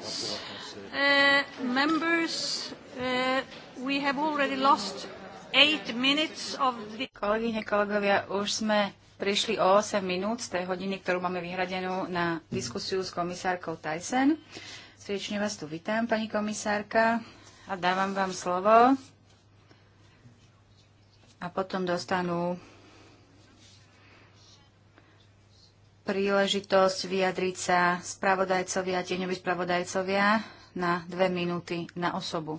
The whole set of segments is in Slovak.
Uh, members, uh, we have already lost eight minutes of the... Kolegyne, kolegovia, už sme prišli o 8 minút z tej hodiny, ktorú máme vyhradenú na diskusiu s komisárkou Tyson. Srdečne vás tu vítam, pani komisárka, a dávam vám slovo. A potom dostanú príležitosť vyjadriť sa spravodajcovia, tieňoví spravodajcovia na dve minúty na osobu.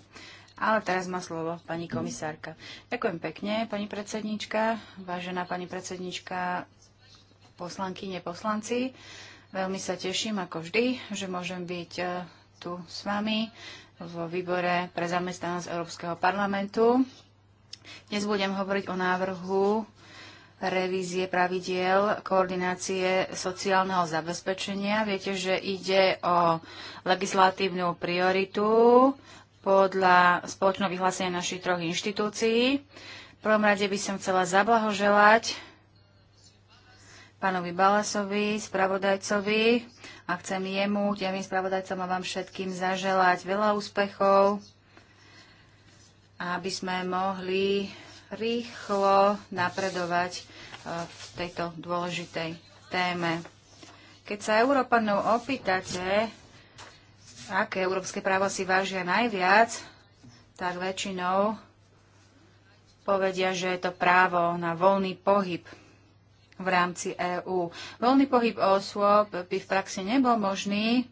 Ale teraz má slovo pani komisárka. Ďakujem pekne, pani predsednička, vážená pani predsednička, poslankyne, poslanci. Veľmi sa teším, ako vždy, že môžem byť e, tu s vami vo výbore pre zamestnanosť Európskeho parlamentu. Dnes budem hovoriť o návrhu revízie pravidiel koordinácie sociálneho zabezpečenia. Viete, že ide o legislatívnu prioritu podľa spoločného vyhlásenia našich troch inštitúcií. V prvom rade by som chcela zablahoželať pánovi Balasovi, spravodajcovi a chcem jemu, tým spravodajcom a vám všetkým zaželať veľa úspechov, aby sme mohli rýchlo napredovať e, v tejto dôležitej téme. Keď sa Európanov opýtate, aké európske právo si vážia najviac, tak väčšinou povedia, že je to právo na voľný pohyb v rámci EÚ. Voľný pohyb osôb by v praxi nebol možný,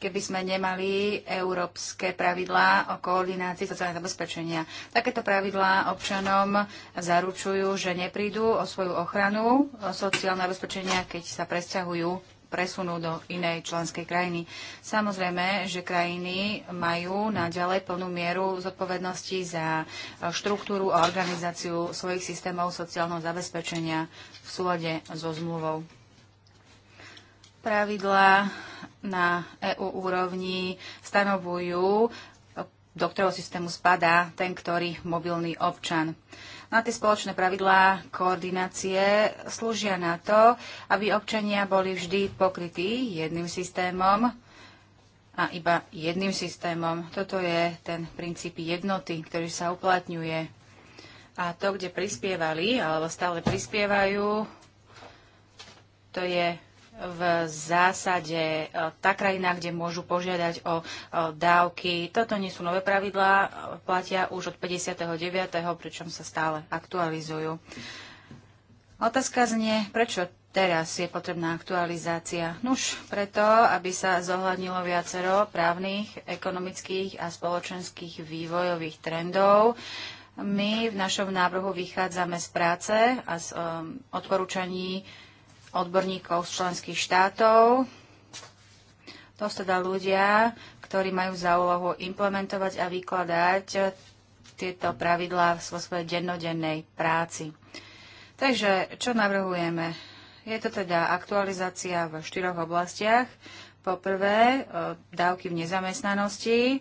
keby sme nemali európske pravidlá o koordinácii sociálneho zabezpečenia. Takéto pravidlá občanom zaručujú, že neprídu o svoju ochranu sociálne zabezpečenia, keď sa presťahujú presunú do inej členskej krajiny. Samozrejme, že krajiny majú naďalej plnú mieru zodpovednosti za štruktúru a organizáciu svojich systémov sociálneho zabezpečenia v súlade so zmluvou. Pravidlá na EU úrovni stanovujú, do ktorého systému spadá ten, ktorý mobilný občan. Na tie spoločné pravidlá koordinácie slúžia na to, aby občania boli vždy pokrytí jedným systémom a iba jedným systémom. Toto je ten princíp jednoty, ktorý sa uplatňuje. A to, kde prispievali, alebo stále prispievajú, to je v zásade e, tá krajina, kde môžu požiadať o e, dávky. Toto nie sú nové pravidlá, e, platia už od 59., pričom sa stále aktualizujú. Otázka znie, prečo teraz je potrebná aktualizácia? Nuž preto, aby sa zohľadnilo viacero právnych, ekonomických a spoločenských vývojových trendov, my v našom návrhu vychádzame z práce a z um, odporúčaní odborníkov z členských štátov. To sú teda ľudia, ktorí majú za úlohu implementovať a vykladať tieto pravidlá vo svojej dennodennej práci. Takže čo navrhujeme? Je to teda aktualizácia v štyroch oblastiach. Po prvé, e, dávky v nezamestnanosti. E,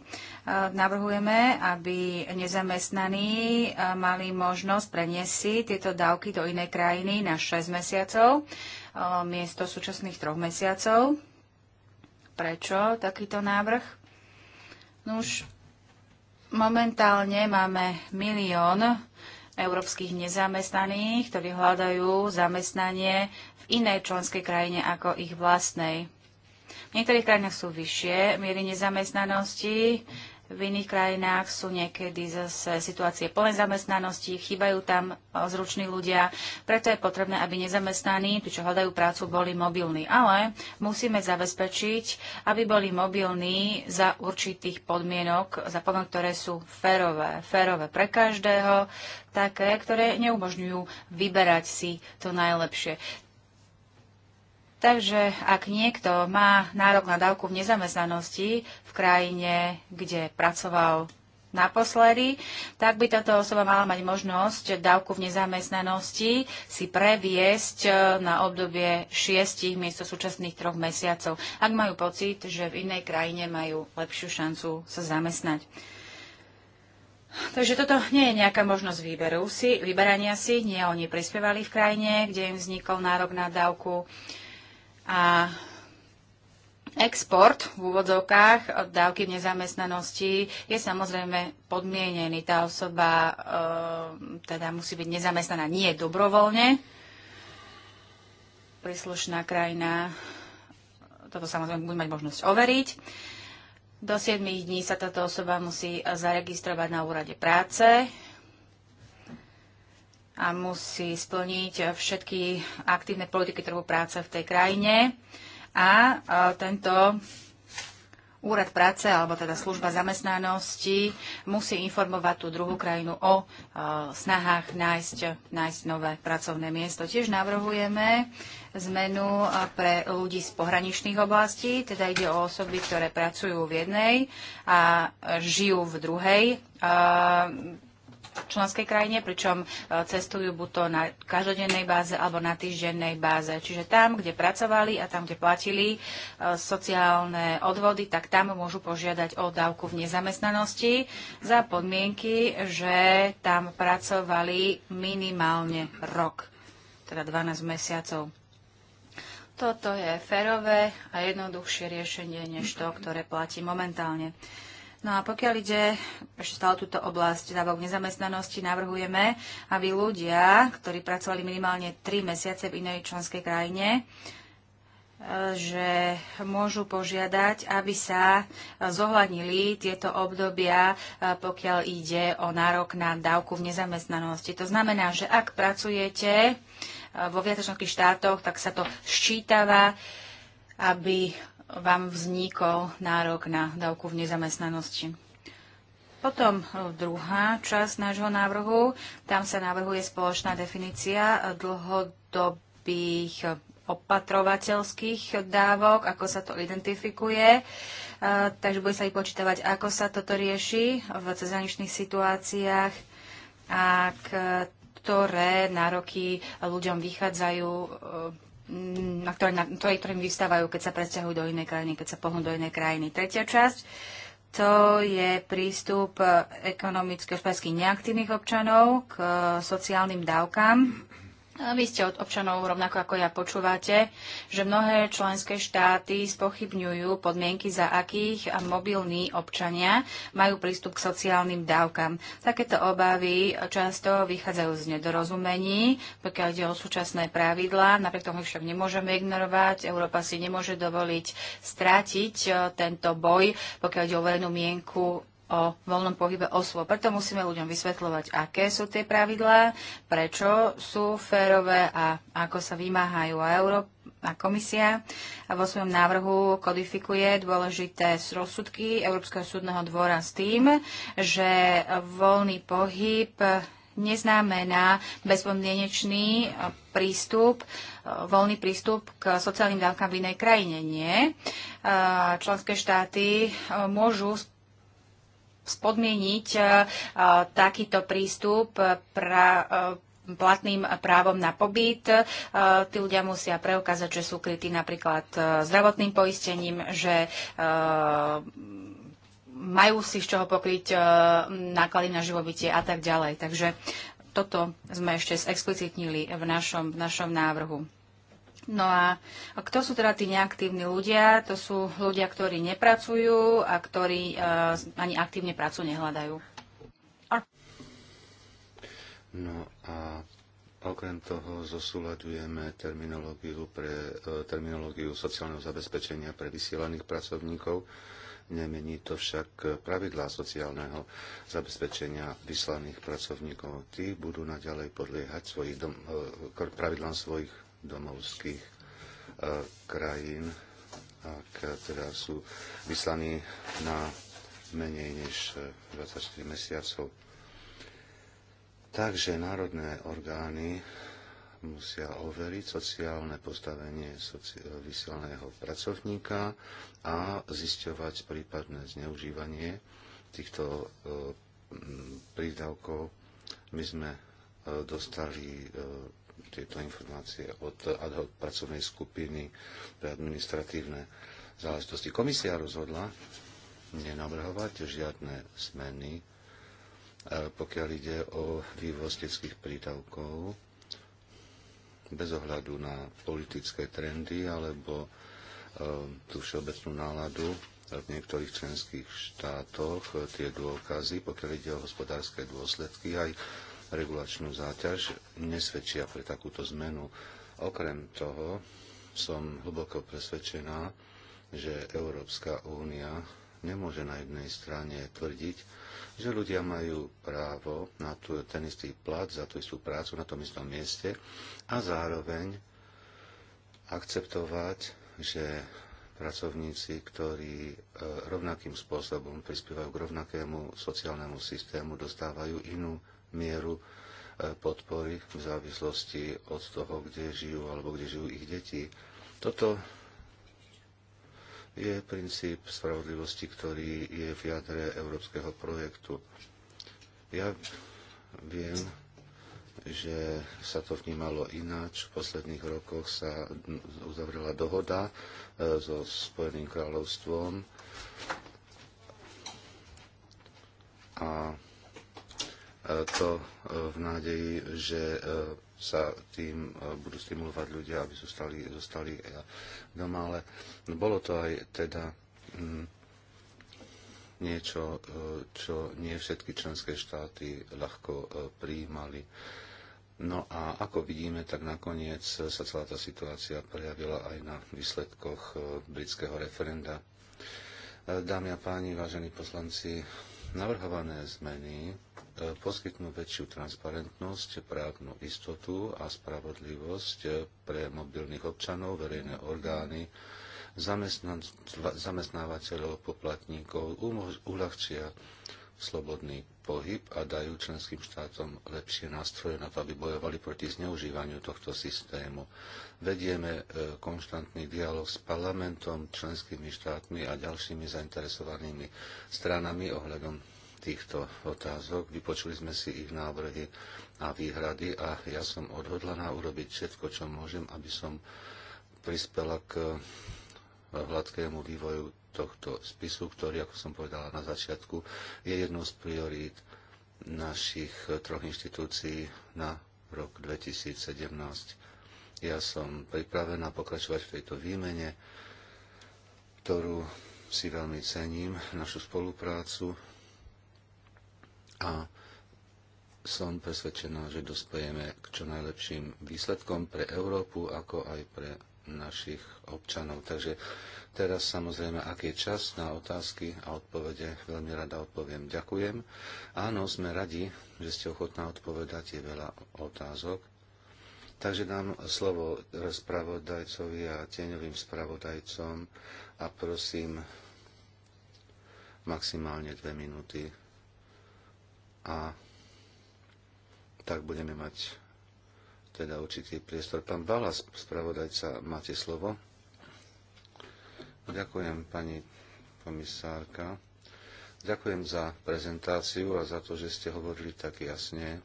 navrhujeme, aby nezamestnaní e, mali možnosť preniesť si tieto dávky do inej krajiny na 6 mesiacov miesto súčasných troch mesiacov. Prečo takýto návrh? No už momentálne máme milión európskych nezamestnaných, ktorí hľadajú zamestnanie v inej členskej krajine ako ich vlastnej. V niektorých krajinách sú vyššie miery nezamestnanosti, v iných krajinách sú niekedy zase situácie plné zamestnanosti, chýbajú tam e, zruční ľudia, preto je potrebné, aby nezamestnaní, tí, čo hľadajú prácu, boli mobilní. Ale musíme zabezpečiť, aby boli mobilní za určitých podmienok, za podmienok, ktoré sú férové. Férové pre každého, také, ktoré neumožňujú vyberať si to najlepšie. Takže ak niekto má nárok na dávku v nezamestnanosti v krajine, kde pracoval naposledy, tak by táto osoba mala mať možnosť dávku v nezamestnanosti si previesť e, na obdobie 6 miesto súčasných troch mesiacov, ak majú pocit, že v inej krajine majú lepšiu šancu sa zamestnať. Takže toto nie je nejaká možnosť výberu si, vyberania si, nie oni prispievali v krajine, kde im vznikol nárok na dávku. Uh, a export v úvodzovkách dávky v nezamestnanosti je samozrejme podmienený. Tá osoba e, teda musí byť nezamestnaná nie dobrovoľne. Príslušná krajina toto samozrejme bude mať možnosť overiť. Do 7 dní sa táto osoba musí zaregistrovať na úrade práce a musí splniť všetky aktívne politiky trhu práce v tej krajine. A e, tento úrad práce, alebo teda služba zamestnanosti, musí informovať tú druhú krajinu o e, snahách nájsť, nájsť nové pracovné miesto. Tiež navrhujeme zmenu e, pre ľudí z pohraničných oblastí, teda ide o osoby, ktoré pracujú v jednej a žijú v druhej členskej krajine, pričom e, cestujú buď to na každodennej báze alebo na týždennej báze. Čiže tam, kde pracovali a tam, kde platili e, sociálne odvody, tak tam môžu požiadať o dávku v nezamestnanosti za podmienky, že tam pracovali minimálne rok, teda 12 mesiacov. Toto je férové a jednoduchšie riešenie než to, ktoré platí momentálne. No a pokiaľ ide ešte stále túto oblasť dávok nezamestnanosti, navrhujeme, aby ľudia, ktorí pracovali minimálne 3 mesiace v inej členskej krajine, e, že môžu požiadať, aby sa e, zohľadnili tieto obdobia, e, pokiaľ ide o nárok na dávku v nezamestnanosti. To znamená, že ak pracujete vo viac štátoch, tak sa to ščítava, aby vám vznikol nárok na dávku v nezamestnanosti. Potom e, druhá časť nášho návrhu. Tam sa navrhuje spoločná definícia dlhodobých opatrovateľských dávok, ako sa to identifikuje. E, takže bude sa vypočítavať, ako sa toto rieši v cezhraničných situáciách a ktoré nároky ľuďom vychádzajú e, Mm, na ktoré, na, ktoré, ktorým vystávajú, keď sa presťahujú do inej krajiny, keď sa pohnú do inej krajiny. Tretia časť, to je prístup eh, ekonomicky hospodársky neaktívnych občanov k eh, sociálnym dávkam. Vy ste od občanov rovnako ako ja počúvate, že mnohé členské štáty spochybňujú podmienky, za akých mobilní občania majú prístup k sociálnym dávkam. Takéto obavy často vychádzajú z nedorozumení, pokiaľ ide o súčasné pravidlá. Napriek tomu však nemôžeme ignorovať. Európa si nemôže dovoliť strátiť eh, tento boj, pokiaľ ide o verejnú mienku o voľnom pohybe osôb. Preto musíme ľuďom vysvetľovať, aké sú tie pravidlá, prečo sú férové a ako sa vymáhajú. A Európa a komisia a vo svojom návrhu kodifikuje dôležité rozsudky Európskeho súdneho dvora s tým, že voľný pohyb neznamená bezpodmienečný prístup, voľný prístup k sociálnym dávkam v inej krajine. Nie. Členské štáty môžu spodmieniť e, e, takýto prístup e, pra, platným právom na pobyt. Tí ľudia musia preukázať, že sú krytí napríklad zdravotným poistením, že majú si z čoho pokryť náklady na živobytie a tak ďalej. Takže toto sme ešte explicitnili v našom, v našom návrhu. No a kto sú teda tí neaktívni ľudia? To sú ľudia, ktorí nepracujú a ktorí uh, ani aktívne prácu nehľadajú. No a Okrem toho zosúľadujeme terminológiu, pre, eh, terminológiu sociálneho zabezpečenia pre vysielaných pracovníkov. Nemení to však pravidlá sociálneho zabezpečenia vyslaných pracovníkov. Tí budú naďalej podliehať svojich dom, eh, pravidlám svojich domovských e, krajín, ak teda sú vyslaní na menej než 24 e, mesiacov. Takže národné orgány musia overiť sociálne postavenie soci- pracovníka a zisťovať prípadné zneužívanie týchto e, prídavkov. My sme dostali tieto informácie od ad hoc pracovnej skupiny pre administratívne záležitosti. Komisia rozhodla nenavrhovať žiadne zmeny, e, pokiaľ ide o vývoz detských prídavkov, bez ohľadu na politické trendy alebo e, tú všeobecnú náladu v niektorých členských štátoch e, tie dôkazy, pokiaľ ide o hospodárske dôsledky, aj regulačnú záťaž, nesvedčia pre takúto zmenu. Okrem toho som hlboko presvedčená, že Európska únia nemôže na jednej strane tvrdiť, že ľudia majú právo na tú, ten istý plat za tú istú prácu na tom istom mieste a zároveň akceptovať, že pracovníci, ktorí e, rovnakým spôsobom prispievajú k rovnakému sociálnemu systému, dostávajú inú mieru e, podpory v závislosti od toho, kde žijú alebo kde žijú ich deti. Toto je princíp spravodlivosti, ktorý je v jadre európskeho projektu. Ja viem, že sa to vnímalo ináč. V posledných rokoch sa uzavrela dohoda e, so Spojeným kráľovstvom a to e, v nádeji, že e, sa tým e, budú stimulovať ľudia, aby zostali, zostali doma, ale bolo to aj teda mm, niečo, čo nie všetky členské štáty ľahko prijímali. No a ako vidíme, tak nakoniec sa celá tá situácia prejavila aj na výsledkoch britského referenda. Dámy a páni, vážení poslanci, navrhované zmeny E, poskytnú väčšiu transparentnosť, právnu istotu a spravodlivosť e, pre mobilných občanov, verejné orgány, zamestnávateľov, poplatníkov, uľahčia slobodný pohyb a dajú členským štátom lepšie nástroje na to, aby bojovali proti zneužívaniu tohto systému. Vedieme e, konštantný dialog s parlamentom, členskými štátmi a ďalšími zainteresovanými stranami ohľadom týchto otázok, vypočuli sme si ich návrhy a výhrady a ja som odhodlaná urobiť všetko, čo môžem, aby som prispela k hladkému vývoju tohto spisu, ktorý, ako som povedala na začiatku, je jednou z priorít našich troch inštitúcií na rok 2017. Ja som pripravená pokračovať v tejto výmene, ktorú si veľmi cením, našu spoluprácu a som presvedčená, že dospojeme k čo najlepším výsledkom pre Európu, ako aj pre našich občanov. Takže teraz samozrejme, ak je čas na otázky a odpovede, veľmi rada odpoviem. Ďakujem. Áno, sme radi, že ste ochotná odpovedať, je veľa otázok. Takže dám slovo spravodajcovi a tieňovým spravodajcom a prosím maximálne dve minúty a tak budeme mať teda určitý priestor. Pán Bala, spravodajca, máte slovo. Ďakujem, pani komisárka. Ďakujem za prezentáciu a za to, že ste hovorili tak jasne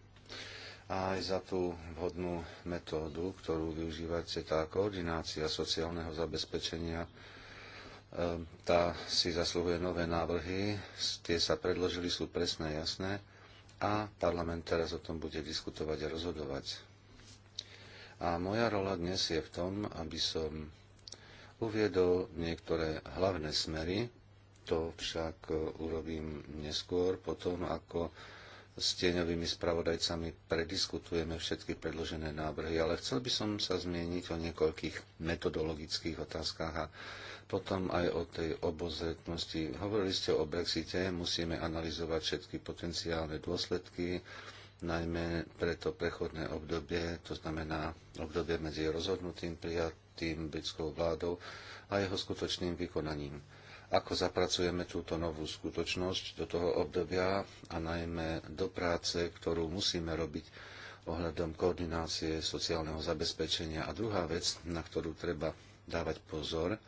a aj za tú vhodnú metódu, ktorú využívate, tá koordinácia sociálneho zabezpečenia, e, tá si zasluhuje nové návrhy, tie sa predložili, sú presné, jasné a parlament teraz o tom bude diskutovať a rozhodovať. A moja rola dnes je v tom, aby som uviedol niektoré hlavné smery, to však e, urobím neskôr, potom ako s tieňovými spravodajcami prediskutujeme všetky predložené návrhy, ale chcel by som sa zmieniť o niekoľkých metodologických otázkach a potom aj o tej obozretnosti. Hovorili ste o Brexite, musíme analyzovať všetky potenciálne dôsledky, najmä pre to prechodné obdobie, to znamená obdobie medzi rozhodnutým prijatým britskou vládou a jeho skutočným vykonaním. Ako zapracujeme túto novú skutočnosť do toho obdobia a najmä do práce, ktorú musíme robiť ohľadom koordinácie sociálneho zabezpečenia. A druhá vec, na ktorú treba dávať pozor,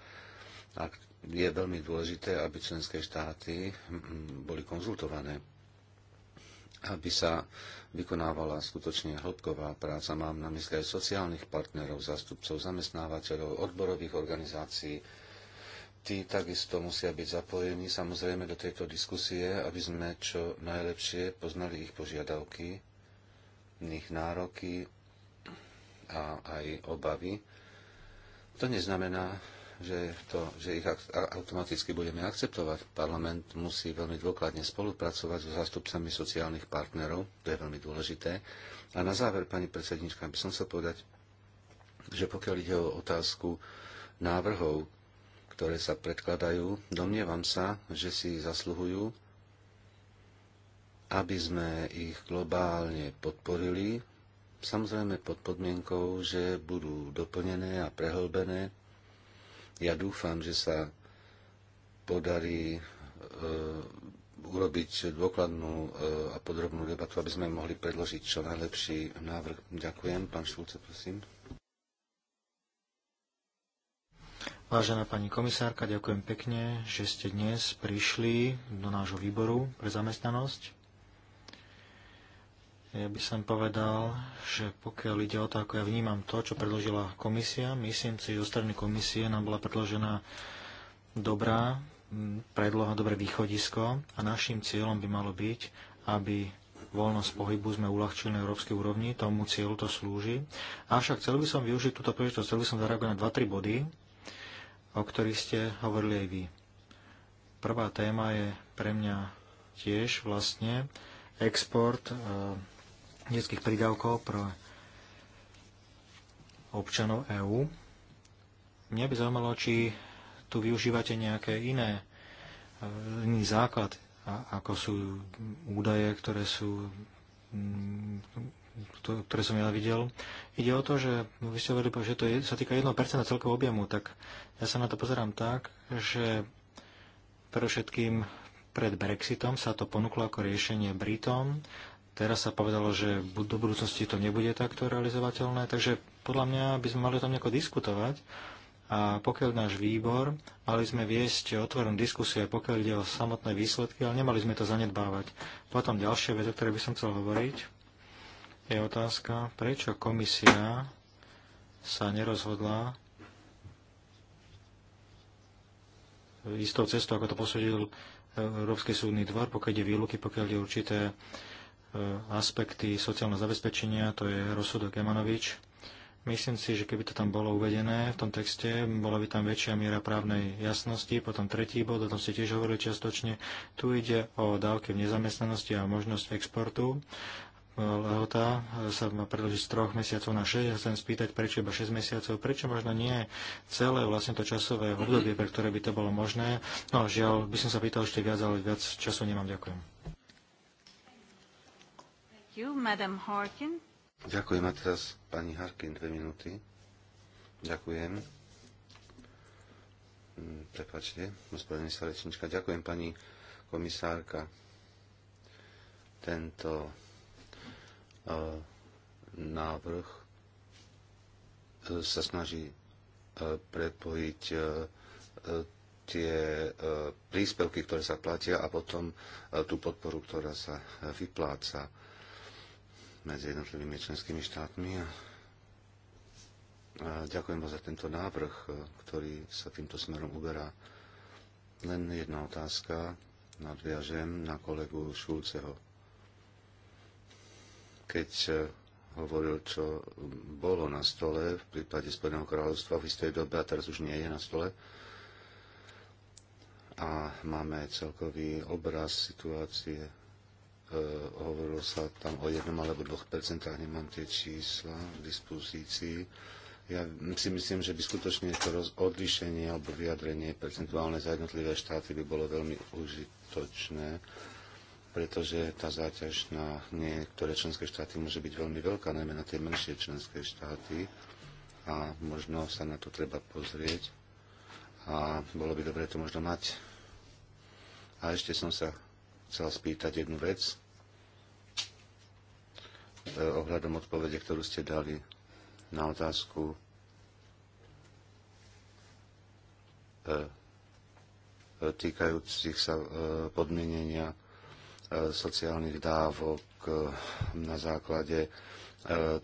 a je veľmi dôležité, aby členské štáty mm, mm, boli konzultované, aby sa vykonávala skutočne hĺbková práca. Mám na mysle aj sociálnych partnerov, zástupcov zamestnávateľov, odborových organizácií. Tí takisto musia byť zapojení samozrejme do tejto diskusie, aby sme čo najlepšie poznali ich požiadavky, ich nároky a aj obavy. To neznamená, že, to, že ich automaticky budeme akceptovať. Parlament musí veľmi dôkladne spolupracovať so zástupcami sociálnych partnerov, to je veľmi dôležité. A na záver, pani predsednička, by som chcel povedať, že pokiaľ ide o otázku návrhov, ktoré sa predkladajú, domnievam sa, že si zasluhujú, aby sme ich globálne podporili, samozrejme pod podmienkou, že budú doplnené a prehlbené ja dúfam, že sa podarí e, urobiť dôkladnú e, a podrobnú debatu, aby sme mohli predložiť čo najlepší návrh. Ďakujem. Pán Šulce, prosím. Vážená pani komisárka, ďakujem pekne, že ste dnes prišli do nášho výboru pre zamestnanosť. Ja by som povedal, že pokiaľ ide o to, ako ja vnímam to, čo predložila komisia, myslím si, že zo strany komisie nám bola predložená dobrá predloha, dobré východisko a našim cieľom by malo byť, aby voľnosť pohybu sme uľahčili na európskej úrovni, tomu cieľu to slúži. Avšak chcel by som využiť túto príležitosť, chcel by som zareagovať na 2-3 body, o ktorých ste hovorili aj vy. Prvá téma je pre mňa tiež vlastne export e, detských prídavkov pro občanov EÚ. Mňa by zaujímalo, či tu využívate nejaké iné, e, iný základ, ako sú údaje, ktoré sú mm, ktoré som ja videl. Ide o to, že vy ste hovorili, že to je, sa týka 1% celkového objemu, tak ja sa na to pozerám tak, že predovšetkým pred Brexitom sa to ponúklo ako riešenie Britom Teraz sa povedalo, že do budúcnosti to nebude takto realizovateľné, takže podľa mňa by sme mali o tom nejako diskutovať. A pokiaľ náš výbor, mali sme viesť otvorenú diskusiu aj pokiaľ ide o samotné výsledky, ale nemali sme to zanedbávať. Potom ďalšia vec, o ktorej by som chcel hovoriť, je otázka, prečo komisia sa nerozhodla istou cestou, ako to posúdil Európsky súdny dvor, pokiaľ ide výluky, pokiaľ ide určité Eh, aspekty sociálneho zabezpečenia, to je rozsudok Emanovič. Myslím si, že keby to tam bolo uvedené v tom texte, bola by tam väčšia miera právnej jasnosti. Potom tretí bod, o tom ste tiež hovorili čiastočne, tu ide o dávky v nezamestnanosti a možnosť exportu. Eh, lehota eh, sa má predložiť z troch mesiacov na 6. Ja chcem spýtať, prečo iba 6 mesiacov, prečo možno nie celé vlastne to časové obdobie, pre ktoré by to bolo možné. No žiaľ, by som sa pýtal ešte viac, ale viac času nemám. Ďakujem you, Madam Harkin. Ďakujem a teraz pani Harkin dve minúty. Ďakujem. Mm, prepačte, gospodine sa Ďakujem pani komisárka. Tento uh, návrh e, sa snaží uh, uh, tie príspevky, ktoré sa platia a potom tú podporu, ktorá sa vypláca medzi jednotlivými členskými štátmi. A ďakujem vám za tento návrh, e, ktorý sa týmto smerom uberá. Len jedna otázka nadviažem na kolegu Šulceho. Keď e, hovoril, čo bolo na stole v prípade Spojeného kráľovstva v istej dobe a teraz už nie je na stole, a máme celkový obraz situácie Eh, hovorilo sa tam o jednom alebo dvoch percentách, nemám tie čísla k dispozícii. Ja si myslím, že by skutočne to odlišenie alebo vyjadrenie percentuálne za jednotlivé štáty by bolo veľmi užitočné, pretože tá záťaž na niektoré členské štáty môže byť veľmi veľká, najmä na tie menšie členské štáty a možno sa na to treba pozrieť a bolo by dobre to možno mať. A ešte som sa chcel spýtať jednu vec e, ohľadom odpovede, ktorú ste dali na otázku e, týkajúcich sa e, podmienenia sociálnych dávok na základe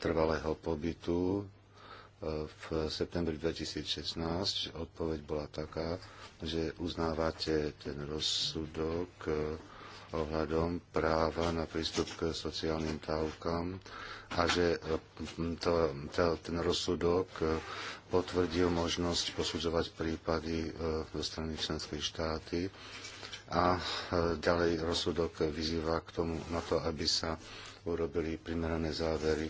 trvalého pobytu. V septembri 2016 odpoveď bola taká, že uznávate ten rozsudok ohľadom práva na prístup k sociálnym dávkam a že mm, to, to, ten rozsudok e, potvrdil možnosť posudzovať prípady e, zo strany členských štáty a e, ďalej rozsudok vyzýva k tomu na to, aby sa urobili primerané závery.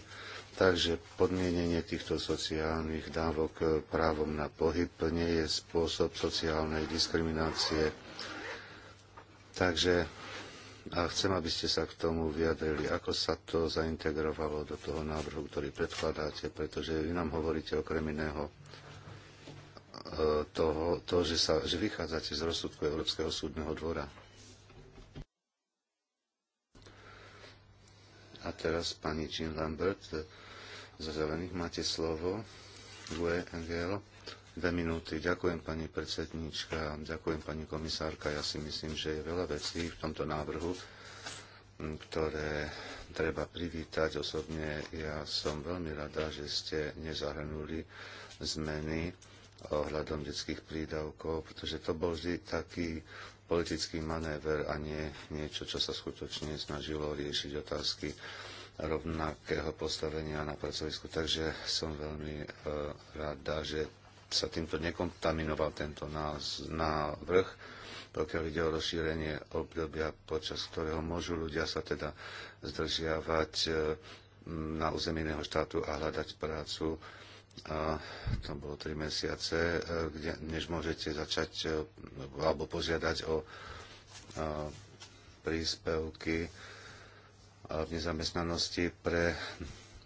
Takže podmienenie týchto sociálnych dávok právom na pohyb nie je spôsob sociálnej diskriminácie. Takže a chcem, aby ste sa k tomu vyjadrili, ako sa to zaintegrovalo do toho návrhu, ktorý predkladáte, pretože vy nám hovoríte okrem iného e, toho, to, že, sa, že vychádzate z rozsudku Európskeho súdneho dvora. A teraz pani Jean Lambert e, za Zelených máte slovo. Gue Engel. Dve minúty. Ďakujem pani predsednička, ďakujem pani komisárka. Ja si myslím, že je veľa vecí v tomto návrhu, ktoré treba privítať. Osobne ja som veľmi rada, že ste nezahrnuli zmeny ohľadom detských prídavkov, pretože to bol vždy taký politický manéver a nie niečo, čo sa skutočne snažilo riešiť otázky rovnakého postavenia na pracovisku. Takže som veľmi e, rada, že sa týmto nekontaminoval tento návrh, pokiaľ ide o rozšírenie obdobia, počas ktorého môžu ľudia sa teda zdržiavať e, na území iného štátu a hľadať prácu. A to bolo 3 mesiace, e, kde, než môžete začať e, alebo požiadať o príspevky a v nezamestnanosti pre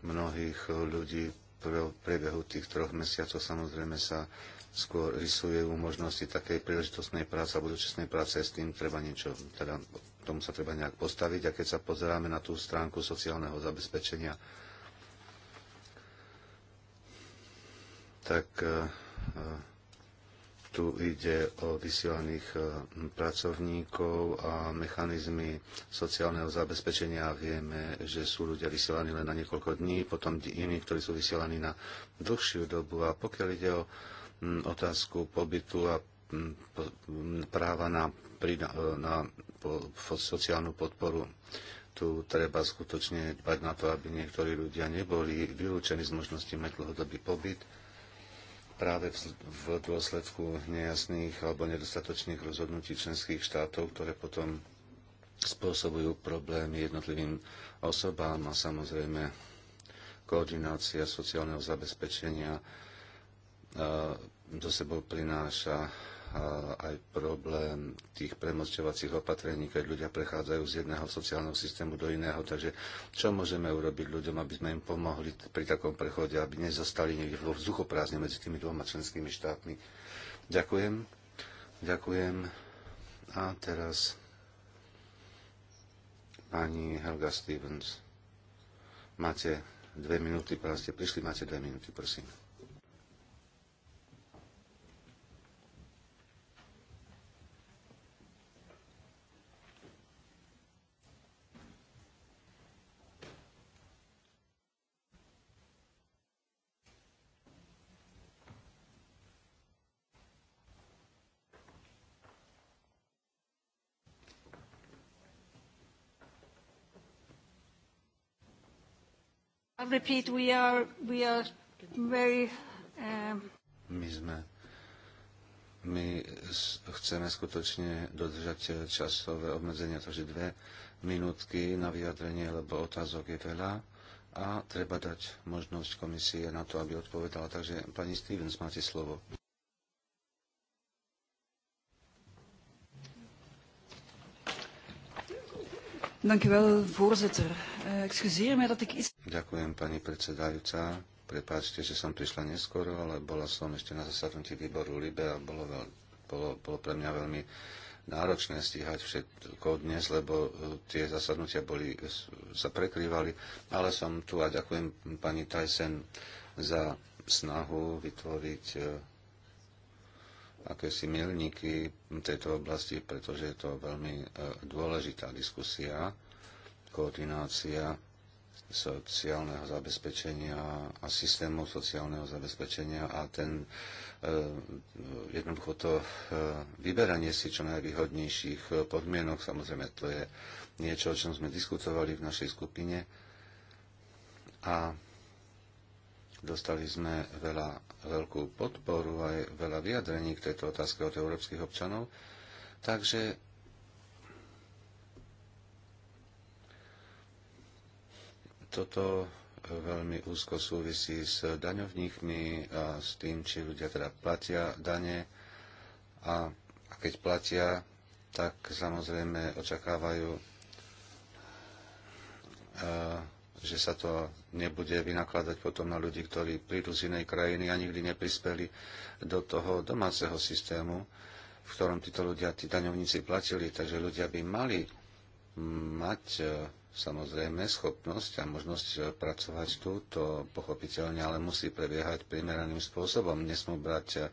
mnohých ľudí v priebehu tých troch mesiacov samozrejme sa skôr rysujú možnosti takej príležitostnej práce alebo dočasnej práce, s tým treba niečo, teda tomu sa treba nejak postaviť. A keď sa pozeráme na tú stránku sociálneho zabezpečenia, tak eh, eh, tu ide o vysielaných e, pracovníkov a mechanizmy sociálneho zabezpečenia. Vieme, že sú ľudia vysielaní len na niekoľko dní, potom iní, ktorí sú vysielaní na dlhšiu dobu. A pokiaľ ide o otázku pobytu a práva na, na, e, na po, sociálnu podporu, tu treba skutočne dbať na to, aby niektorí ľudia neboli vylúčení z možnosti mať dlhodobý pobyt práve v, v dôsledku nejasných alebo nedostatočných rozhodnutí členských štátov, ktoré potom spôsobujú problémy jednotlivým osobám a samozrejme koordinácia sociálneho zabezpečenia e, do sebou prináša aj problém tých premostovacích opatrení, keď ľudia prechádzajú z jedného sociálneho systému do iného. Takže čo môžeme urobiť ľuďom, aby sme im pomohli pri takom prechode, aby nezostali niekde vo vzduchoprázdne medzi tými dvoma členskými štátmi. Ďakujem. Ďakujem. A teraz pani Helga Stevens. Máte dve minúty, práve ste prišli, máte dve minúty, prosím. repeat, we are, we are very, um... My sme my chceme skutočne dodržať časové obmedzenia, takže dve minútky na vyjadrenie, lebo otázok je veľa a treba dať možnosť komisie na to, aby odpovedala. Takže pani Stevens, máte slovo. Dank u wel, voorzitter. Ďakujem, pani predsedajúca. Prepáčte, že som prišla neskoro, ale bola som ešte na zasadnutí výboru LIBE a bolo, veľ, bolo, bolo pre mňa veľmi náročné stíhať všetko dnes, lebo e, tie zasadnutia boli, sa prekrývali, ale som tu a ďakujem pani Tyson za snahu vytvoriť e, akési milníky v tejto oblasti, pretože je to veľmi e, dôležitá diskusia koordinácia sociálneho zabezpečenia a systémov sociálneho zabezpečenia a ten e, jednoducho to e, vyberanie si čo najvýhodnejších podmienok, samozrejme to je niečo, o čom sme diskutovali v našej skupine a dostali sme veľa, veľkú podporu aj veľa vyjadrení k tejto otázke od európskych občanov. Takže Toto e, veľmi úzko súvisí s daňovníkmi a s tým, či ľudia teda platia dane a, a keď platia, tak samozrejme očakávajú, e, že sa to nebude vynakladať potom na ľudí, ktorí prídu z inej krajiny a nikdy neprispeli do toho domáceho systému, v ktorom títo ľudia, tí daňovníci platili. Takže ľudia by mali mm, mať e, samozrejme schopnosť a možnosť eh, pracovať tu, to pochopiteľne, ale musí prebiehať primeraným spôsobom. Nesmú brať eh,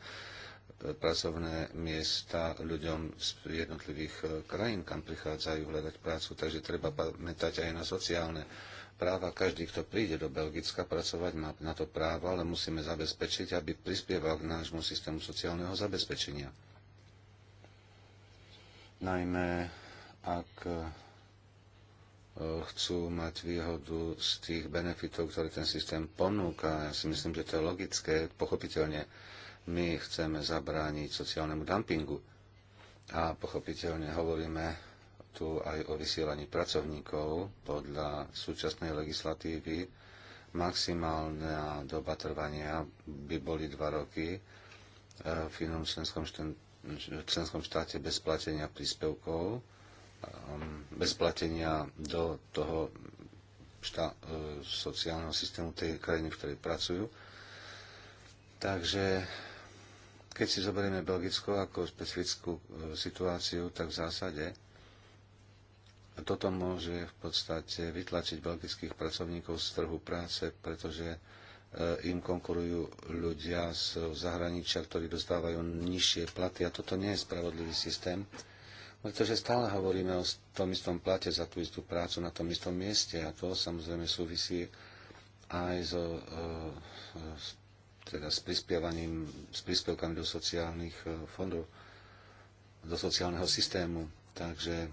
pracovné miesta ľuďom z jednotlivých eh, krajín, kam prichádzajú hľadať prácu, takže treba pamätať aj na sociálne práva. Každý, kto príde do Belgicka pracovať, má na to právo, ale musíme zabezpečiť, aby prispieval k nášmu systému sociálneho zabezpečenia. Najmä ak chcú mať výhodu z tých benefitov, ktoré ten systém ponúka. Ja si myslím, že to je logické. Pochopiteľne my chceme zabrániť sociálnemu dumpingu a pochopiteľne hovoríme tu aj o vysielaní pracovníkov podľa súčasnej legislatívy. Maximálna doba trvania by boli dva roky e, v inom členskom, členskom štáte bez platenia príspevkov Um, bez platenia do toho šta, e, sociálneho systému tej krajiny, v ktorej pracujú. Takže keď si zoberieme Belgicko ako specifickú e, situáciu, tak v zásade toto môže v podstate vytlačiť belgických pracovníkov z trhu práce, pretože e, im konkurujú ľudia z zahraničia, ktorí dostávajú nižšie platy a toto nie je spravodlivý systém pretože stále hovoríme o tom istom plate za tú istú prácu na tom istom mieste a to samozrejme súvisí aj so, eh, teda s, prispievaním, s príspevkami do sociálnych eh, fondov, do sociálneho systému. Takže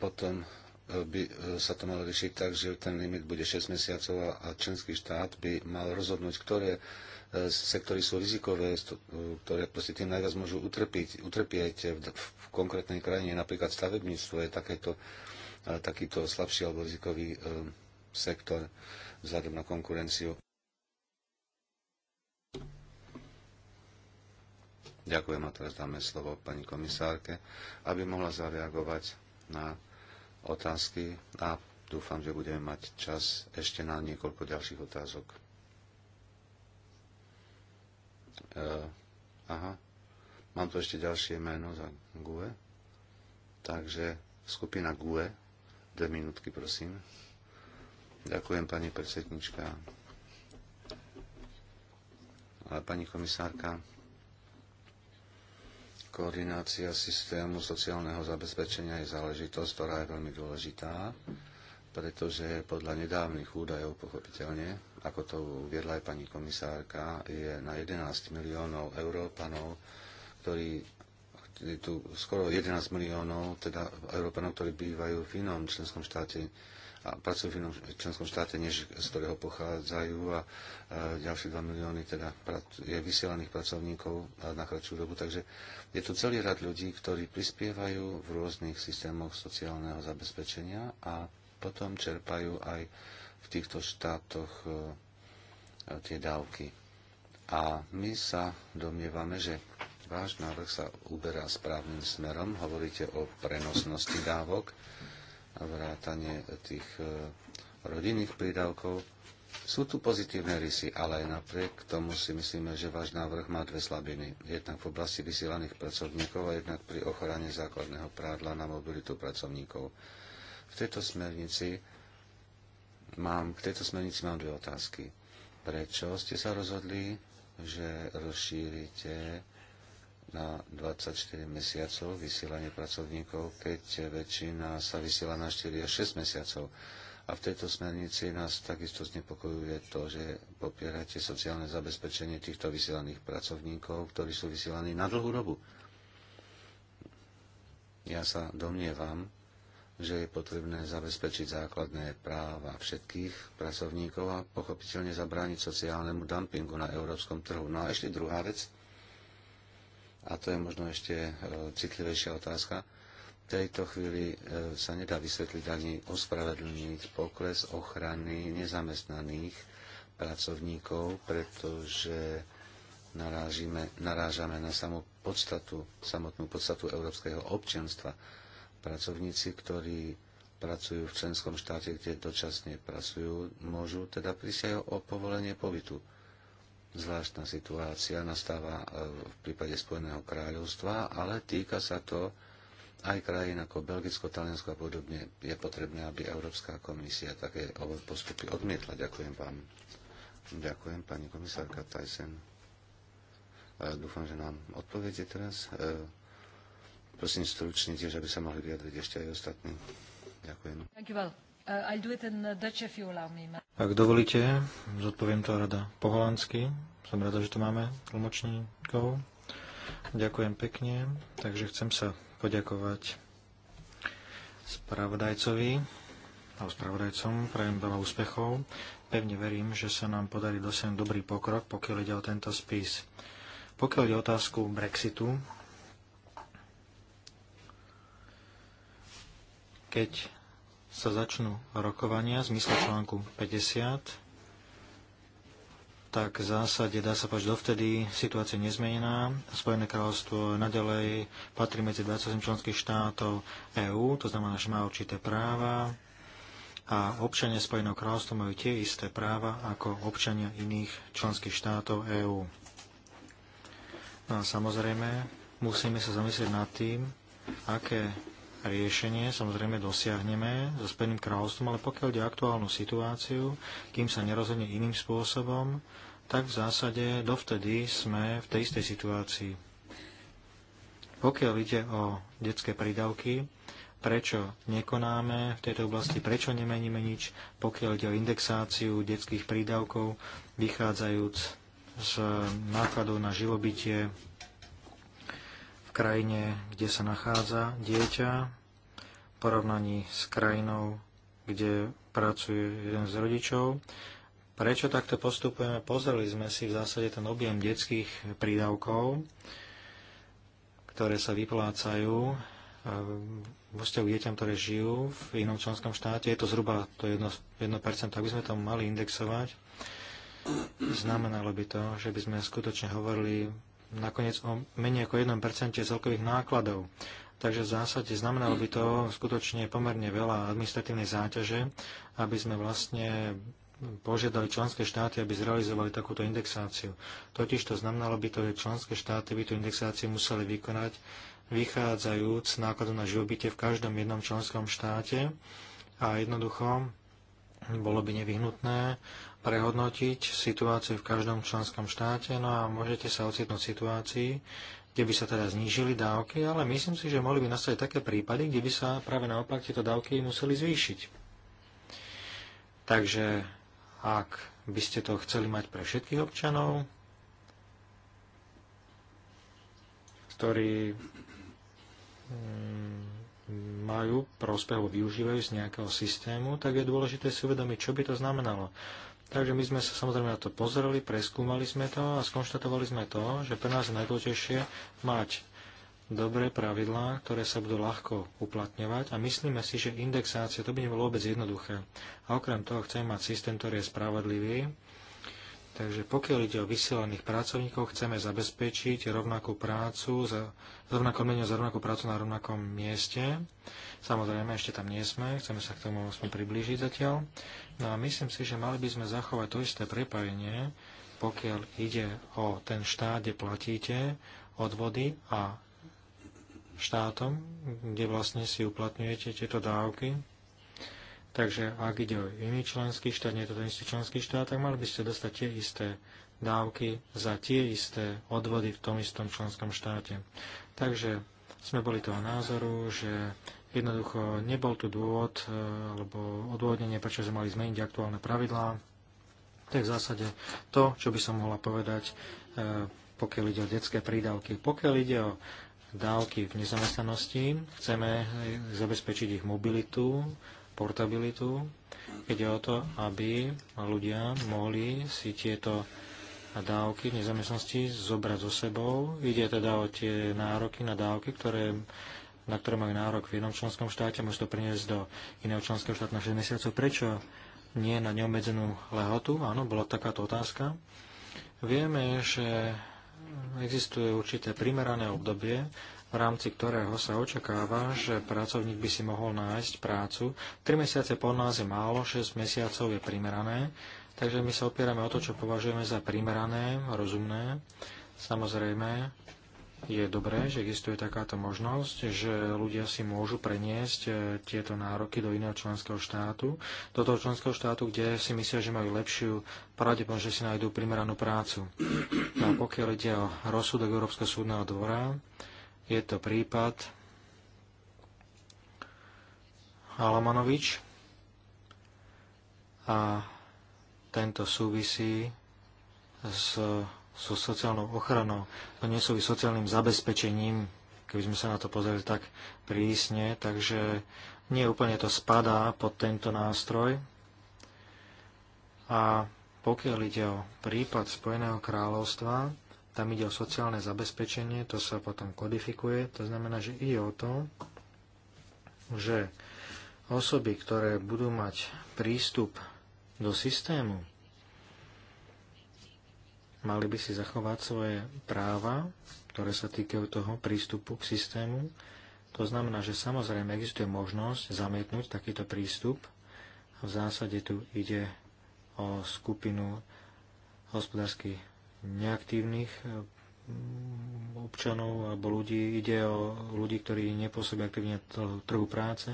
potom eh, by sa to malo riešiť tak, že ten limit bude 6 mesiacov a členský štát by mal rozhodnúť, ktoré E, sektory sú rizikové, e, ktoré proste tým najviac môžu utrpiť, utrpieť v, v konkrétnej krajine. Napríklad stavebníctvo je takéto, e, takýto slabší alebo rizikový sektor vzhľadom na konkurenciu. Ďakujem a teraz dáme slovo pani komisárke, aby mohla zareagovať na otázky a dúfam, že budeme mať čas ešte na niekoľko ďalších otázok. E, aha, mám tu ešte ďalšie meno za GUE. Takže skupina GUE, dve minútky prosím. Ďakujem pani predsednička. Ale pani komisárka, koordinácia systému sociálneho zabezpečenia je záležitosť, ktorá je veľmi dôležitá, pretože podľa nedávnych údajov, pochopiteľne, ako to uviedla aj pani komisárka, je na 11 miliónov Európanov, ktorí je tu skoro 11 miliónov teda Európanov, ktorí bývajú v inom členskom štáte a pracujú v inom členskom štáte, než z ktorého pochádzajú a, ďalšie 2 milióny teda je vysielaných pracovníkov na kratšiu dobu. Takže je tu celý rad ľudí, ktorí prispievajú v rôznych systémoch sociálneho zabezpečenia a potom čerpajú aj v týchto štátoch e, tie dávky. A my sa domnievame, že váš návrh sa uberá správnym smerom. Hovoríte o prenosnosti dávok, vrátanie tých e, rodinných prídavkov. Sú tu pozitívne rysy, ale aj napriek tomu si myslíme, že váš návrh má dve slabiny. Jednak v oblasti vysielaných pracovníkov a jednak pri ochrane základného prádla na mobilitu pracovníkov. V tejto smernici mám, k tejto smernici mám dve otázky. Prečo ste sa rozhodli, že rozšírite na 24 mesiacov vysielanie pracovníkov, keď väčšina sa vysiela na 4 až 6 mesiacov? A v tejto smernici nás takisto znepokojuje to, že popierate sociálne zabezpečenie týchto vysielaných pracovníkov, ktorí sú vysielaní na dlhú dobu. Ja sa domnievam, že je potrebné zabezpečiť základné práva všetkých pracovníkov a pochopiteľne zabrániť sociálnemu dumpingu na európskom trhu. No a ešte druhá vec, a to je možno ešte e, citlivejšia otázka, v tejto chvíli e, sa nedá vysvetliť ani ospravedlniť pokles ochrany nezamestnaných pracovníkov, pretože narážime, narážame na samú podstatu, samotnú podstatu európskeho občianstva pracovníci, ktorí pracujú v členskom štáte, kde dočasne pracujú, môžu teda prísť o povolenie pobytu. Zvláštna situácia nastáva e, v prípade Spojeného kráľovstva, ale týka sa to aj krajín ako Belgicko, Taliansko a podobne. Je potrebné, aby Európska komisia také postupy odmietla. Ďakujem vám. Ďakujem, pani komisárka Tyson. E, dúfam, že nám odpoviete teraz. E, Prosím stručne tiež, aby sa mohli vyjadriť ešte aj ostatní. Ďakujem. Uh, uh, Ak dovolíte, zodpoviem to rada po holandsky. Som rada, že tu máme tlmočníkov. Ďakujem pekne. Takže chcem sa poďakovať spravodajcovi a spravodajcom. Prajem veľa úspechov. Pevne verím, že sa nám podarí dosiahnuť dobrý pokrok, pokiaľ ide o tento spis. Pokiaľ ide o otázku Brexitu, keď sa začnú rokovania v zmysle článku 50, tak v zásade dá sa povedať, dovtedy situácia nezmenená. Spojené kráľovstvo naďalej patrí medzi 28 členských štátov EÚ, to znamená, že má určité práva a občania Spojeného kráľovstva majú tie isté práva ako občania iných členských štátov EÚ. No a samozrejme, musíme sa zamyslieť nad tým, aké riešenie samozrejme dosiahneme so Spojeným kráľovstvom, ale pokiaľ ide aktuálnu situáciu, kým sa nerozhodne iným spôsobom, tak v zásade dovtedy sme v tej istej situácii. Pokiaľ ide o detské prídavky, prečo nekonáme v tejto oblasti, prečo nemeníme nič, pokiaľ ide o indexáciu detských prídavkov, vychádzajúc z nákladov na živobytie v krajine, kde sa nachádza dieťa porovnaní s krajinou, kde pracuje jeden z rodičov. Prečo takto postupujeme? Pozreli sme si v zásade ten objem detských prídavkov, ktoré sa vyplácajú eh, vo vzťahu k deťam, ktoré žijú v inom členskom štáte. Je to zhruba to 1%, 1% ak by sme to mali indexovať. Znamenalo by to, že by sme skutočne hovorili nakoniec o menej ako 1% celkových nákladov. Takže v zásade znamenalo by to skutočne pomerne veľa administratívnej záťaže, aby sme vlastne požiadali členské štáty, aby zrealizovali takúto indexáciu. Totiž to znamenalo by to, že členské štáty by tú indexáciu museli vykonať, vychádzajúc z nákladu na živobytie v každom jednom členskom štáte a jednoducho bolo by nevyhnutné prehodnotiť situáciu v každom členskom štáte, no a môžete sa ocitnúť v situácii, kde by sa teda znížili dávky, ale myslím si, že mohli by nastať také prípady, kde by sa práve naopak tieto dávky museli zvýšiť. Takže ak by ste to chceli mať pre všetkých občanov, ktorí mm, majú prospech alebo využívajú z nejakého systému, tak je dôležité si uvedomiť, čo by to znamenalo. Takže my sme sa samozrejme na to pozreli, preskúmali sme to a skonštatovali sme to, že pre nás je najdôležitejšie mať dobré pravidlá, ktoré sa budú ľahko uplatňovať a myslíme si, že indexácia to by nebolo vôbec jednoduché. A okrem toho chceme mať systém, ktorý je spravodlivý Takže pokiaľ ide o vysielaných pracovníkov, chceme zabezpečiť rovnakú prácu, za, rovnako meniu za rovnakú prácu na rovnakom mieste. Samozrejme, ešte tam nie sme, chceme sa k tomu aspoň priblížiť zatiaľ. No a myslím si, že mali by sme zachovať to isté prepojenie, pokiaľ ide o ten štát, kde platíte odvody a štátom, kde vlastne si uplatňujete tieto dávky, Takže ak ide o iný členský štát, nie je to ten istý členský štát, tak mali by ste dostať tie isté dávky za tie isté odvody v tom istom členskom štáte. Takže sme boli toho názoru, že jednoducho nebol tu dôvod e, alebo odôvodnenie, prečo sme mali zmeniť aktuálne pravidlá. Tak v zásade to, čo by som mohla povedať, e, pokiaľ ide o detské prídavky. Pokiaľ ide o dávky v nezamestnanosti, chceme zabezpečiť ich mobilitu portabilitu. Ide o to, aby ľudia mohli si tieto dávky nezamestnosti zobrať so sebou. Ide teda o tie nároky na dávky, ktoré na ktoré majú nárok v jednom členskom štáte, môžu to priniesť do iného členského štátu na 6 mesiacov. Prečo nie na neobmedzenú lehotu? Áno, bola takáto otázka. Vieme, že existuje určité primerané obdobie, v rámci ktorého sa očakáva, že pracovník by si mohol nájsť prácu. 3 mesiace po nás je málo, 6 mesiacov je primerané, takže my sa opierame o to, čo považujeme za primerané, rozumné. Samozrejme, je dobré, že existuje takáto možnosť, že ľudia si môžu preniesť e, tieto nároky do iného členského štátu, do toho členského štátu, kde si myslia, že majú lepšiu pravdepodobnosť, že si nájdú primeranú prácu. No a pokiaľ ide o rozsudok Európskeho súdneho dvora, je to prípad Alamanovič a tento súvisí s, so sociálnou ochranou. To nie sú sociálnym zabezpečením, keby sme sa na to pozreli tak prísne, takže nie úplne to spadá pod tento nástroj. A pokiaľ ide o prípad Spojeného kráľovstva, tam ide o sociálne zabezpečenie, to sa potom kodifikuje. To znamená, že ide o to, že osoby, ktoré budú mať prístup do systému, mali by si zachovať svoje práva, ktoré sa týkajú toho prístupu k systému. To znamená, že samozrejme existuje možnosť zamietnúť takýto prístup. V zásade tu ide o skupinu hospodárskych neaktívnych eh, občanov alebo ľudí. Ide o ľudí, ktorí nepôsobia aktívne trhu práce.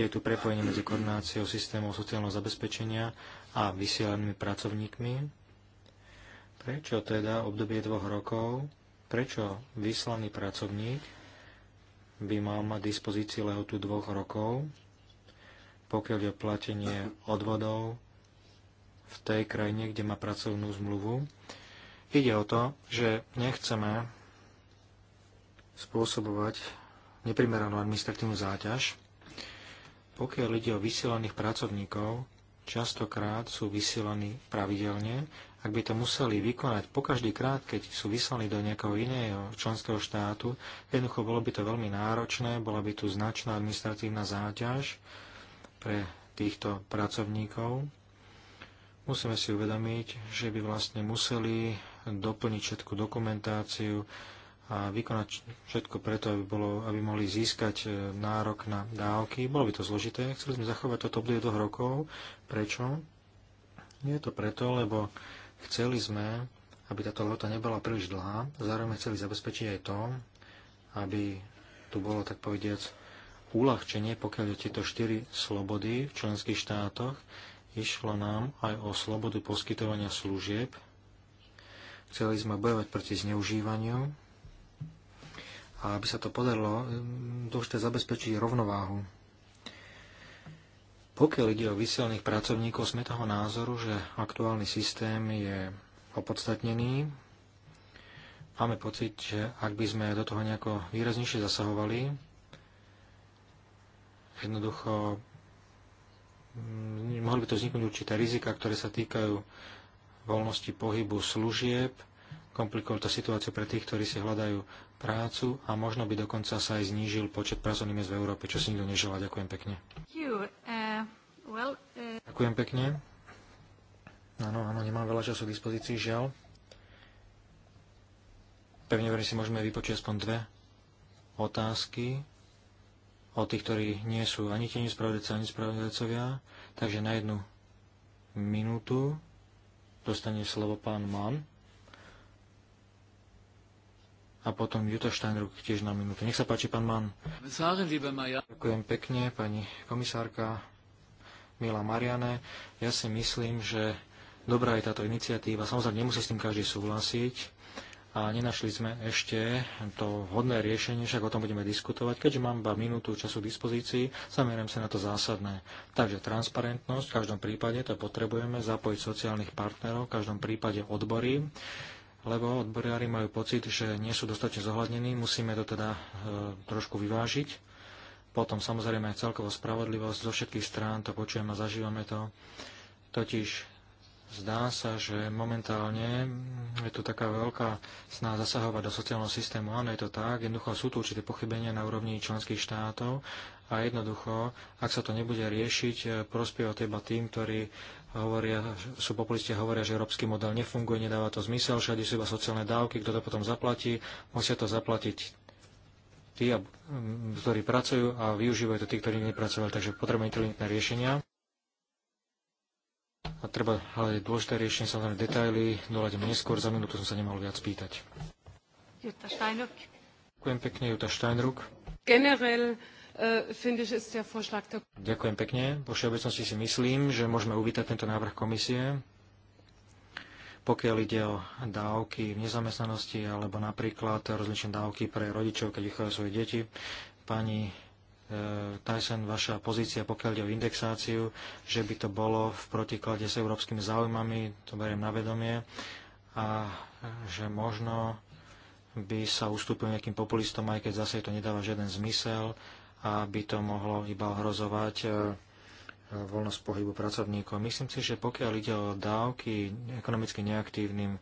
Je tu prepojenie medzi koordináciou systémov sociálneho zabezpečenia a vysielanými pracovníkmi. Prečo teda obdobie dvoch rokov? Prečo vyslaný pracovník by mal mať dispozícii lehotu dvoch rokov, pokiaľ je platenie odvodov v tej krajine, kde má pracovnú zmluvu? Ide o to, že nechceme spôsobovať neprimeranú administratívnu záťaž. Pokiaľ ide o vysielaných pracovníkov, častokrát sú vysielaní pravidelne. Ak by to museli vykonať po každý krát, keď sú vyslaní do nejakého iného členského štátu, jednoducho bolo by to veľmi náročné, bola by tu značná administratívna záťaž pre týchto pracovníkov. Musíme si uvedomiť, že by vlastne museli doplniť všetku dokumentáciu a vykonať všetko preto, aby, bolo, aby mohli získať e, nárok na dávky. Bolo by to zložité. Chceli sme zachovať toto obdobie dvoch rokov. Prečo? Nie je to preto, lebo chceli sme, aby táto lehota nebola príliš dlhá. Zároveň chceli zabezpečiť aj to, aby tu bolo, tak povediac, uľahčenie, pokiaľ tieto štyri slobody v členských štátoch išlo nám aj o slobodu poskytovania služieb Chceli sme bojovať proti zneužívaniu a aby sa to podarilo, um, dôležité zabezpečiť rovnováhu. Pokiaľ ide o vysielných pracovníkov, sme toho názoru, že aktuálny systém je opodstatnený. Máme pocit, že ak by sme do toho nejako výraznejšie zasahovali, jednoducho mm, mohli by to vzniknúť určité rizika, ktoré sa týkajú voľnosti pohybu služieb, komplikovalo to situáciu pre tých, ktorí si hľadajú prácu a možno by dokonca sa aj znížil počet pracovných miest v Európe, čo si nikto neželá. Ďakujem pekne. Uh, uh, Ďakujem pekne. Áno, áno, nemám veľa času k dispozícii, žiaľ. Pevne verím, si môžeme vypočuť aspoň dve otázky od tých, ktorí nie sú ani tie nespravodajcovia, ani spravodajcovia. Takže na jednu minútu dostane slovo pán Mann. A potom Juta Steinruck tiež na minútu. Nech sa páči, pán Mann. Ďakujem pekne, pani komisárka, milá Mariane. Ja si myslím, že dobrá je táto iniciatíva. Samozrejme, nemusí s tým každý súhlasiť a nenašli sme ešte to vhodné riešenie, však o tom budeme diskutovať. Keďže mám iba minútu času k dispozícii, zamerám sa na to zásadné. Takže transparentnosť, v každom prípade to potrebujeme, zapojiť sociálnych partnerov, v každom prípade odbory, lebo odboriari majú pocit, že nie sú dostatne zohľadnení, musíme to teda e, trošku vyvážiť. Potom samozrejme aj celková spravodlivosť zo všetkých strán, to počujeme a zažívame to. Totiž Zdá sa, že momentálne je tu taká veľká snaha zasahovať do sociálneho systému. Áno, je to tak. Jednoducho sú tu určité pochybenia na úrovni členských štátov a jednoducho, ak sa to nebude riešiť, eh, prospieva to iba tým, ktorí hovoria, sú populisti a hovoria, že európsky model nefunguje, nedáva to zmysel, všade sú iba sociálne dávky, kto to potom zaplatí, musia to zaplatiť tí, ktorí pracujú a využívajú to tí, ktorí nepracovali. Takže potrebujeme inteligentné riešenia. A treba, ale je dôležité riešenie sa len detaily, doľadím no neskôr, za minútu som sa nemal viac pýtať. Jutta Steinruck. Ďakujem pekne, Jutta Steinruck. Generell äh, Ďakujem pekne. vo všeobecnosti si myslím, že môžeme uvítať tento návrh komisie, pokiaľ ide o dávky v nezamestnanosti alebo napríklad rozličné dávky pre rodičov, keď vychovajú svoje deti. Pani E, Tyson, vaša pozícia, pokiaľ ide o indexáciu, že by to bolo v protiklade s európskymi záujmami, to beriem na vedomie, a že možno by sa ustúpil nejakým populistom, aj keď zase to nedáva žiaden zmysel a by to mohlo iba ohrozovať e, e, voľnosť pohybu pracovníkov. Myslím si, že pokiaľ ide o dávky ekonomicky neaktívnym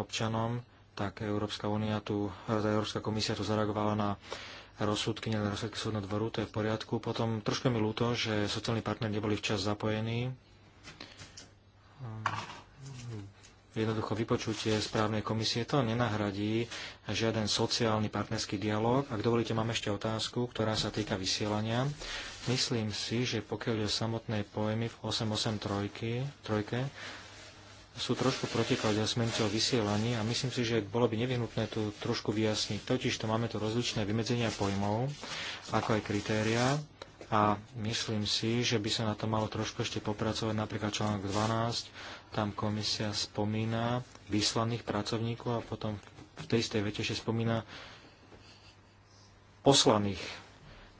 občanom, tak Európska, únia tu, Európska komisia tu zareagovala na rozsudky, na rozsudky súdneho dvoru, to je v poriadku. Potom trošku mi ľúto, že sociálni partneri neboli včas zapojení. Ehm, jednoducho vypočutie správnej komisie to nenahradí žiaden sociálny partnerský dialog. Ak dovolíte, mám ešte otázku, ktorá sa týka vysielania. Myslím si, že pokiaľ je samotné pojmy v 883, trojke, sú trošku protikladia smernice o vysielaní a myslím si, že bolo by nevyhnutné tu trošku vyjasniť. Totiž to máme tu rozličné vymedzenia pojmov, ako aj kritéria a myslím si, že by sa na to malo trošku ešte popracovať. Napríklad článok 12, tam komisia spomína vyslaných pracovníkov a potom v tej istej vete ešte spomína poslaných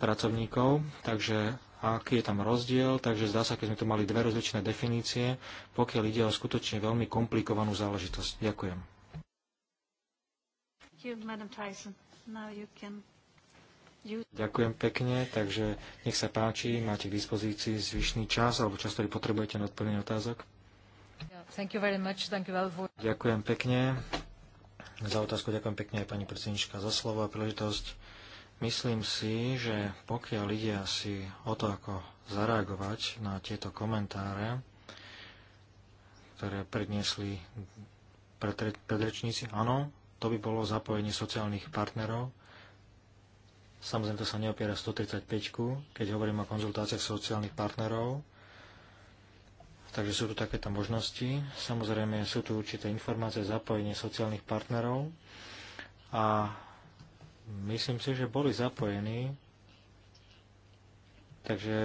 pracovníkov, takže aký je tam rozdiel, takže zdá sa, keď sme tu mali dve rozličné definície, pokiaľ ide o skutočne veľmi komplikovanú záležitosť. Ďakujem. Ďakujem pekne, takže nech sa páči, máte k dispozícii zvyšný čas alebo čas, ktorý potrebujete na odplnenie otázok. Ďakujem pekne za otázku, ďakujem pekne aj pani predsednička za slovo a príležitosť Myslím si, že pokiaľ ide asi o to, ako zareagovať na tieto komentáre, ktoré predniesli predrečníci, áno, to by bolo zapojenie sociálnych partnerov. Samozrejme, to sa neopiera 135, keď hovorím o konzultáciách sociálnych partnerov. Takže sú tu takéto možnosti. Samozrejme, sú tu určité informácie, zapojenie sociálnych partnerov. A myslím si, že boli zapojení, takže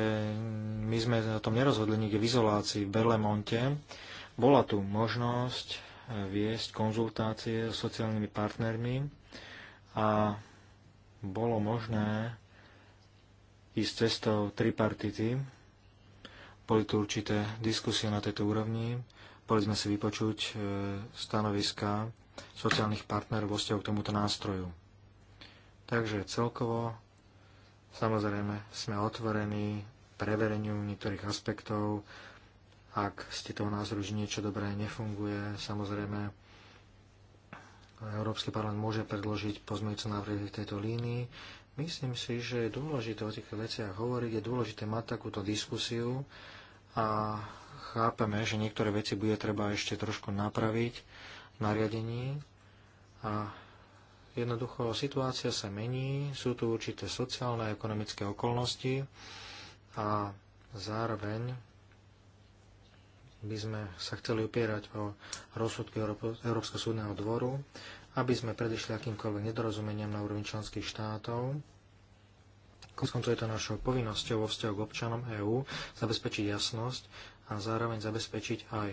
my sme o tom nerozhodli nikde v izolácii v Berlemonte. Bola tu možnosť eh, viesť konzultácie s sociálnymi partnermi a bolo možné ísť cestou tripartity. Boli tu určité diskusie na tejto úrovni, boli sme si vypočuť eh, stanoviska sociálnych partnerov vo k tomuto nástroju. Takže celkovo samozrejme sme otvorení prevereniu niektorých aspektov. Ak ste toho názoru, že niečo dobré nefunguje, samozrejme Európsky parlament môže predložiť pozmeňujúce návrhy v tejto línii. Myslím si, že je dôležité o týchto veciach hovoriť, je dôležité mať takúto diskusiu a chápeme, že niektoré veci bude treba ešte trošku napraviť nariadení a Jednoducho situácia sa mení, sú tu určité sociálne a ekonomické okolnosti a zároveň by sme sa chceli upierať o rozsudky Európskeho súdneho dvoru, aby sme predišli akýmkoľvek nedorozumeniam na úrovni členských štátov. Koneckoncov je to našou povinnosťou vo vzťahu k občanom EÚ zabezpečiť jasnosť a zároveň zabezpečiť aj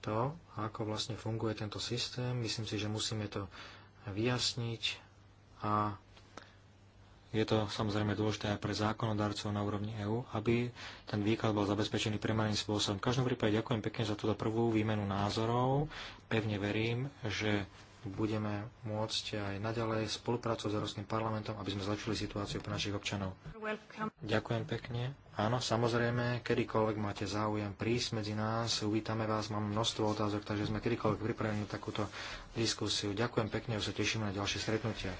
to, ako vlastne funguje tento systém. Myslím si, že musíme to vyjasniť a je to samozrejme dôležité aj pre zákonodarcov na úrovni EÚ, aby ten výklad bol zabezpečený primárnym spôsobom. V každom prípade ďakujem pekne za túto prvú výmenu názorov. Pevne verím, že budeme môcť aj naďalej spolupracovať s Európskym parlamentom, aby sme zlepšili situáciu pre našich občanov. Welcome. Ďakujem pekne. Áno, samozrejme, kedykoľvek máte záujem prísť medzi nás, uvítame vás, mám množstvo otázok, takže sme kedykoľvek pripravení takúto diskusiu. Ďakujem pekne a sa tešíme na ďalšie stretnutia.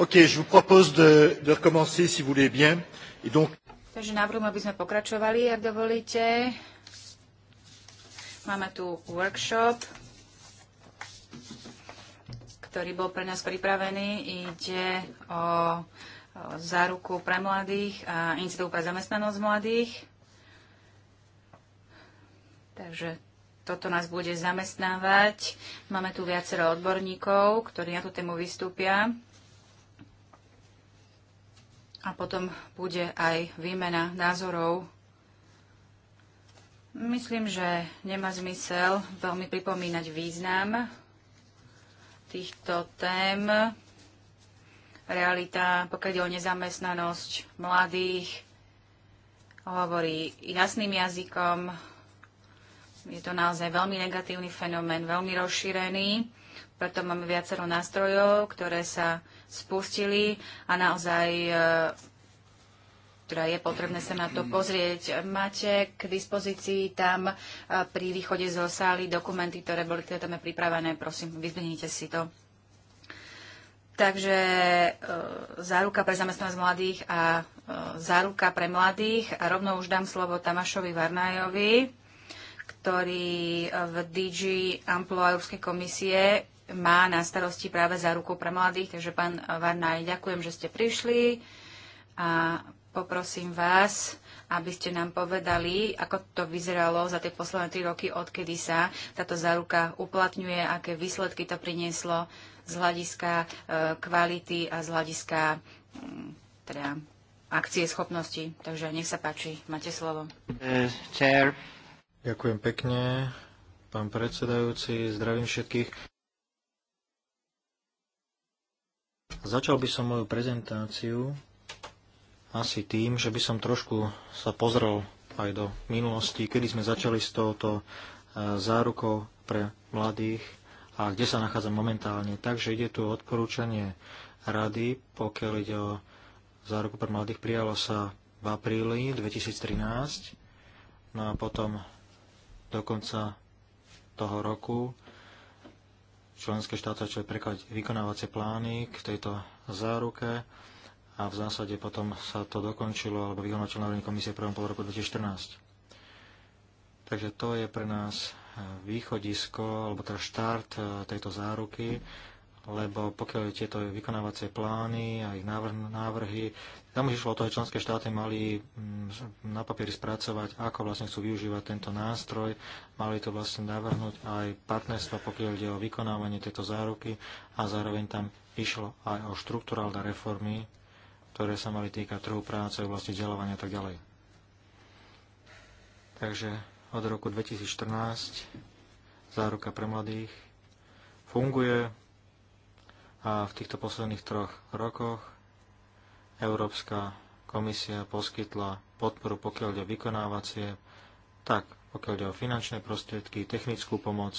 OK, je vous propose de, de recommencer, si vous voulez bien. Et donc... Takže navrhujem, aby sme pokračovali, ak dovolíte. Máme tu workshop, ktorý bol pre nás pripravený. Ide o záruku pre mladých a Institút pre zamestnanosť mladých. Takže toto nás bude zamestnávať. Máme tu viacero odborníkov, ktorí na tú tému vystúpia potom bude aj výmena názorov. Myslím, že nemá zmysel veľmi pripomínať význam týchto tém. Realita, pokiaľ ide o nezamestnanosť mladých, hovorí jasným jazykom. Je to naozaj veľmi negatívny fenomén, veľmi rozšírený. Preto máme viacero nástrojov, ktoré sa spustili a naozaj e, ktorá je potrebné sa na to pozrieť. Máte k dispozícii tam e, pri východe zo sály dokumenty, ktoré boli teda tam pripravené. Prosím, vyzdvihnite si to. Takže e, záruka pre zamestnanosť mladých a e, záruka pre mladých. A rovno už dám slovo Tamašovi Varnajovi, ktorý v DG Amplo Európskej komisie má na starosti práve záruku pre mladých. Takže pán Varnaj, ďakujem, že ste prišli a poprosím vás, aby ste nám povedali, ako to vyzeralo za tie posledné tri roky, odkedy sa táto záruka uplatňuje, aké výsledky to prinieslo z hľadiska e, kvality a z hľadiska mm, teda, akcie schopnosti. Takže nech sa páči, máte slovo. Uh, chair. Ďakujem pekne, pán predsedajúci, zdravím všetkých. Začal by som moju prezentáciu asi tým, že by som trošku sa pozrel aj do minulosti, kedy sme začali s touto e, zárukou pre mladých a kde sa nachádza momentálne. Takže ide tu odporúčanie rady, pokiaľ ide o záruku pre mladých, prijalo sa v apríli 2013, no a potom do konca toho roku členské štáty začali prekladať vykonávacie plány k tejto záruke a v zásade potom sa to dokončilo alebo vyhodnotilo na úrovni komisie v prvom pol roku 2014. Takže to je pre nás eh, východisko, alebo teda štart eh, tejto záruky, lebo pokiaľ tieto vykonávacie plány a ich návrh, návrhy, tam už išlo o to, že členské štáty mali mm, na papieri spracovať, ako vlastne chcú využívať tento nástroj, mali to vlastne navrhnúť aj partnerstva, pokiaľ ide o vykonávanie tejto záruky a zároveň tam išlo aj o štruktúralné reformy ktoré sa mali týkať trhu práce, oblasti vzdelávania a tak ďalej. Takže od roku 2014 záruka pre mladých funguje a v týchto posledných troch rokoch Európska komisia poskytla podporu, pokiaľ ide o vykonávacie, tak pokiaľ ide o finančné prostriedky, technickú pomoc.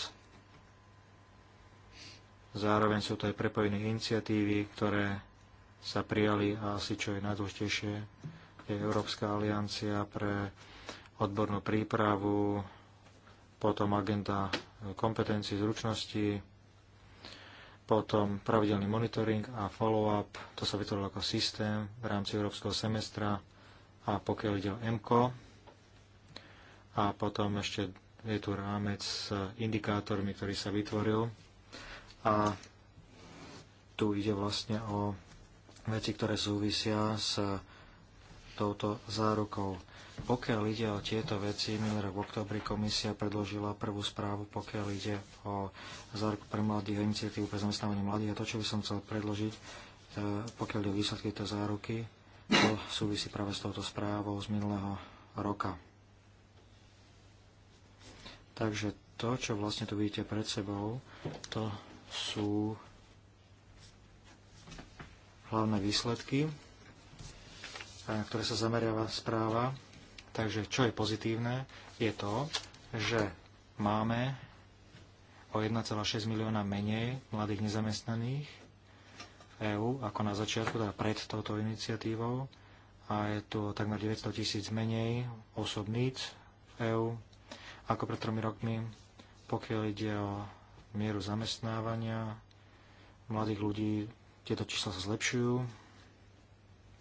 Zároveň sú to aj prepojené iniciatívy, ktoré sa prijali a asi čo je najdôležitejšie, je Európska aliancia pre odbornú prípravu, potom agenda kompetencií, zručností, potom pravidelný monitoring a follow-up, to sa vytvorilo ako systém v rámci európskeho semestra a pokiaľ ide o MCO, a potom ešte je tu rámec s indikátormi, ktorý sa vytvoril a tu ide vlastne o veci, ktoré súvisia s touto zárukou. Pokiaľ ide o tieto veci, minulý rok v oktobri komisia predložila prvú správu, pokiaľ ide o záruku pre mladých a iniciatívu pre zamestnávanie mladých. A to, čo by som chcel predložiť, e, pokiaľ ide o výsledky tej záruky, to súvisí práve s touto správou z minulého roka. Takže to, čo vlastne tu vidíte pred sebou, to sú hlavné výsledky, na e, ktoré sa zameriava správa. Takže čo je pozitívne, je to, že máme o 1,6 milióna menej mladých nezamestnaných v EÚ ako na začiatku, teda pred touto iniciatívou. A je tu takmer 900 tisíc menej osobníc v EÚ ako pred tromi rokmi, pokiaľ ide o mieru zamestnávania mladých ľudí tieto čísla sa zlepšujú,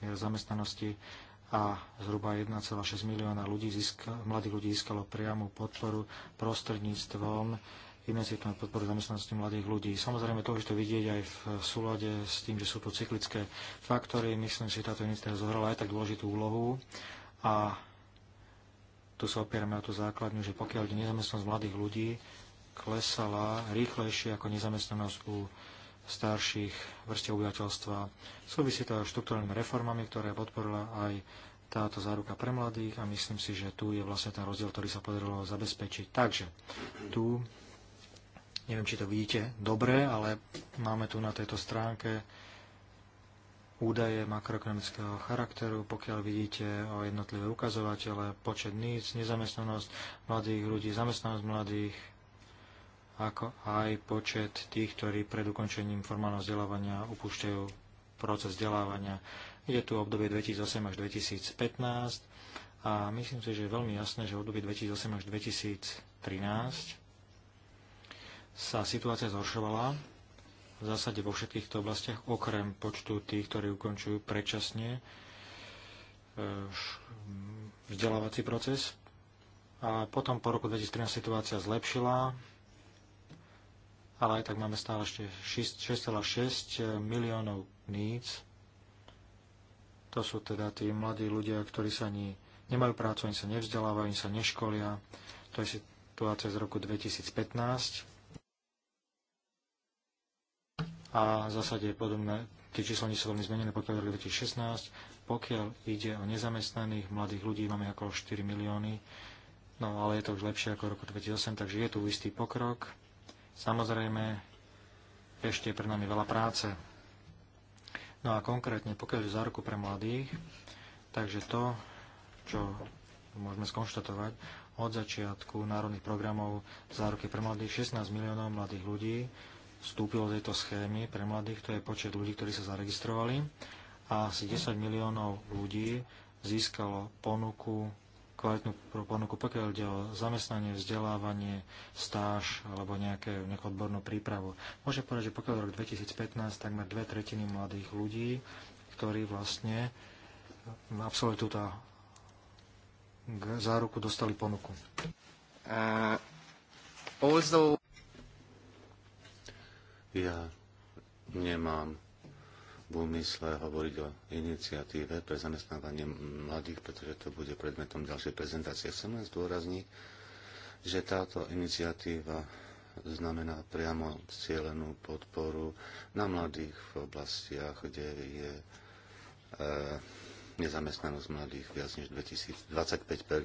miera zamestnanosti a zhruba 1,6 milióna ľudí získa, mladých ľudí získalo priamu podporu prostredníctvom investíciu podporu zamestnanosti mladých ľudí. Samozrejme, to už to vidieť aj v súlade s tým, že sú to cyklické faktory. Myslím si, že táto iniciatíva zohrala aj tak dôležitú úlohu a tu sa opierame o tú základňu, že pokiaľ nezamestnanosť mladých ľudí klesala rýchlejšie ako nezamestnanosť u starších vrstev obyvateľstva. Súvisí to aj štruktúrnymi reformami, ktoré podporila aj táto záruka pre mladých a myslím si, že tu je vlastne ten rozdiel, ktorý sa podarilo zabezpečiť. Takže tu, neviem, či to vidíte dobre, ale máme tu na tejto stránke údaje makroekonomického charakteru, pokiaľ vidíte o jednotlivé ukazovatele, počet níc, nezamestnanosť mladých ľudí, zamestnanosť mladých, ako aj počet tých, ktorí pred ukončením formálneho vzdelávania upúšťajú proces vzdelávania. Ide tu obdobie 2008 až 2015 a myslím si, že je veľmi jasné, že v období 2008 až 2013 sa situácia zhoršovala v zásade vo všetkých týchto oblastiach, okrem počtu tých, ktorí ukončujú predčasne e, vzdelávací proces. A potom po roku 2013 situácia zlepšila, ale aj tak máme stále ešte 6,6 eh, miliónov níc. To sú teda tí mladí ľudia, ktorí sa ani nemajú prácu, ani sa nevzdelávajú, ani sa neškolia. To je situácia z roku 2015. A v zásade je podobné, tie čísla nie sú veľmi zmenené, pokiaľ je 2016. Pokiaľ ide o nezamestnaných mladých ľudí, máme okolo 4 milióny, no ale je to už lepšie ako v roku 2008, takže je tu istý pokrok. Samozrejme, ešte je pre nami veľa práce. No a konkrétne, pokiaľ je záruku pre mladých, takže to, čo môžeme skonštatovať, od začiatku národných programov záruky pre mladých 16 miliónov mladých ľudí vstúpilo do tejto schémy pre mladých, to je počet ľudí, ktorí sa zaregistrovali a asi 10 miliónov ľudí získalo ponuku kvalitnú ponuku, pokiaľ ide o zamestnanie, vzdelávanie, stáž alebo nejaké, nejakú odbornú prípravu. Môžem povedať, že pokiaľ rok 2015 takmer dve tretiny mladých ľudí, ktorí vlastne absolvovali túto záruku, dostali ponuku. Uh, also... Ja nemám v úmysle hovoriť o iniciatíve pre zamestnávanie mladých, pretože to bude predmetom ďalšej prezentácie. Chcem len zdôrazniť, že táto iniciatíva znamená priamo cieľenú podporu na mladých v oblastiach, kde je e, nezamestnanosť mladých viac než 20, 25 e,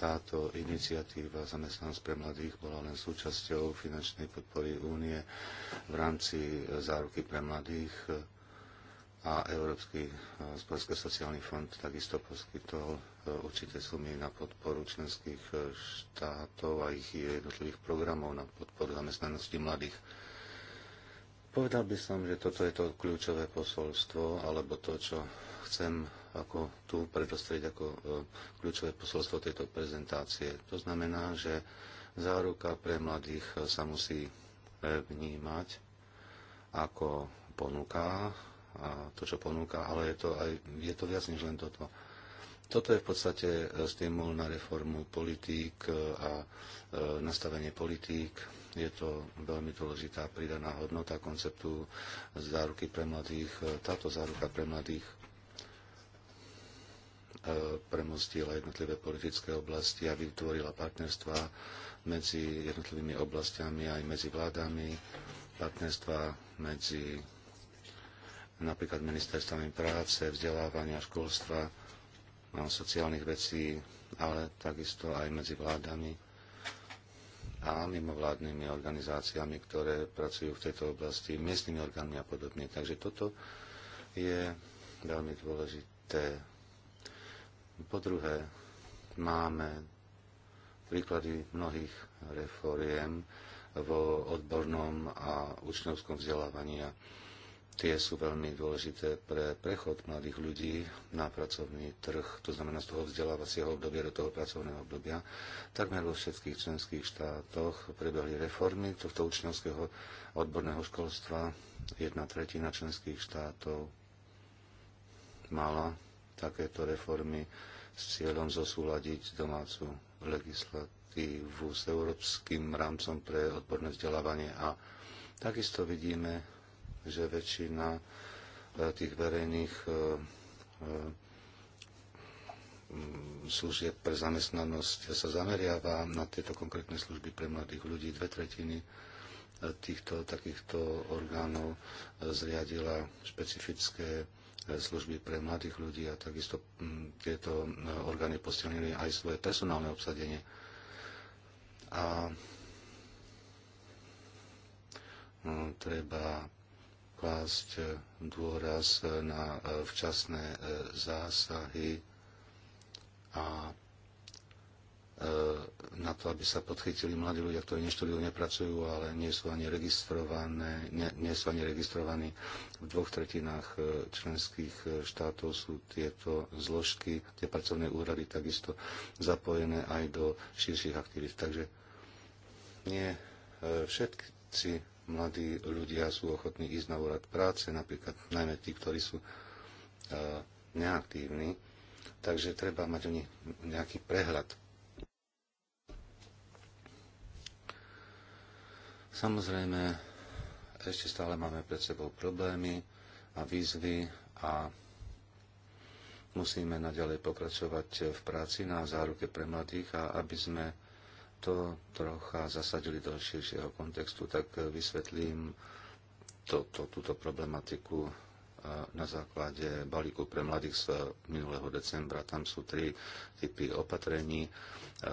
táto iniciatíva zamestnanosť pre mladých bola len súčasťou finančnej podpory únie v rámci e, záruky pre mladých e, a Európsky e, spolský sociálny fond takisto poskytol určité sumy na podporu členských štátov a ich jednotlivých programov na podporu zamestnanosti mladých. Povedal by som, že toto je to kľúčové posolstvo, alebo to, čo chcem ako tu predostrieť ako e, kľúčové posolstvo tejto prezentácie. To znamená, že záruka pre mladých e, sa musí vnímať ako ponuka, a to, čo ponúka, ale je to, aj, je to viac než len toto. Toto je v podstate e, stimul na reformu politík a nastavenie politík. Je to veľmi dôležitá pridaná hodnota konceptu záruky pre mladých. Táto záruka pre mladých E, premostila jednotlivé politické oblasti a vytvorila partnerstva medzi jednotlivými oblastiami aj medzi vládami, partnerstva medzi napríklad ministerstvami práce, vzdelávania, školstva, no, sociálnych vecí, ale takisto aj medzi vládami a mimovládnymi organizáciami, ktoré pracujú v tejto oblasti, miestnymi orgánmi a podobne. Takže toto je veľmi dôležité po druhé, máme príklady mnohých reforiem vo odbornom a učňovskom vzdelávaní a tie sú veľmi dôležité pre prechod mladých ľudí na pracovný trh, to znamená z toho vzdelávacieho obdobia do toho pracovného obdobia. Takmer vo všetkých členských štátoch prebehli reformy tohto učňovského odborného školstva. Jedna tretina členských štátov mala takéto reformy s cieľom zosúľadiť domácu legislatívu s európskym rámcom pre odborné vzdelávanie. A takisto vidíme, že väčšina e, tých verejných e, e, služieb pre zamestnanosť sa zameriava na tieto konkrétne služby pre mladých ľudí. Dve tretiny týchto takýchto orgánov zriadila špecifické E, služby pre mladých ľudí a takisto mm, tieto e, orgány posilnili aj svoje personálne obsadenie. A no, treba klásť e, dôraz na včasné zásahy a E, na to, aby sa podchytili mladí ľudia, ktorí neštudujú, nepracujú, ale nie sú ani, registrované, nie, nie sú ani registrovaní. V dvoch tretinách e, členských e, štátov sú tieto zložky, tie pracovné úrady takisto zapojené aj do širších aktivít. Takže nie všetci mladí ľudia sú ochotní ísť na úrad práce, napríklad najmä tí, ktorí sú neaktívni. Takže treba mať o nich nejaký prehľad Samozrejme, ešte stále máme pred sebou problémy a výzvy a musíme naďalej pokračovať v práci na záruke pre mladých a aby sme to trocha zasadili do širšieho kontextu, tak vysvetlím to, túto problematiku na základe balíku pre mladých z minulého decembra. Tam sú tri typy opatrení e,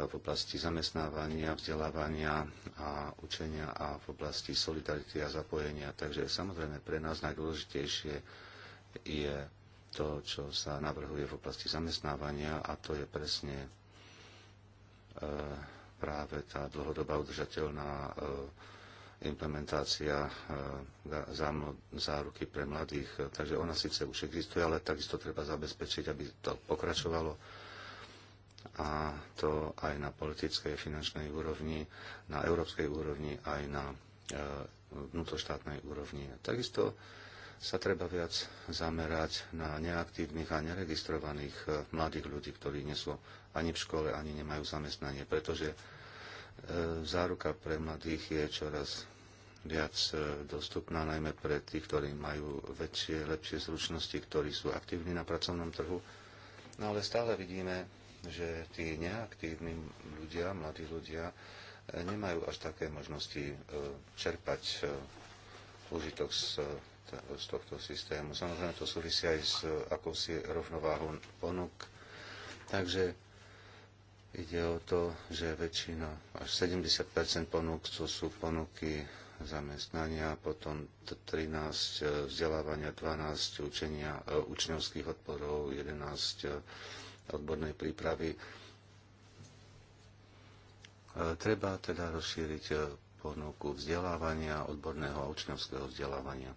v oblasti zamestnávania, vzdelávania a učenia a v oblasti solidarity a zapojenia. Takže samozrejme pre nás najdôležitejšie je to, čo sa navrhuje v oblasti zamestnávania a to je presne e, práve tá dlhodobá udržateľná e, implementácia eh, záruky pre mladých. Takže ona síce už existuje, ale takisto treba zabezpečiť, aby to pokračovalo a to aj na politickej, finančnej úrovni, na európskej úrovni, aj na eh, vnútroštátnej úrovni. Takisto sa treba viac zamerať na neaktívnych a neregistrovaných eh, mladých ľudí, ktorí nie sú ani v škole, ani nemajú zamestnanie, pretože E, záruka pre mladých je čoraz viac e, dostupná najmä pre tých, ktorí majú väčšie, lepšie zručnosti, ktorí sú aktívni na pracovnom trhu. No ale stále vidíme, že tí neaktívni ľudia, mladí ľudia, e, nemajú až také možnosti čerpať užitok z, z tohto systému. Samozrejme, to súvisí aj s akousi rovnováhou ponúk. Takže Ide o to, že väčšina, až 70 ponúk sú, sú ponuky zamestnania, potom 13 e, vzdelávania, 12 učenia, e, učňovských odporov, 11 e, odbornej prípravy. Treba teda rozšíriť ponuku vzdelávania, odborného a učňovského vzdelávania.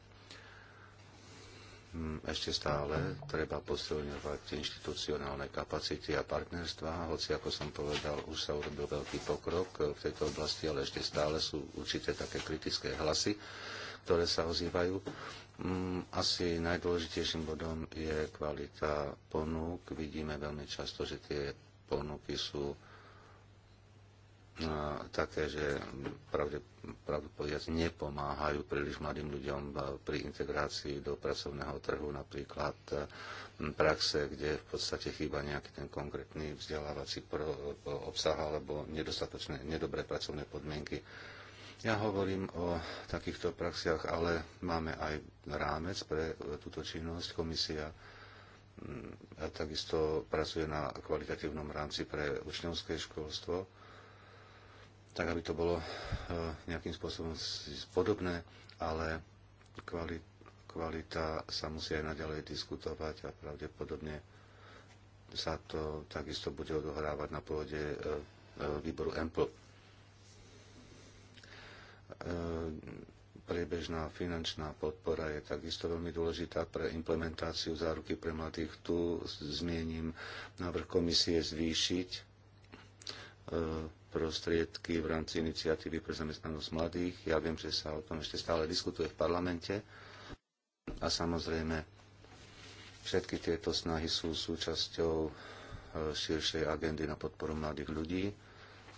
Hm, ešte stále treba posilňovať inštitucionálne kapacity a partnerstva. Hoci, ako som povedal, už sa urobil veľký pokrok v tejto oblasti, ale ešte stále sú určité také kritické hlasy, ktoré sa ozývajú. Hm, asi najdôležitejším bodom je kvalita ponúk. Vidíme veľmi často, že tie ponuky sú také, že pravdepodobne nepomáhajú príliš mladým ľuďom pri integrácii do pracovného trhu, napríklad praxe, kde v podstate chýba nejaký ten konkrétny vzdelávací obsah alebo nedostatočné, nedobré pracovné podmienky. Ja hovorím o takýchto praxiach, ale máme aj rámec pre e, túto činnosť. Komisia takisto pracuje na kvalitatívnom rámci pre učňovské školstvo tak aby to bolo e, nejakým spôsobom podobné, ale kvalita, kvalita sa musí aj naďalej diskutovať a pravdepodobne sa to takisto bude odohrávať na pôde e, e, výboru EMPL. Priebežná finančná podpora je takisto veľmi dôležitá pre implementáciu záruky pre mladých. Tu zmiením návrh komisie zvýšiť prostriedky v rámci iniciatívy pre zamestnanosť mladých. Ja viem, že sa o tom ešte stále diskutuje v parlamente a samozrejme všetky tieto snahy sú súčasťou e, širšej agendy na podporu mladých ľudí.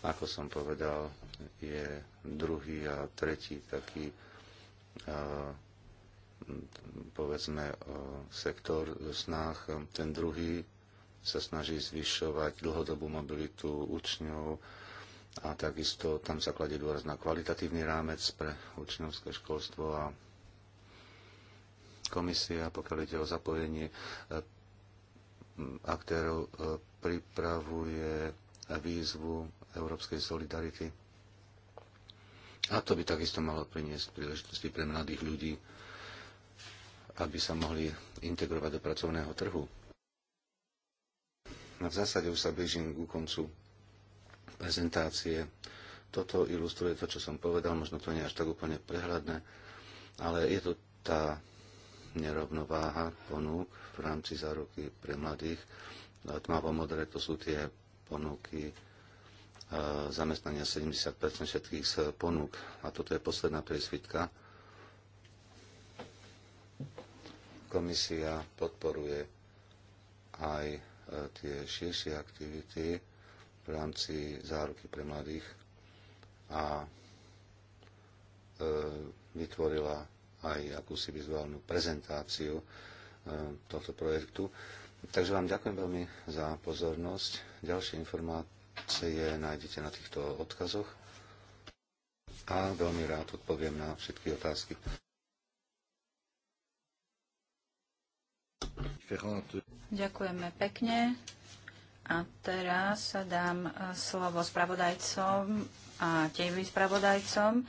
Ako som povedal, je druhý a tretí taký e, povedzme e, sektor snah, Ten druhý sa snaží zvyšovať dlhodobú mobilitu učňov, a takisto tam sa kladie dôraz na kvalitatívny rámec pre učňovské školstvo a komisia, pokiaľ ide o zapojenie e, aktérov, e, pripravuje výzvu európskej solidarity. A to by takisto malo priniesť príležitosti pre mladých ľudí, aby sa mohli integrovať do pracovného trhu. V zásade už sa blížim ku koncu prezentácie. Toto ilustruje to, čo som povedal, možno to nie je až tak úplne prehľadné, ale je to tá nerovnováha ponúk v rámci záruky pre mladých. Tmavo-modré to sú tie ponúky e, zamestnania 70 všetkých z ponúk. A toto je posledná priesvitka. Komisia podporuje aj e, tie širšie aktivity v rámci záruky pre mladých a e, vytvorila aj akúsi vizuálnu prezentáciu e, tohto projektu. Takže vám ďakujem veľmi za pozornosť. Ďalšie informácie nájdete na týchto odkazoch a veľmi rád odpoviem na všetky otázky. Ďakujeme pekne. A teraz dám e, slovo spravodajcom a tejmi spravodajcom.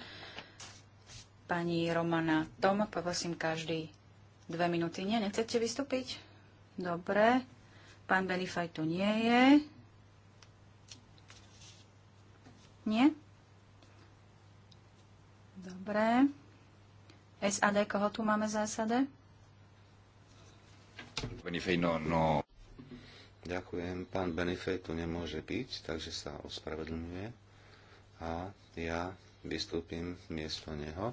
Pani Romana Tom, poprosím každý dve minúty. Nie, nechcete vystúpiť? Dobre. Pán Benifaj tu nie je. Nie? Dobre. SAD, koho tu máme za SAD? Benifej, no, no. Ďakujem. Pán Benefej tu nemôže byť, takže sa ospravedlňuje a ja vystúpim miesto neho.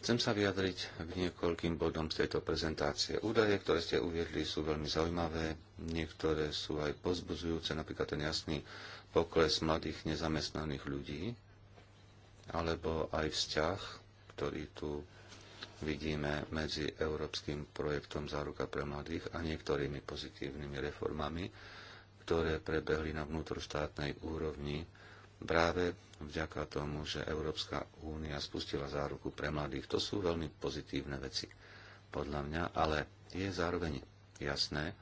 Chcem sa vyjadriť k niekoľkým bodom z tejto prezentácie. Údaje, ktoré ste uviedli, sú veľmi zaujímavé, niektoré sú aj pozbuzujúce, napríklad ten jasný pokles mladých nezamestnaných ľudí, alebo aj vzťah, ktorý tu vidíme medzi európskym projektom Záruka pre mladých a niektorými pozitívnymi reformami, ktoré prebehli na vnútroštátnej úrovni práve vďaka tomu, že Európska únia spustila záruku pre mladých. To sú veľmi pozitívne veci, podľa mňa, ale je zároveň jasné,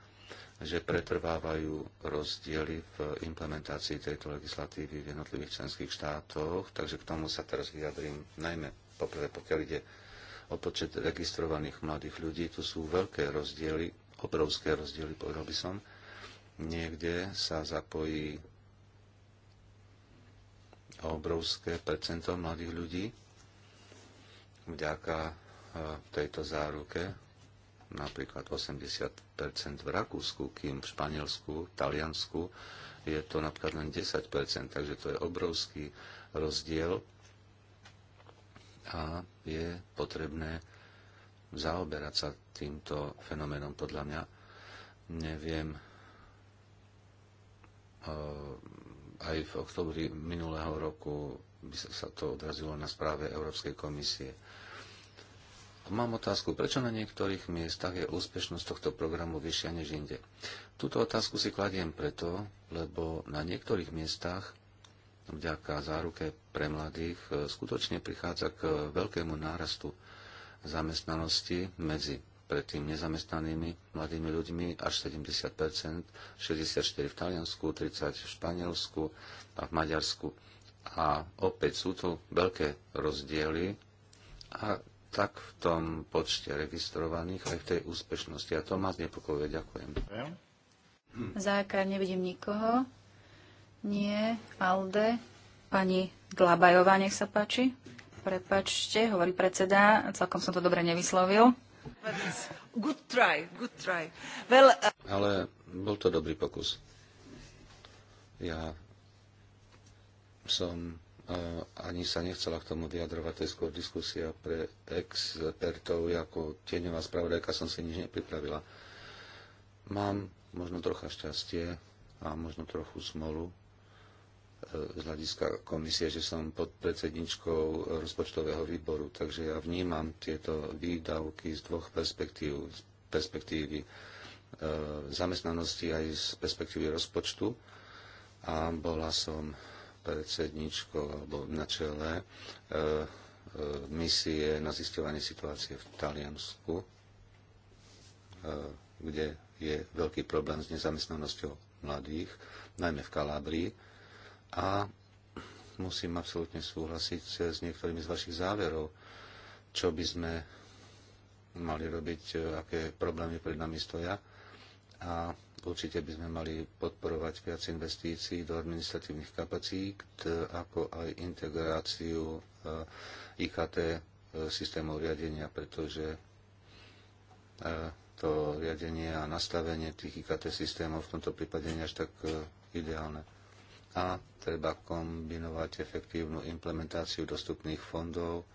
že pretrvávajú rozdiely v implementácii tejto legislatívy v jednotlivých členských štátoch, takže k tomu sa teraz vyjadrím najmä poprvé, pokiaľ ide o počet registrovaných mladých ľudí. Tu sú veľké rozdiely, obrovské rozdiely, povedal by som. Niekde sa zapojí obrovské percento mladých ľudí vďaka e, tejto záruke, napríklad 80 v Rakúsku, kým v Španielsku, Taliansku je to napríklad len 10 takže to je obrovský rozdiel a je potrebné zaoberať sa týmto fenoménom. Podľa mňa neviem, eh, aj v oktobri minulého roku by sa to odrazilo na správe Európskej komisie. Mám otázku, prečo na niektorých miestach je úspešnosť tohto programu vyššia než inde? Túto otázku si kladiem preto, lebo na niektorých miestach vďaka záruke pre mladých e, skutočne prichádza k e, veľkému nárastu zamestnanosti medzi predtým nezamestnanými mladými ľuďmi až 70 64 v Taliansku, 30 v Španielsku a v Maďarsku. A opäť sú tu veľké rozdiely a tak v tom počte registrovaných aj v tej úspešnosti. A to má znepokojuje. Ďakujem. Hm. Za nevidím nikoho. Nie. Alde. Pani Dlabajová, nech sa páči. Prepačte, hovorí predseda, celkom som to dobre nevyslovil. Good try, good try. Well, uh... Ale bol to dobrý pokus. Ja som uh, ani sa nechcela k tomu vyjadrovať, to je skôr diskusia pre expertov, ako tieňová spravodajka som si nič nepripravila. Mám možno trocha šťastie a možno trochu smolu, E, z hľadiska komisie, že som pod predsedničkou rozpočtového výboru, takže ja vnímam tieto výdavky z dvoch perspektív, z perspektívy e, zamestnanosti aj z perspektívy rozpočtu a bola som predsedničkou alebo na čele e, misie na zisťovanie situácie v Taliansku, kde je veľký problém s nezamestnanosťou mladých, najmä v Kalábrii a musím absolútne súhlasiť s niektorými z vašich záverov, čo by sme mali robiť, e, aké problémy pred nami stoja a určite by sme mali podporovať viac investícií do administratívnych kapacít, ako aj integráciu IKT e, e, systémov riadenia, pretože to riadenie a nastavenie tých IKT systémov v tomto prípade nie až tak ideálne a treba kombinovať efektívnu implementáciu dostupných fondov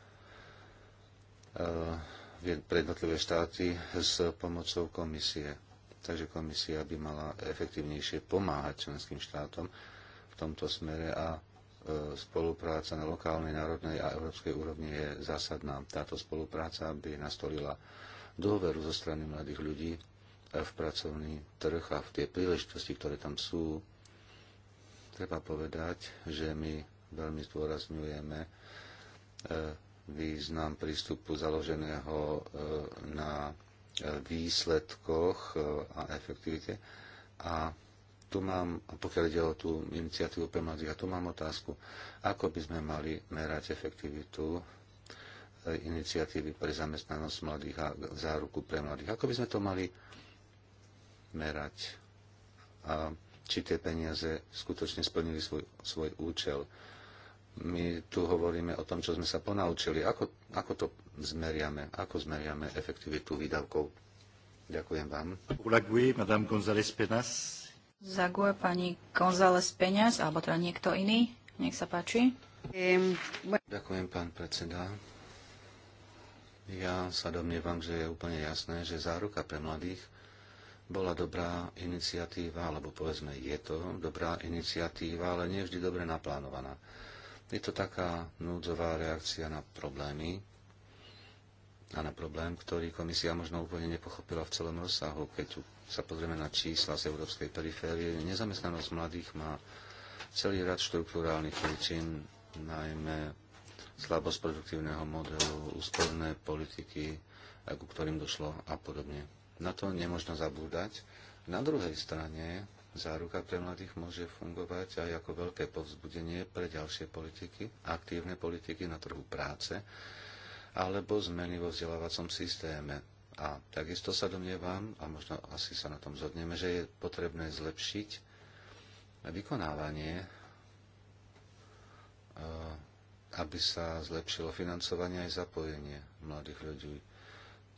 eh, pre jednotlivé štáty s pomocou komisie. Takže komisia by mala efektívnejšie pomáhať členským štátom v tomto smere a eh, spolupráca na lokálnej, národnej a európskej úrovni je zásadná. Táto spolupráca by nastolila dôveru zo strany mladých ľudí eh, v pracovný trh a v tie príležitosti, ktoré tam sú treba povedať, že my veľmi zdôrazňujeme e, význam prístupu založeného e, na e, výsledkoch a efektivite. A tu mám, pokiaľ ide o tú iniciatívu pre mladých, a tu mám otázku, ako by sme mali merať efektivitu iniciatívy pre zamestnanosť mladých a záruku pre mladých. Ako by sme to mali merať? A či tie peniaze skutočne splnili svoj, svoj účel. My tu hovoríme o tom, čo sme sa ponaučili. Ako, ako to zmeriame? Ako zmeriame efektivitu výdavkov? Ďakujem vám. Ulaguj, madame González Penas. Zaguje pani González Peňaz, alebo teda niekto iný. Nech sa páči. Ďakujem, pán predseda. Ja sa domnievam, že je úplne jasné, že záruka pre mladých bola dobrá iniciatíva, alebo povedzme, je to dobrá iniciatíva, ale nie vždy dobre naplánovaná. Je to taká núdzová reakcia na problémy a na problém, ktorý komisia možno úplne nepochopila v celom rozsahu. Keď sa pozrieme na čísla z európskej periférie, nezamestnanosť mladých má celý rad štruktúrálnych príčin, najmä slabosť produktívneho modelu, úsporné politiky, ku ktorým došlo a podobne. Na to nemožno zabúdať. Na druhej strane záruka pre mladých môže fungovať aj ako veľké povzbudenie pre ďalšie politiky, aktívne politiky na trhu práce alebo zmeny vo vzdelávacom systéme. A takisto sa domnievam, a možno asi sa na tom zhodneme, že je potrebné zlepšiť vykonávanie, e, aby sa zlepšilo financovanie aj zapojenie mladých ľudí.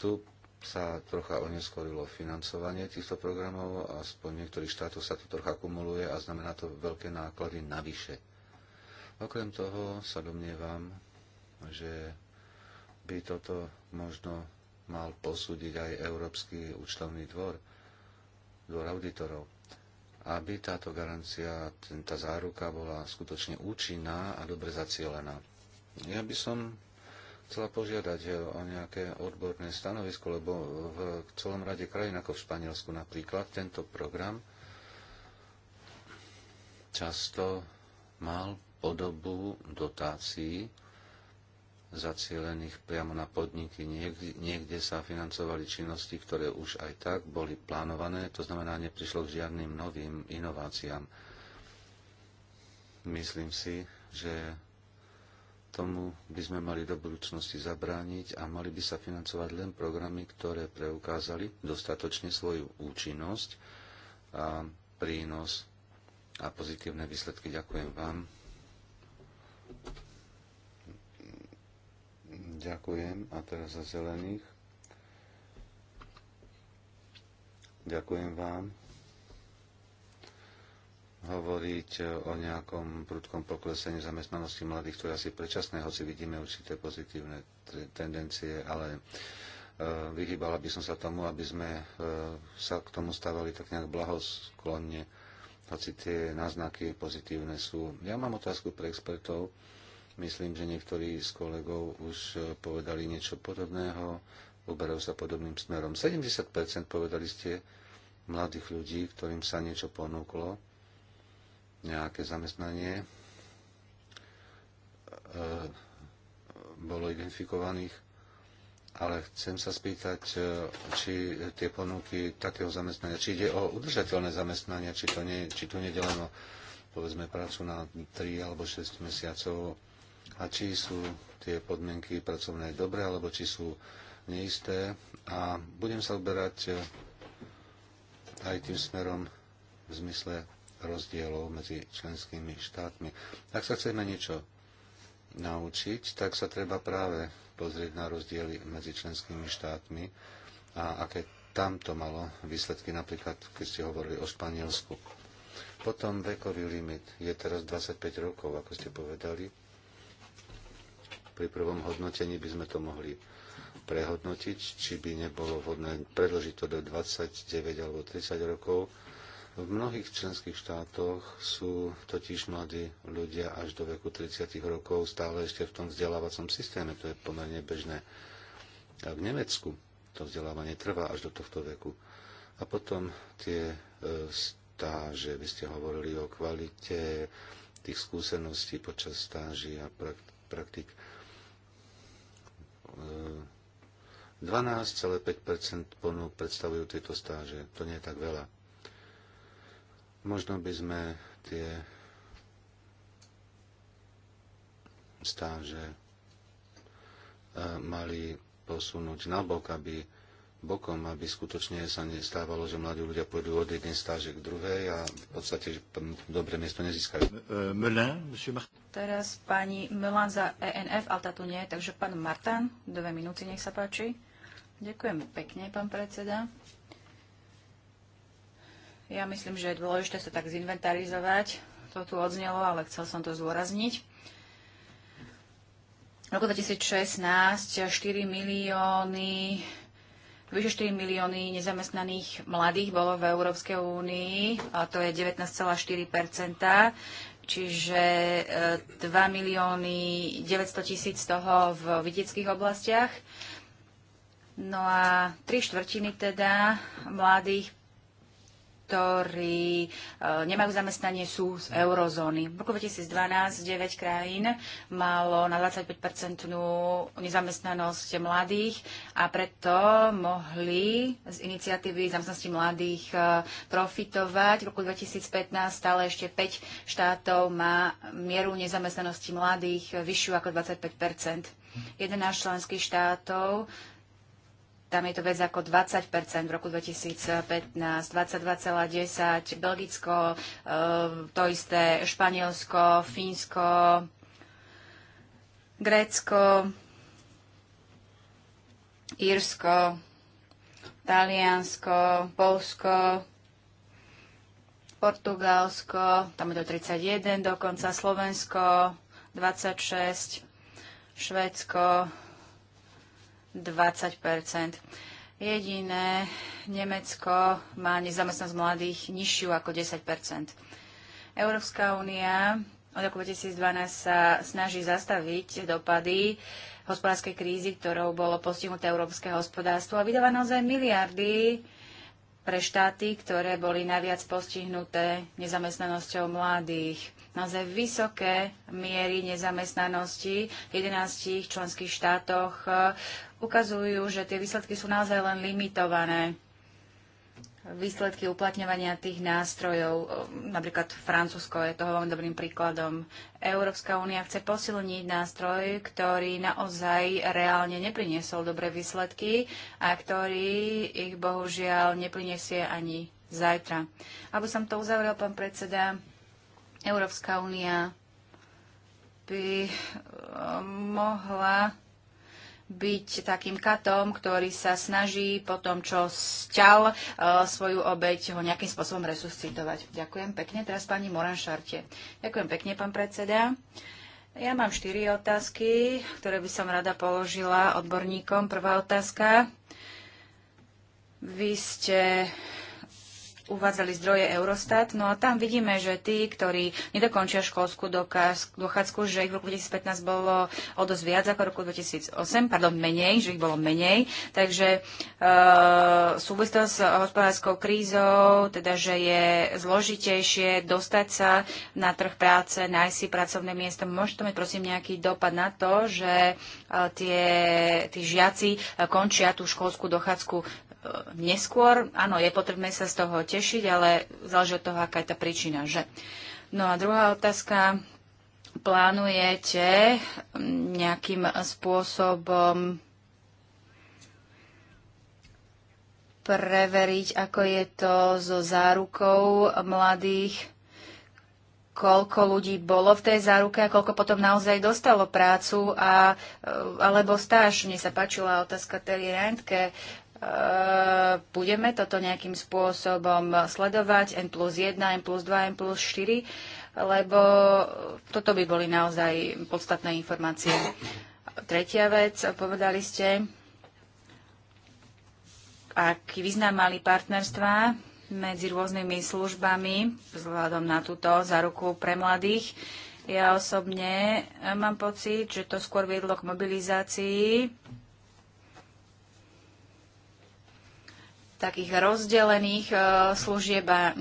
Tu sa trocha oneskorilo financovanie týchto programov, aspoň niektorých štátov sa to trocha kumuluje a znamená to veľké náklady navyše. Okrem toho sa domnievam, že by toto možno mal posúdiť aj Európsky účtovný dvor, dvor auditorov, aby táto garancia, tá záruka bola skutočne účinná a dobre zacielená. Ja by som chcela požiadať eh, o nejaké odborné stanovisko, lebo eh, v celom rade krajín, ako v Španielsku napríklad, tento program často mal podobu dotácií zacielených priamo na podniky. Niekde, niekde sa financovali činnosti, ktoré už aj tak boli plánované, to znamená, neprišlo k žiadnym novým inováciám. Myslím si, že tomu by sme mali do budúcnosti zabrániť a mali by sa financovať len programy, ktoré preukázali dostatočne svoju účinnosť a prínos a pozitívne výsledky. Ďakujem vám. Ďakujem. A teraz za zelených. Ďakujem vám hovoriť e, o nejakom prudkom poklese zamestnanosti mladých, to je asi predčasné, hoci vidíme určité pozitívne tendencie, ale e, vyhýbala by som sa tomu, aby sme e, sa k tomu stávali tak nejak blahosklonne, hoci tie náznaky pozitívne sú. Ja mám otázku pre expertov. Myslím, že niektorí z kolegov už povedali niečo podobného, uberajú sa podobným smerom. 70% povedali ste mladých ľudí, ktorým sa niečo ponúklo, nejaké zamestnanie. E, bolo identifikovaných, ale chcem sa spýtať, e, či tie ponuky takého zamestnania, či ide o udržateľné zamestnania, či, to nie, či tu nedeleno povedzme prácu na 3 alebo 6 mesiacov a či sú tie podmienky pracovné dobré alebo či sú neisté a budem sa uberať e, aj tým smerom v zmysle rozdielov medzi členskými štátmi. Ak sa chceme niečo naučiť, tak sa treba práve pozrieť na rozdiely medzi členskými štátmi a aké tam to malo výsledky, napríklad keď ste hovorili o Španielsku. Potom vekový limit je teraz 25 rokov, ako ste povedali. Pri prvom hodnotení by sme to mohli prehodnotiť, či by nebolo vhodné predložiť to do 29 alebo 30 rokov v mnohých členských štátoch sú totiž mladí ľudia až do veku 30 rokov stále ešte v tom vzdelávacom systéme. To je pomerne bežné. A v Nemecku to vzdelávanie trvá až do tohto veku. A potom tie e, stáže, vy ste hovorili o kvalite tých skúseností počas stáží a praktik. 12,5 e, ponúk predstavujú tieto stáže. To nie je tak veľa. Možno by sme tie stáže e, mali posunúť na bok, aby bokom, aby skutočne sa nestávalo, že mladí ľudia pôjdu od jednej stáže k druhej a v podstate dobre miesto nezískajú. E, Teraz pani Melan za ENF, ale tá tu nie, takže pán Martan, dve minúty, nech sa páči. Ďakujem pekne, pán predseda. Ja myslím, že je dôležité sa tak zinventarizovať. To tu odznelo, ale chcel som to zdôrazniť. V roku 2016 4 milióny Vyše 4 milióny nezamestnaných mladých bolo v Európskej únii, a to je 19,4 čiže 2 e, milióny 900 tisíc z toho v vidieckých oblastiach. No a tri štvrtiny teda mladých ktorí eh, nemajú zamestnanie, sú z eurozóny. V roku 2012 9 krajín malo na 25-percentnú nezamestnanosť mladých a preto mohli z iniciatívy zamestnanosti mladých eh, profitovať. V roku 2015 stále ešte 5 štátov má mieru nezamestnanosti mladých eh, vyššiu ako 25 11 členských štátov tam je to viac ako 20 v roku 2015, 22,10, Belgicko, eh, to isté Španielsko, Fínsko, Grécko, Írsko, Taliansko, Polsko, Portugalsko, tam je to 31 dokonca, Slovensko, 26, Švédsko, 20 Jediné Nemecko má nezamestnanosť mladých nižšiu ako 10 Európska únia od roku 2012 sa snaží zastaviť dopady hospodárskej krízy, ktorou bolo postihnuté európske hospodárstvo a vydáva naozaj miliardy pre štáty, ktoré boli najviac postihnuté nezamestnanosťou mladých. Naozaj vysoké miery nezamestnanosti v 11 členských štátoch eh, ukazujú, že tie výsledky sú naozaj len limitované výsledky uplatňovania tých nástrojov. Ehm, napríklad Francúzsko je toho veľmi dobrým príkladom. Európska únia chce posilniť nástroj, ktorý naozaj reálne nepriniesol dobré výsledky a ktorý ich bohužiaľ neprinesie ani zajtra. Aby som to uzavrel, pán predseda, Európska únia by ehm, mohla byť takým katom, ktorý sa snaží po tom, čo sťal e, svoju obeď, ho nejakým spôsobom resuscitovať. Ďakujem pekne. Teraz pani Moran Šarte. Ďakujem pekne, pán predseda. Ja mám štyri otázky, ktoré by som rada položila odborníkom. Prvá otázka. Vy ste uvádzali zdroje Eurostat. No a tam vidíme, že tí, ktorí nedokončia školskú dochádzku, že ich v roku 2015 bolo o dosť viac ako v roku 2008, pardon, menej, že ich bolo menej. Takže e, eh, súvislosť s hospodárskou krízou, teda, že je zložitejšie dostať sa na trh práce, nájsť si pracovné miesto. Môže to mať prosím nejaký dopad na to, že eh, tie, tí žiaci eh, končia tú školskú dochádzku E, neskôr. Áno, je potrebné sa z toho tešiť, ale záleží od toho, aká je tá príčina. Že? No a druhá otázka. Plánujete nejakým spôsobom preveriť, ako je to so zárukou mladých, koľko ľudí bolo v tej záruke a koľko potom naozaj dostalo prácu a, e, alebo stáž. Mne sa páčila otázka Terry Rentke, Ehm, budeme toto nejakým spôsobom sledovať, N plus 1, N plus 2, N plus 4, lebo toto by boli naozaj podstatné informácie. Tretia vec, povedali ste, aký význam mali partnerstva medzi rôznymi službami vzhľadom na túto záruku pre mladých. Ja osobne eh, mám pocit, že to skôr viedlo k mobilizácii takých rozdelených e, služieb a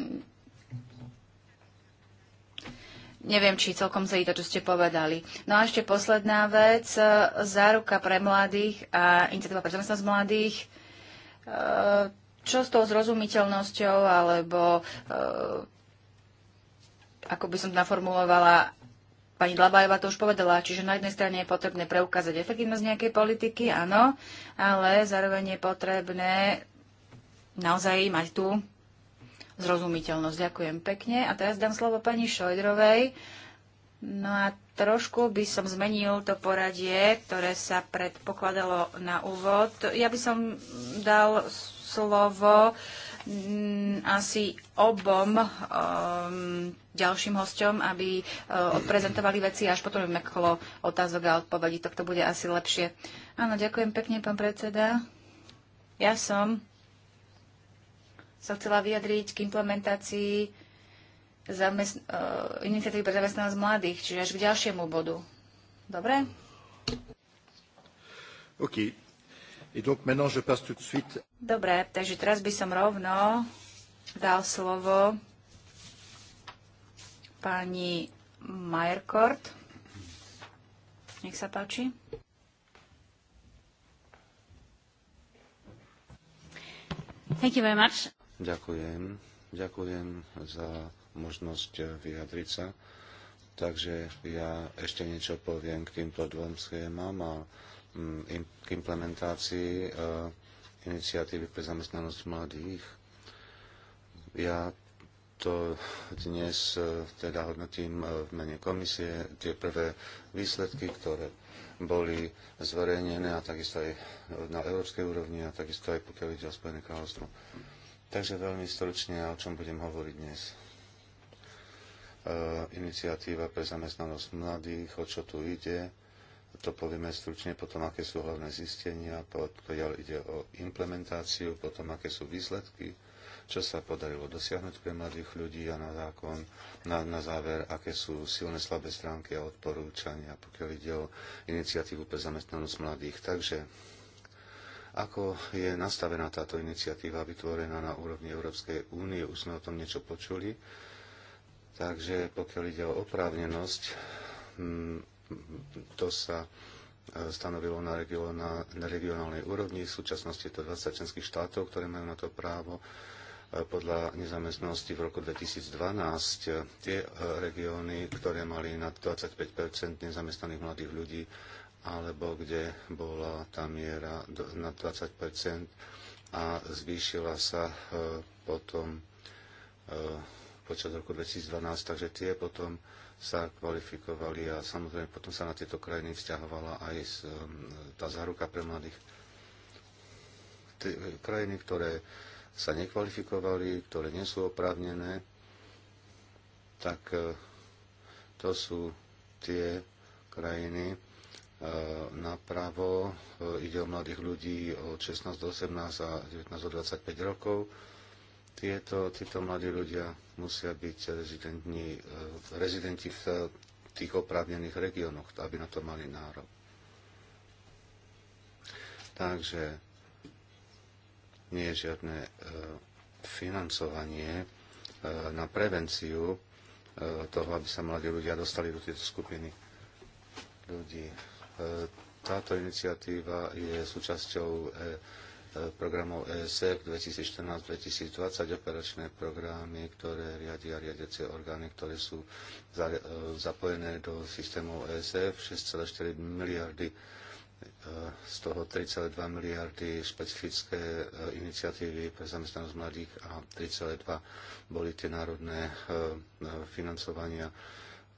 Neviem, či celkom sa to, čo ste povedali. No a ešte posledná vec, e, záruka pre mladých a iniciatíva pre zamestnanosť mladých. E, čo s tou zrozumiteľnosťou, alebo ako by som to naformulovala, pani Dlabajová to už povedala, čiže na jednej strane je potrebné preukázať efektívnosť nejakej politiky, áno, ale zároveň je potrebné naozaj mať tú zrozumiteľnosť. Ďakujem pekne. A teraz dám slovo pani Šojdrovej. No a trošku by som zmenil to poradie, ktoré sa predpokladalo na úvod. Ja by som dal slovo mm, asi obom um, ďalším hosťom, aby uh, prezentovali veci až potom budeme kolo otázok a odpovedí. Tak to bude asi lepšie. Áno, ďakujem pekne, pán predseda. Ja som sa chcela vyjadriť k implementácii zamest- uh, iniciatívy pre zamestnanosť mladých, čiže až k ďalšiemu bodu. Dobre? OK. Et donc maintenant je passe tout de suite. Dobre, takže teraz by som rovno dal slovo pani Majerkort. Nech sa páči. Thank you very much. Ďakujem. Ďakujem za možnosť eh, vyjadriť sa. Takže ja ešte niečo poviem k týmto dvom schémam a mm, k implementácii eh, iniciatívy pre zamestnanosť mladých. Ja to dnes eh, teda hodnotím v mene komisie, tie prvé výsledky, ktoré boli zverejnené a takisto aj na európskej úrovni a takisto aj pokiaľ ide o Spojené kráľovstvo. Takže veľmi stručne, o čom budem hovoriť dnes. E, iniciatíva pre zamestnanosť mladých, o čo tu ide, to povieme stručne, potom aké sú hlavné zistenia, pokiaľ ide o implementáciu, potom aké sú výsledky, čo sa podarilo dosiahnuť pre mladých ľudí a na, zákon, na, na záver, aké sú silné, slabé stránky a odporúčania, pokiaľ ide o iniciatívu pre zamestnanosť mladých. Takže ako je nastavená táto iniciatíva vytvorená na úrovni Európskej únie? Už sme o tom niečo počuli. Takže pokiaľ ide o oprávnenosť, mm, to sa e, stanovilo na, na regionálnej úrovni. V súčasnosti je to 20 členských štátov, ktoré majú na to právo. E, podľa nezamestnosti v roku 2012 e, tie regióny, ktoré mali nad 25 nezamestnaných mladých ľudí, alebo kde bola tá miera na 20 a zvýšila sa e, potom e, počas roku 2012, takže tie potom sa kvalifikovali a samozrejme potom sa na tieto krajiny vzťahovala aj e, tá záruka pre mladých. Tie krajiny, ktoré sa nekvalifikovali, ktoré nie sú oprávnené, tak to sú tie krajiny, E, napravo. E, ide o mladých ľudí od 16 do 18 a 19 do 25 rokov. Tieto, títo mladí ľudia musia byť e, rezidenti v tých oprávnených regiónoch, aby na to mali nárok. Takže nie je žiadne financovanie na prevenciu toho, aby sa mladí ľudia dostali do tejto skupiny ľudí. E, táto iniciatíva je súčasťou e, e, programov ESF 2014-2020, operačné programy, ktoré riadia riadiace orgány, ktoré sú zapojené do systémov ESF, 6,4 miliardy, z toho 3,2 miliardy špecifické iniciatívy pre zamestnanosť mladých a 3,2 boli tie národné financovania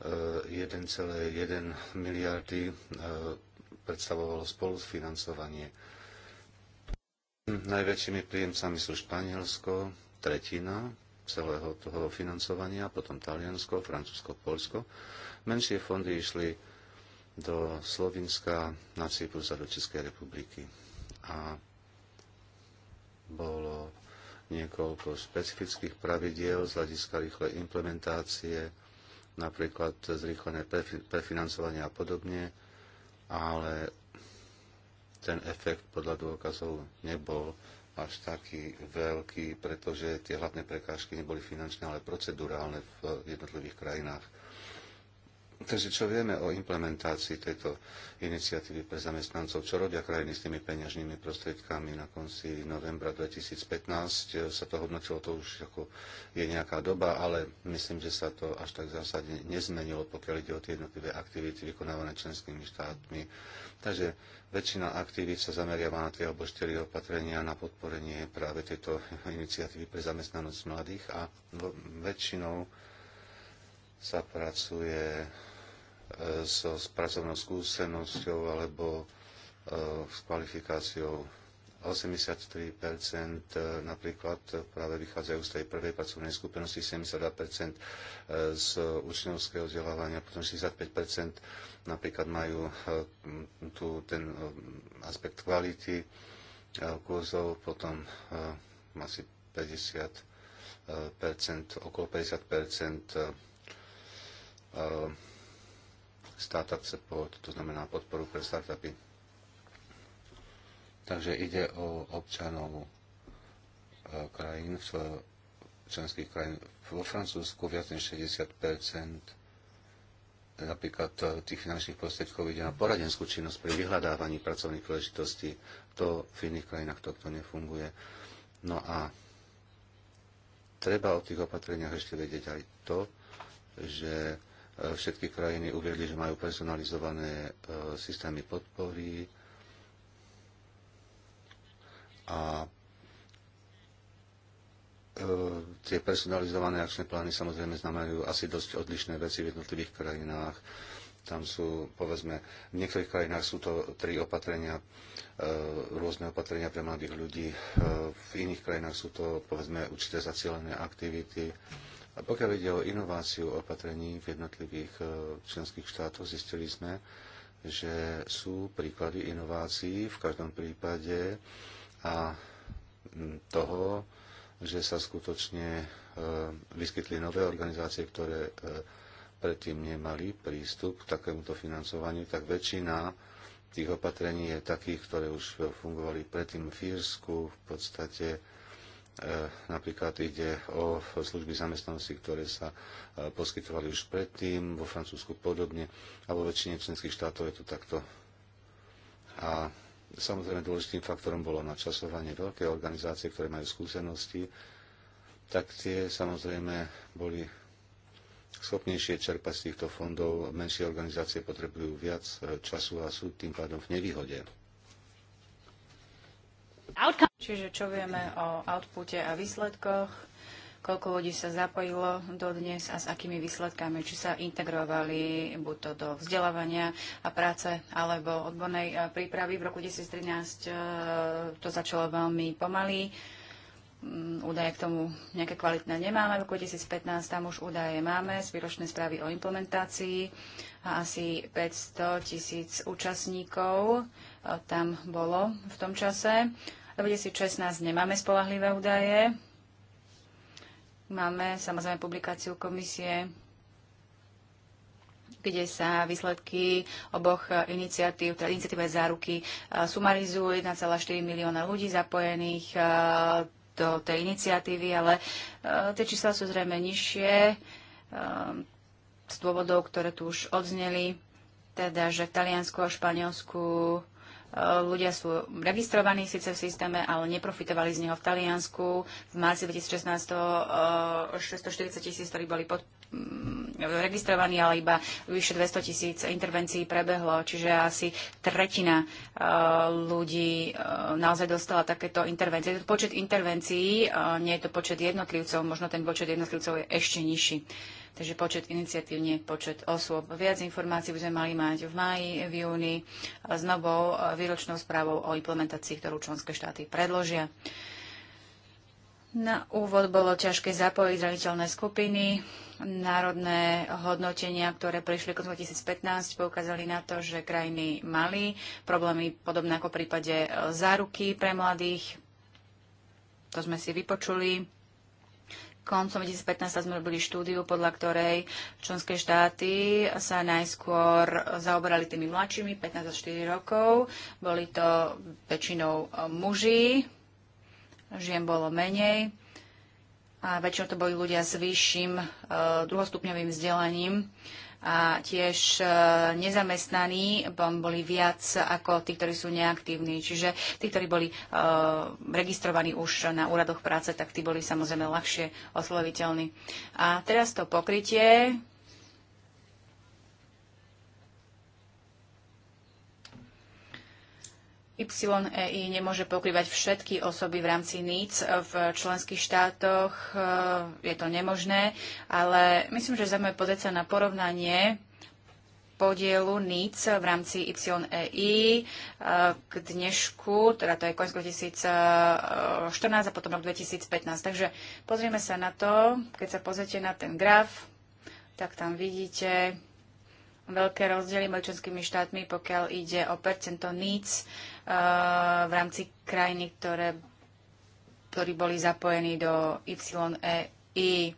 1,1 miliardy e, predstavovalo spolufinancovanie. Najväčšími príjemcami sú Španielsko, tretina celého toho financovania, potom Taliansko, Francúzsko, Polsko. Menšie fondy išli do Slovinska, na Cyprus a do Českej republiky. A bolo niekoľko špecifických pravidiel z hľadiska rýchlej implementácie napríklad zrýchlené prefinancovanie a podobne, ale ten efekt podľa dôkazov nebol až taký veľký, pretože tie hlavné prekážky neboli finančné, ale procedurálne v jednotlivých krajinách. Takže čo vieme o implementácii tejto iniciatívy pre zamestnancov? Čo robia krajiny s tými peňažnými prostriedkami na konci novembra 2015? Sa to hodnotilo, to už ako je nejaká doba, ale myslím, že sa to až tak zásadne nezmenilo, pokiaľ ide o tie jednotlivé aktivity vykonávané členskými štátmi. Takže väčšina aktivít sa zameriava na tie alebo štyri opatrenia na podporenie práve tejto iniciatívy pre zamestnanosť mladých a väčšinou sa pracuje so, s pracovnou skúsenosťou alebo e, s kvalifikáciou. 83% e, napríklad práve vychádzajú z tej prvej pracovnej skupinosti, 72% e, z učňovského vzdelávania, potom 65% napríklad majú tu ten aspekt kvality kurzov, potom asi 50%, okolo 50% Startup Support, to znamená podporu pre startupy. Takže ide o občanov e, krajín, v členských krajín. Vo Francúzsku viac než 60 e, napríklad e, tých finančných prostriedkov ide na poradenskú činnosť pri vyhľadávaní pracovných príležitostí. To v iných krajinách toto nefunguje. No a treba o tých opatreniach ešte vedieť aj to, že E, všetky krajiny uviedli, že majú personalizované e, systémy podpory a e, tie personalizované akčné plány samozrejme znamenajú asi dosť odlišné veci v jednotlivých krajinách. Tam sú, povedzme, v niektorých krajinách sú to tri opatrenia, rôzne opatrenia pre mladých ľudí, v iných krajinách sú to, povedzme, určité zacielené aktivity. A pokiaľ ide o inováciu opatrení v jednotlivých e, členských štátoch, zistili sme, že sú príklady inovácií v každom prípade a toho, že sa skutočne e, vyskytli nové organizácie, ktoré e, predtým nemali prístup k takémuto financovaniu, tak väčšina tých opatrení je takých, ktoré už fungovali predtým v Fírsku, v podstate E, napríklad ide o služby zamestnanosti, ktoré sa e, poskytovali už predtým, vo Francúzsku podobne a vo väčšine členských štátov je to takto. A samozrejme dôležitým faktorom bolo načasovanie. Veľké organizácie, ktoré majú skúsenosti, tak tie samozrejme boli schopnejšie čerpať z týchto fondov. Menšie organizácie potrebujú viac e, času a sú tým pádom v nevýhode. Čiže čo vieme o outpute a výsledkoch, koľko ľudí sa zapojilo do dnes a s akými výsledkami, či sa integrovali buď to do vzdelávania a práce alebo odbornej eh, prípravy. V roku 2013 eh, to začalo veľmi pomaly mm, údaje k tomu nejaké kvalitné nemáme. V roku 2015 tam už údaje máme z výročnej správy o implementácii a asi 500 tisíc účastníkov eh, tam bolo v tom čase. 2016 nemáme spolahlivé údaje. Máme samozrejme publikáciu komisie, kde sa výsledky oboch iniciatív, teda iniciatíve záruky e, sumarizujú 1,4 milióna ľudí zapojených e, do tej iniciatívy, ale e, tie čísla sú zrejme nižšie z dôvodov, ktoré tu už odzneli, teda že v Taliansku a Španielsku Eh, ľudia sú registrovaní síce v systéme, ale neprofitovali z neho v Taliansku. V marci 2016 640 eh, tisíc, ktorí boli pod, mm, registrovaní, ale iba vyše 200 tisíc intervencií prebehlo, čiže asi tretina eh, ľudí naozaj dostala takéto intervencie. Je to počet intervencií, nie je to počet jednotlivcov, možno ten počet jednotlivcov je ešte nižší. Takže počet iniciatív, nie počet osôb. Viac informácií by sme mali mať v máji, v júni s novou e, výročnou správou o implementácii, ktorú členské štáty predložia. Na úvod bolo ťažké zapojiť zraniteľné skupiny. Národné hodnotenia, ktoré prišli k 2015, poukázali na to, že krajiny mali problémy podobné ako v prípade e, záruky pre mladých. To sme si vypočuli koncom 2015 sme robili štúdiu, podľa ktorej členské štáty sa najskôr zaoberali tými mladšími, 15 až 4 rokov. Boli to väčšinou e, muži, žien bolo menej a väčšinou to boli ľudia s vyšším e, druhostupňovým vzdelaním a tiež e, nezamestnaní boli viac ako tí, ktorí sú neaktívni. Čiže tí, ktorí boli e, registrovaní už na úradoch práce, tak tí boli samozrejme ľahšie osloviteľní. A teraz to pokrytie YEI nemôže pokrývať všetky osoby v rámci NIC v členských štátoch, e, je to nemožné, ale myslím, že zaujímavé pozrieť sa na porovnanie podielu NIC v rámci YEI e, k dnešku, teda to je koniec 2014 a potom rok 2015. Takže pozrieme sa na to, keď sa pozrite na ten graf, tak tam vidíte, veľké rozdiely medzi členskými štátmi, pokiaľ ide o percento NEEDS eh, v rámci krajiny, ktoré, ktorí boli zapojení do YEI.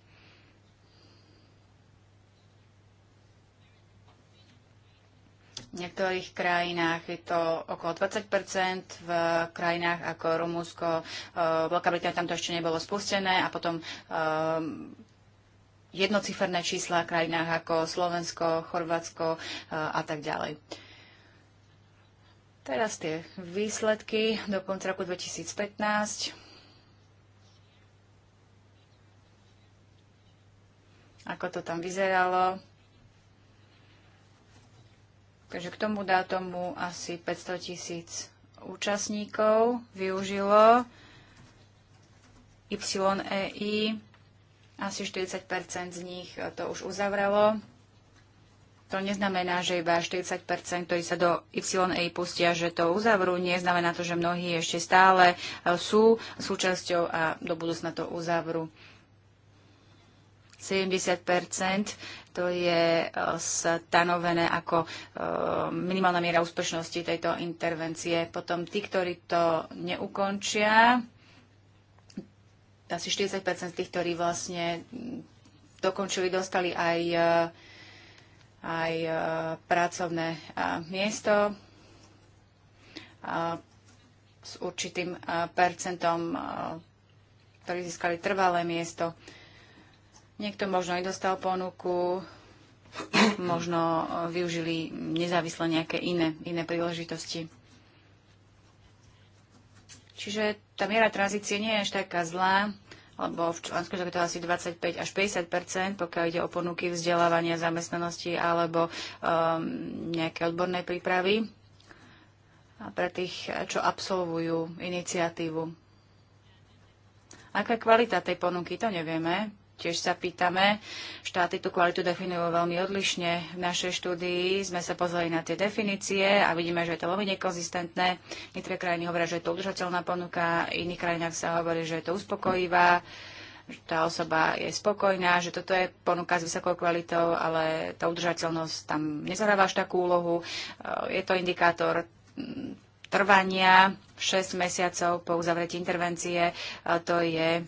V niektorých krajinách je to okolo 20 v krajinách ako Rumúnsko, eh, Veľká Británia tam to ešte nebolo spustené a potom eh, jednociferné čísla v krajinách ako Slovensko, Chorvátsko e, a tak ďalej. Teraz tie výsledky do konca roku 2015. Ako to tam vyzeralo. Takže k tomu dátomu asi 500 tisíc účastníkov využilo YEI asi 40 z nich to už uzavrelo. To neznamená, že iba 40 ktorí sa do YA pustia, že to uzavrú. Neznamená to, že mnohí ešte stále eh, sú súčasťou a do budúcna to uzavrú. 70 to je eh, stanovené ako eh, minimálna miera úspešnosti tejto intervencie. Potom tí, ktorí to neukončia, asi 40 z tých, ktorí vlastne dokončili, dostali aj, e, aj e, pracovné e, miesto s určitým percentom, ktorí získali trvalé miesto. Niekto možno aj dostal ponuku, možno využili nezávisle nejaké iné, iné príležitosti. Čiže tá miera tranzície nie je až taká zlá, lebo v Článsku je to asi 25 až 50 pokiaľ ide o ponuky vzdelávania, zamestnanosti alebo um, nejaké odborné prípravy a pre tých, čo absolvujú iniciatívu. Aká kvalita tej ponuky, to nevieme tiež sa pýtame. Štáty tú kvalitu definujú veľmi odlišne. V našej štúdii sme sa pozreli na tie definície a vidíme, že je to veľmi nekonzistentné. Niektoré krajiny hovoria, že je to udržateľná ponuka, v iných krajinách sa hovorí, že je to uspokojivá že tá osoba je spokojná, že toto je ponuka s vysokou kvalitou, ale tá udržateľnosť tam nezahráva až takú úlohu. E, je to indikátor mm, trvania 6 mesiacov po uzavretí intervencie. E, to je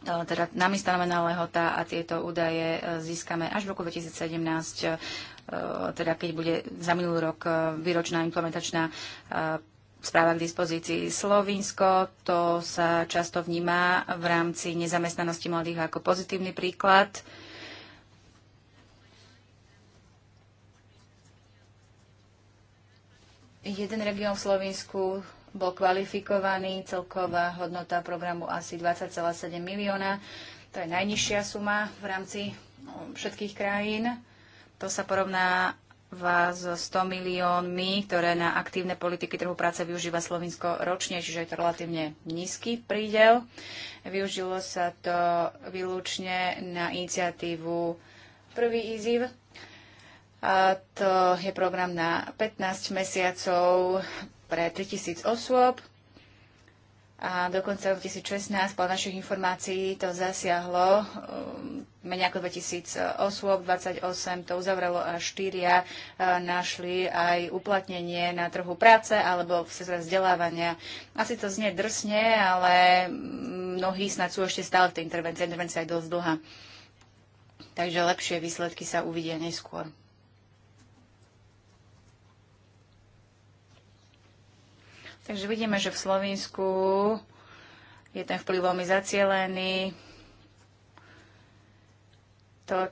teda nami stanovená lehota a tieto údaje e, získame až v roku 2017, e, teda keď bude za minulý rok e, výročná implementačná správa k dispozícii. Slovinsko, to sa často vníma v rámci nezamestnanosti mladých ako pozitívny príklad. Jeden región v Slovensku bol kvalifikovaný, celková hodnota programu asi 20,7 milióna. To je najnižšia suma v rámci no, všetkých krajín. To sa porovná vás so 100 miliónmi, ktoré na aktívne politiky trhu práce využíva Slovinsko ročne, čiže je to relatívne nízky prídel. Využilo sa to výlučne na iniciatívu Prvý iziv. A to je program na 15 mesiacov pre 3000 osôb a dokonca v 2016, podľa našich informácií, to zasiahlo um, menej ako 2000 uh, osôb, 28 to uzavrelo a 4 uh, našli aj uplatnenie na trhu práce alebo v sezre vzdelávania. Asi to znie drsne, ale mnohí snad sú ešte stále v tej intervencii. Intervencia je dosť dlhá. Takže lepšie výsledky sa uvidia neskôr. Takže vidíme, že v Slovensku je ten vplyv veľmi zacielený. To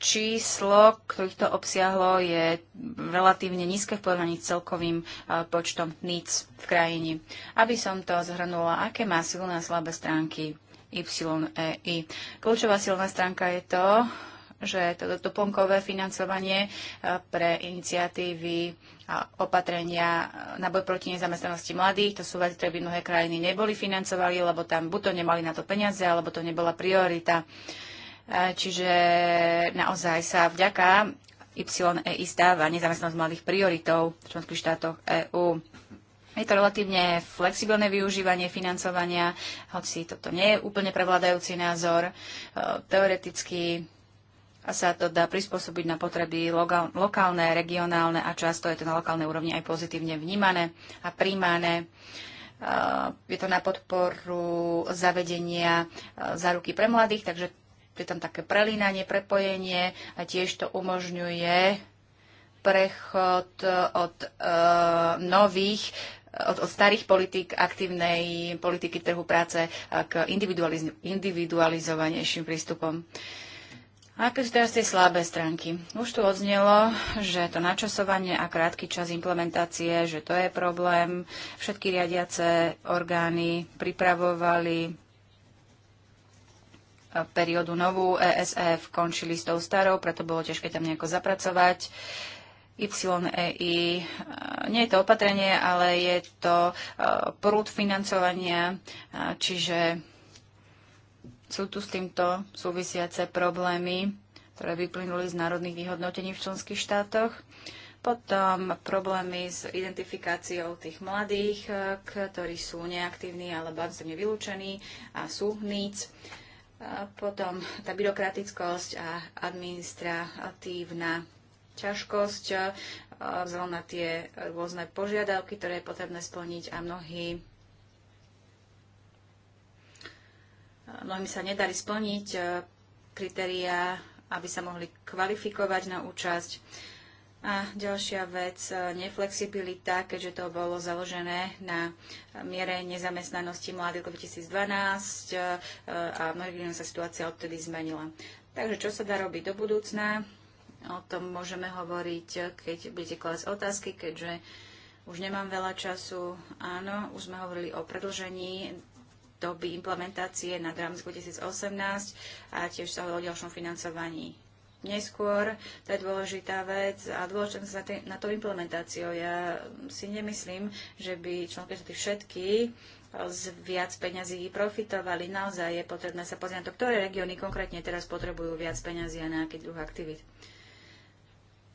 číslo, ktorých to obsiahlo, je relatívne nízke v porovnaní s celkovým počtom níc v krajine. Aby som to zhrnula, aké má silné a slabé stránky YEI. Kľúčová silná stránka je to, že toto doplnkové financovanie e, pre iniciatívy a opatrenia na boj proti nezamestnanosti mladých, to sú veci, ktoré by mnohé krajiny neboli financovali, lebo tam buď to nemali na to peniaze, alebo to nebola priorita. E, čiže naozaj sa vďaka YEI stáva nezamestnanosť mladých prioritov v členských štátoch EÚ. Je to relatívne flexibilné využívanie financovania, hoci toto nie je úplne prevládajúci názor. E, teoreticky sa to dá prispôsobiť na potreby lokálne, regionálne a často je to na lokálnej úrovni aj pozitívne vnímané a príjmané. Je to na podporu zavedenia záruky pre mladých, takže je tam také prelínanie, prepojenie a tiež to umožňuje prechod od e, nových od, od starých politík aktívnej politiky trhu práce k individualiz- individualizovanejším prístupom. Uh, Aké sú teraz tie slabé stránky? Už tu odznelo, že to načasovanie a krátky čas implementácie, že to je problém. Všetky riadiace orgány pripravovali e, periódu novú ESF, končili s tou starou, preto bolo ťažké tam nejako zapracovať. YEI. E, nie je to opatrenie, ale je to e, prúd financovania, čiže sú tu s týmto súvisiace problémy, ktoré vyplynuli z národných vyhodnotení v členských štátoch. Potom problémy s identifikáciou tých mladých, e, ktorí sú neaktívni alebo aktivne vylúčení a sú hníc. E, potom tá byrokratickosť a administratívna ťažkosť e, vzhľadom na tie rôzne požiadavky, ktoré je potrebné splniť a mnohí mnohým sa nedarí splniť e, kritériá, aby sa mohli kvalifikovať na účasť. A ďalšia vec, e, neflexibilita, keďže to bolo založené na miere nezamestnanosti mladých 2012 e, a mnohým mnohých sa situácia odtedy zmenila. Takže čo sa dá robiť do budúcna? O tom môžeme hovoriť, keď budete klásť otázky, keďže už nemám veľa času. Áno, už sme hovorili o predlžení doby implementácie na Gramsku 2018 a tiež sa o ďalšom financovaní neskôr. To je dôležitá vec a dôležitá sa na, na tú implementáciu. Ja si nemyslím, že by členské štáty všetky z viac peňazí profitovali. Naozaj je potrebné sa pozrieť na to, ktoré regióny konkrétne teraz potrebujú viac peňazí a na aký druh aktivít.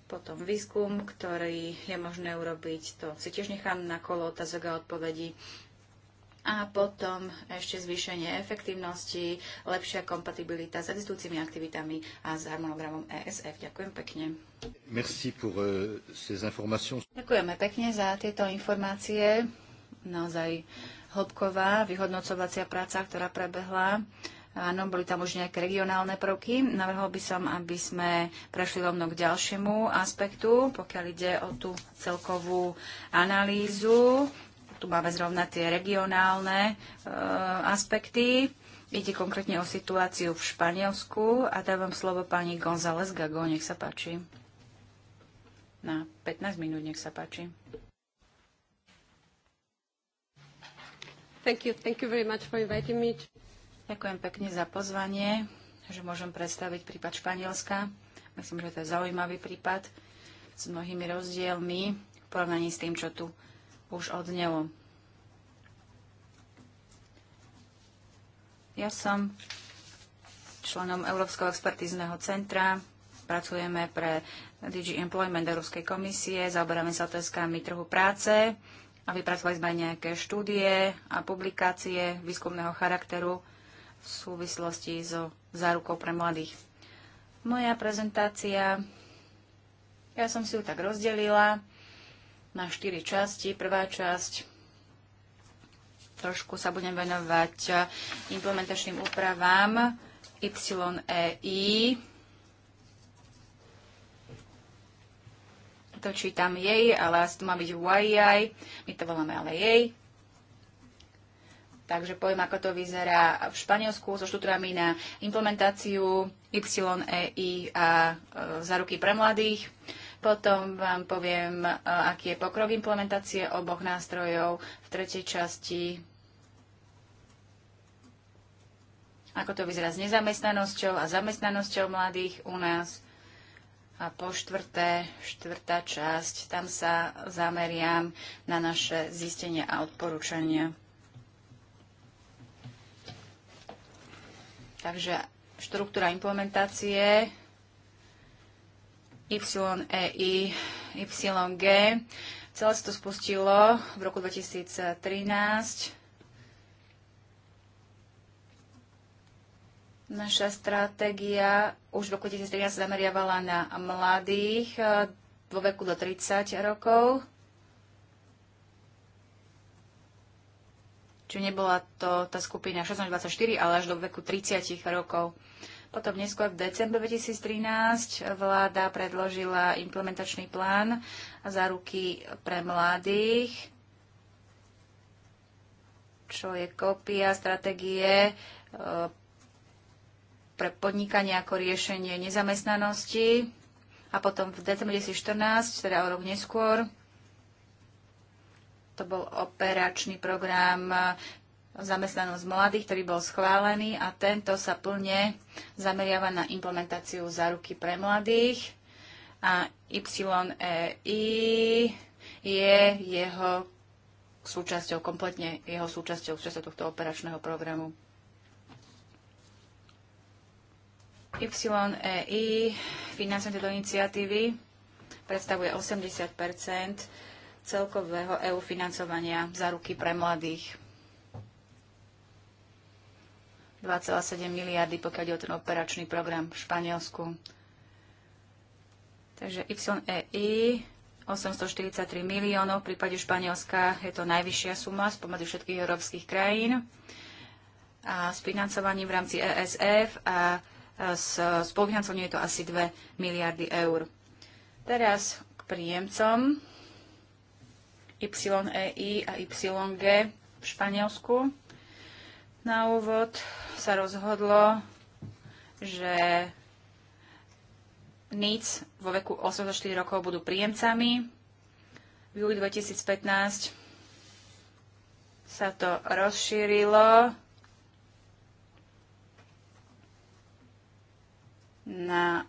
Potom výskum, ktorý je možné urobiť, to si tiež nechám na kolo otázok a odpovedí a potom ešte zvýšenie efektívnosti, lepšia kompatibilita s existujúcimi aktivitami a s harmonogramom ESF. Ďakujem pekne. Merci pour, uh, ces informations. Ďakujeme pekne za tieto informácie. Naozaj hlbková vyhodnocovacia práca, ktorá prebehla. Áno, boli tam už nejaké regionálne prvky. Navrhol by som, aby sme prešli rovno k ďalšiemu aspektu, pokiaľ ide o tú celkovú analýzu tu máme zrovna tie regionálne e, aspekty. Ide konkrétne o situáciu v Španielsku a dávam slovo pani González Gago, nech sa páči. Na 15 minút, nech sa páči. Thank you. Thank you very much for inviting me. Ďakujem pekne za pozvanie, že môžem predstaviť prípad Španielska. Myslím, že to je zaujímavý prípad s mnohými rozdielmi v porovnaní s tým, čo tu už odnelo. Ja som členom Európskeho expertizného centra. Pracujeme pre DG Employment Európskej komisie, zaoberáme sa otázkami trhu práce a vypracovali sme aj nejaké štúdie a publikácie výskumného charakteru v súvislosti so zárukou pre mladých. Moja prezentácia, ja som si ju tak rozdelila na štyri časti. Prvá časť trošku sa budem venovať eh, implementačným úpravám YEI. To čítam jej, ale asi to má byť YEI. My to voláme ale jej. Takže poviem, ako to vyzerá v Španielsku so štúdrami na implementáciu YEI a e, za ruky pre mladých. Potom vám poviem, aký je pokrok implementácie oboch nástrojov v tretej časti ako to vyzerá s nezamestnanosťou a zamestnanosťou mladých u nás. A po štvrté, štvrtá časť, tam sa zameriam na naše zistenie a odporúčania. Takže štruktúra implementácie YEI, YG. Celé sa to spustilo v roku 2013. Naša stratégia už v roku 2013 sa zameriavala na mladých e, vo veku do 30 rokov. Čiže nebola to tá skupina 16-24, ale až do veku 30 rokov. Potom neskôr v decembri 2013 vláda predložila implementačný plán za ruky pre mladých, čo je kópia stratégie e, pre podnikanie ako riešenie nezamestnanosti. A potom v decembri 2014, teda o rok neskôr, to bol operačný program zamestnanosť mladých, ktorý bol schválený a tento sa plne zameriava na implementáciu záruky pre mladých a YEI je jeho súčasťou, kompletne jeho súčasťou, súčasťou tohto operačného programu. YEI, financovanie tejto iniciatívy, predstavuje 80 celkového EU financovania za ruky pre mladých. 2,7 miliardy, pokiaľ je o ten operačný program v Španielsku. Takže YEI 843 miliónov, v prípade Španielska je to najvyššia suma spomedzi všetkých európskych krajín. A s financovaním v rámci ESF a s spolufinancovaním je to asi 2 miliardy eur. Teraz k príjemcom YEI a YG v Španielsku. Na úvod sa rozhodlo, že NIC vo veku 84 rokov budú príjemcami. V júli 2015 sa to rozšírilo na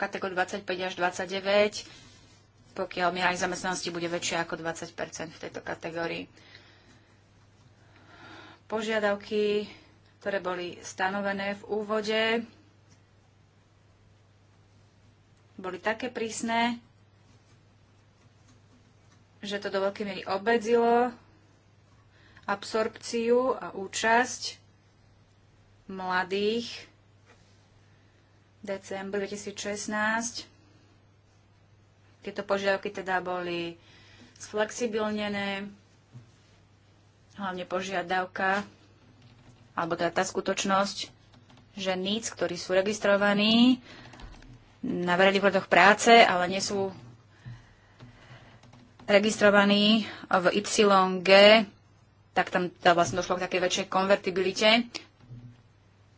kategóriu 25 až 29, pokiaľ miera zamestnanosti bude väčšia ako 20 v tejto kategórii požiadavky, ktoré boli stanovené v úvode, boli také prísne, že to do veľkej miery obmedzilo absorpciu a účasť mladých v december 2016. Tieto požiadavky teda boli sflexibilnené, hlavne požiadavka, alebo teda tá skutočnosť, že NIC, ktorí sú registrovaní na verejných úradoch práce, ale nie sú registrovaní v YG, tak tam tá teda vlastne došlo k takej väčšej konvertibilite,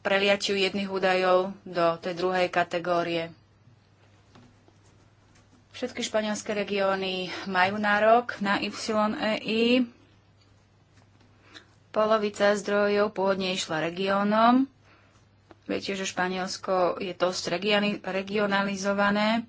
preliatiu jedných údajov do tej druhej kategórie. Všetky španielské regióny majú nárok na YEI. Polovica zdrojov pôvodne išla regiónom. Viete, že Španielsko je dosť regionalizované.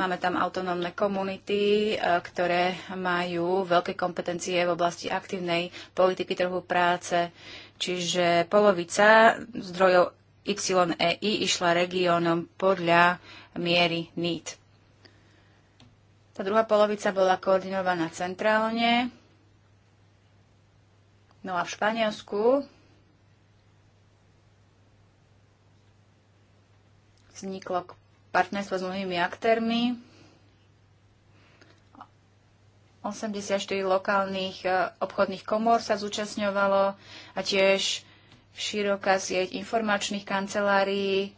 Máme tam autonómne komunity, e, ktoré majú veľké kompetencie v oblasti aktívnej politiky trhu práce. Čiže polovica zdrojov YEI išla regiónom podľa miery NEED. Tá druhá polovica bola koordinovaná centrálne No a v Španielsku vzniklo partnerstvo s mnohými aktérmi, 84 lokálnych e, obchodných komor sa zúčastňovalo a tiež široká sieť informačných kancelárií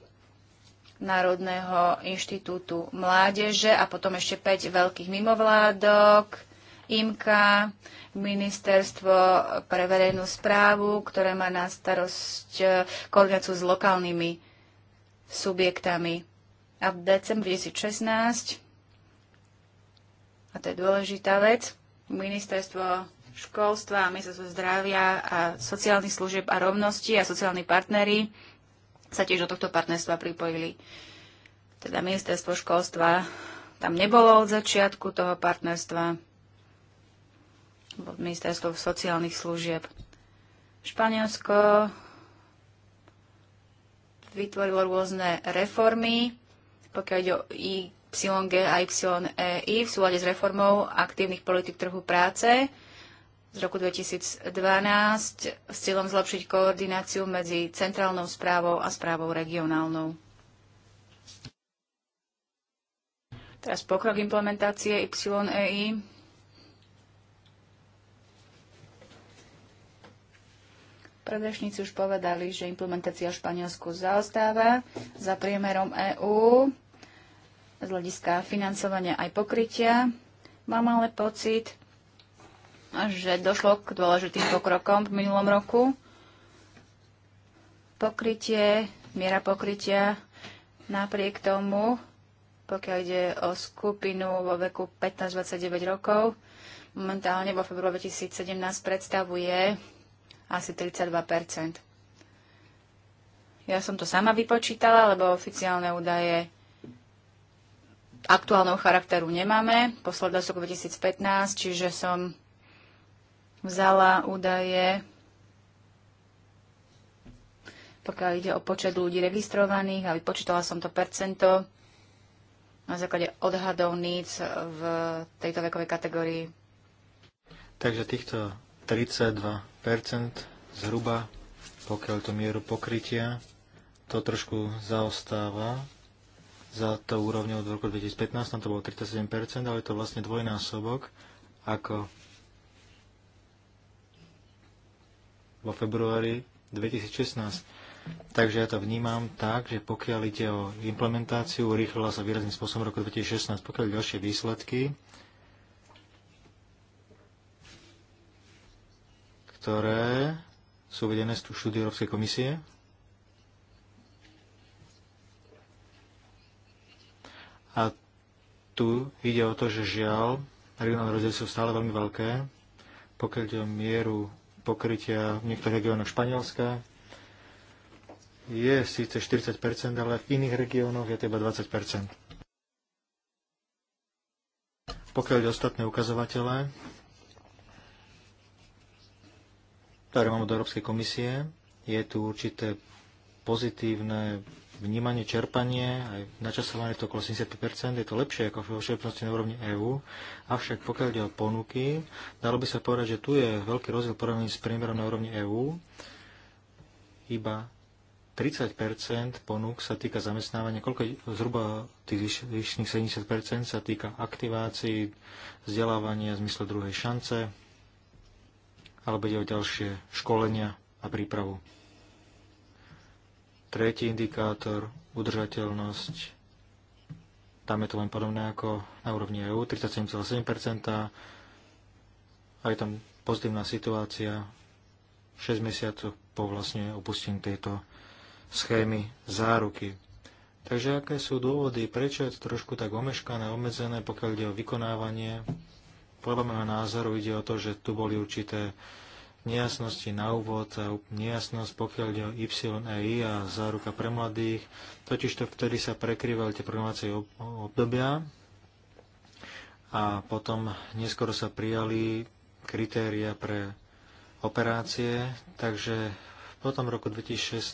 Národného inštitútu mládeže a potom ešte 5 veľkých mimovládok, IMKA, Ministerstvo pre verejnú správu, ktoré má na starosť e, koordináciu s lokálnymi subjektami. A v decembri 2016, a to je dôležitá vec, Ministerstvo školstva, ministerstvo zdravia a sociálnych služieb a rovnosti a sociálni partnery sa tiež do tohto partnerstva pripojili. Teda ministerstvo školstva tam nebolo od začiatku toho partnerstva ministerstvo sociálnych služieb. Španielsko vytvorilo rôzne reformy, pokiaľ ide o YG a YEI v súlade s reformou aktívnych politik trhu práce z roku 2012 s cieľom zlepšiť koordináciu medzi centrálnou správou a správou regionálnou. Teraz pokrok implementácie YEI. Predrešníci už povedali, že implementácia v Španielsku zaostáva za priemerom EÚ z hľadiska financovania aj pokrytia. Mám ale pocit, že došlo k dôležitým pokrokom v minulom roku. Pokrytie, miera pokrytia napriek tomu, pokiaľ ide o skupinu vo veku 15-29 rokov, momentálne vo februári 2017 predstavuje asi 32 Ja som to sama vypočítala, lebo oficiálne údaje aktuálneho charakteru nemáme. Posledná sú 2015, čiže som vzala údaje pokiaľ ide o počet ľudí registrovaných a vypočítala som to percento na základe odhadov níc v tejto vekovej kategórii. Takže týchto 32% zhruba, pokiaľ to mieru pokrytia. To trošku zaostáva za to úrovne od roku 2015, tam to bolo 37%, ale je to vlastne dvojnásobok ako vo februári 2016. Takže ja to vnímam tak, že pokiaľ ide o implementáciu, urýchlila sa výrazným spôsobom roku 2016, pokiaľ ďalšie výsledky, ktoré sú vedené z štúdie Európskej komisie. A tu ide o to, že žiaľ, regionálne rozdiely sú stále veľmi veľké, pokiaľ ide o mieru pokrytia v niektorých regiónoch Španielska. Je síce 40%, ale v iných regiónoch je to iba 20%. Pokiaľ ide ostatné ukazovatele, ktoré máme od Európskej komisie. Je tu určité pozitívne vnímanie, čerpanie, aj načasovanie to okolo 75%, je to lepšie ako vo všeobecnosti na úrovni EÚ, avšak pokiaľ ide o ponuky, dalo by sa povedať, že tu je veľký rozdiel porovnaní s priemerom na úrovni EÚ, iba 30 ponúk sa týka zamestnávania, koľko zhruba tých vyšších 70 sa týka aktivácií, vzdelávania v zmysle druhej šance, alebo ide o ďalšie školenia a prípravu. Tretí indikátor, udržateľnosť, tam je to len podobné ako na úrovni EU, 37,7%, a je tam pozitívna situácia 6 mesiacov po vlastne opustení tejto schémy záruky. Takže aké sú dôvody, prečo je to trošku tak omeškané, obmedzené, pokiaľ ide o vykonávanie podľa môjho názoru ide o to, že tu boli určité nejasnosti na úvod, nejasnosť pokiaľ ide o YEI a záruka pre mladých, Totiž to vtedy sa prekrývali tie programovacie obdobia a potom neskoro sa prijali kritéria pre operácie, takže potom v roku 2016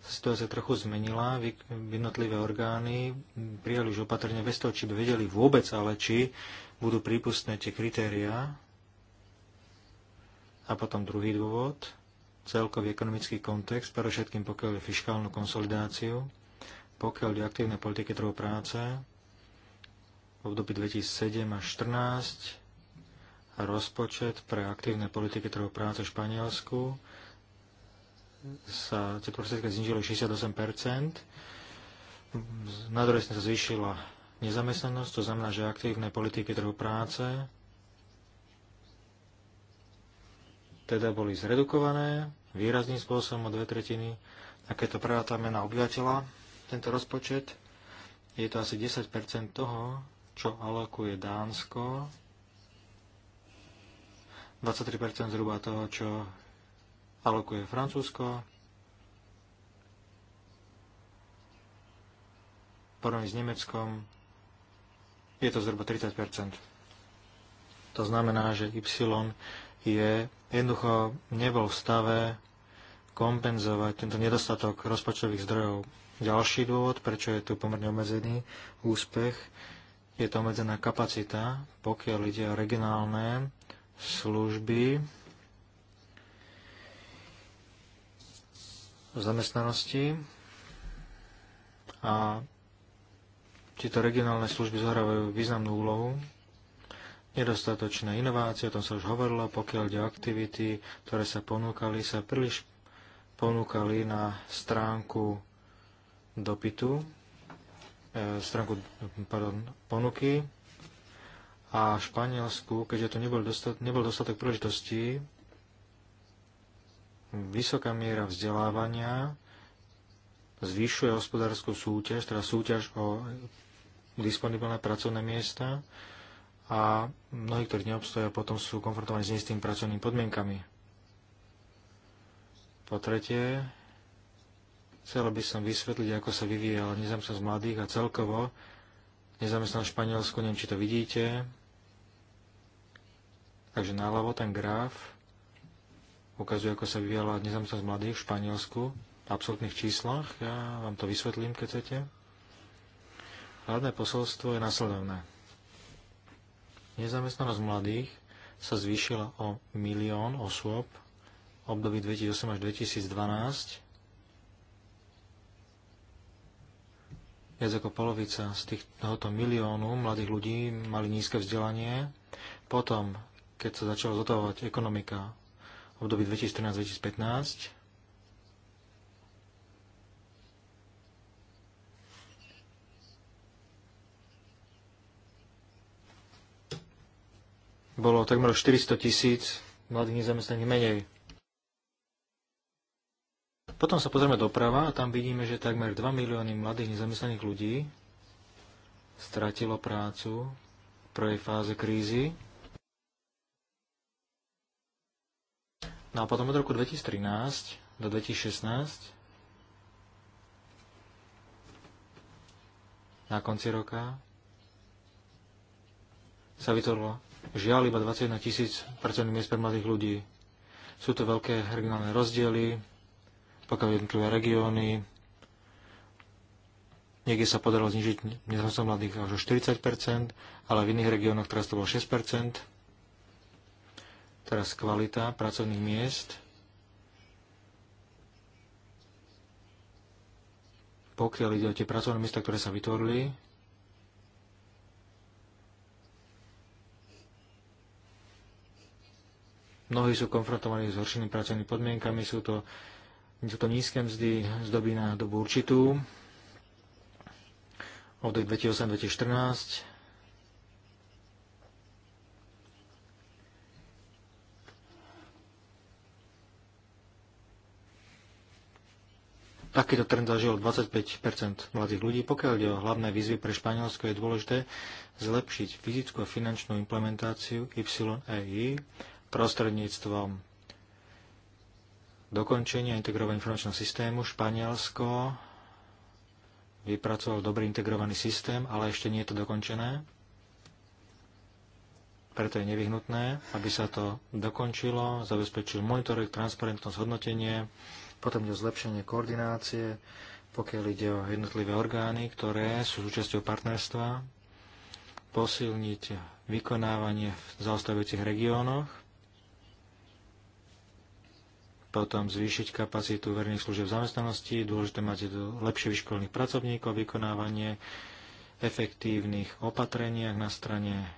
sa situácia trochu zmenila, jednotlivé orgány prijali už opatrne bez toho, či by vedeli vôbec, ale či budú prípustné tie kritériá. A potom druhý dôvod, celkový ekonomický kontext, pre všetkým pokiaľ je fiskálnu konsolidáciu, pokiaľ je aktívne politiky trhu práce v období 2007 až 2014, a rozpočet pre aktívne politiky trhu práce v Španielsku sa tie prostriedky znižili 68%, na druhej sa zvýšila nezamestnanosť, to znamená, že aktívne politiky trhu práce teda boli zredukované výrazným spôsobom o dve tretiny. A keď to prerátame na obyvateľa, tento rozpočet, je to asi 10 toho, čo alokuje Dánsko, 23 zhruba toho, čo alokuje Francúzsko, porovnaní s Nemeckom je to zhruba 30 To znamená, že Y je jednoducho nebol v stave kompenzovať tento nedostatok rozpočtových zdrojov. Ďalší dôvod, prečo je tu pomerne obmedzený úspech, je to obmedzená kapacita, pokiaľ ide o regionálne služby v zamestnanosti a tieto regionálne služby zohrávajú významnú úlohu. Nedostatočné inovácie, o tom sa už hovorilo, pokiaľ ide aktivity, ktoré sa ponúkali, sa príliš ponúkali na stránku dopytu, e, stránku pardon, ponuky a v Španielsku, keďže tu nebol, dostat, nebol dostatok príležitostí, vysoká miera vzdelávania zvyšuje hospodárskú súťaž, teda súťaž o disponibilné pracovné miesta a mnohí, ktorí neobstoja, potom sú konfrontovaní s neistými pracovnými podmienkami. Po tretie, chcel by som vysvetliť, ako sa vyvíjala nezamestnanosť mladých a celkovo nezamestnanosť v Španielsku, neviem, či to vidíte. Takže náľavo ten graf ukazuje, ako sa vyvíjala nezamestnanosť mladých v Španielsku v absolútnych číslach. Ja vám to vysvetlím, keď chcete. Hlavné posolstvo je nasledovné. Nezamestnanosť mladých sa zvýšila o milión osôb v období 2008 až 2012. Viac ako polovica z tých, tohoto miliónu mladých ľudí mali nízke vzdelanie. Potom, keď sa začala zotovovať ekonomika v období 2013-2015, bolo takmer 400 tisíc mladých nezamestnaných menej. Potom sa pozrieme doprava a tam vidíme, že takmer 2 milióny mladých nezamestnaných ľudí stratilo prácu v prvej fáze krízy. No a potom od roku 2013 do 2016 na konci roka sa vytvorilo Žiaľ, iba 21 tisíc pracovných miest pre mladých ľudí. Sú to veľké regionálne rozdiely, pokiaľ jednotlivé regióny. Niekde sa podarilo znižiť nezamestnanosť mladých až o 40 ale v iných regiónoch teraz to bolo 6 Teraz kvalita pracovných miest pokiaľ ide o tie pracovné miesta, ktoré sa vytvorili, Mnohí sú konfrontovaní s horšími pracovnými podmienkami, sú to, sú to nízke mzdy z doby na dobu určitú, od 2008-2014. Takýto trend zažil 25 mladých ľudí. Pokiaľ ide o hlavné výzvy pre Španielsko, je dôležité zlepšiť fyzickú a finančnú implementáciu YEI prostredníctvom dokončenia integrovaného informačného systému Španielsko vypracovalo dobrý integrovaný systém, ale ešte nie je to dokončené. Preto je nevyhnutné, aby sa to dokončilo, zabezpečil monitoring, transparentnosť, hodnotenie, potom ide o zlepšenie koordinácie, pokiaľ ide o jednotlivé orgány, ktoré sú súčasťou partnerstva, posilniť vykonávanie v zaostávajúcich regiónoch, potom zvýšiť kapacitu verejných služieb zamestnanosti, dôležité mať lepšie vyškolených pracovníkov, vykonávanie efektívnych opatreniach na strane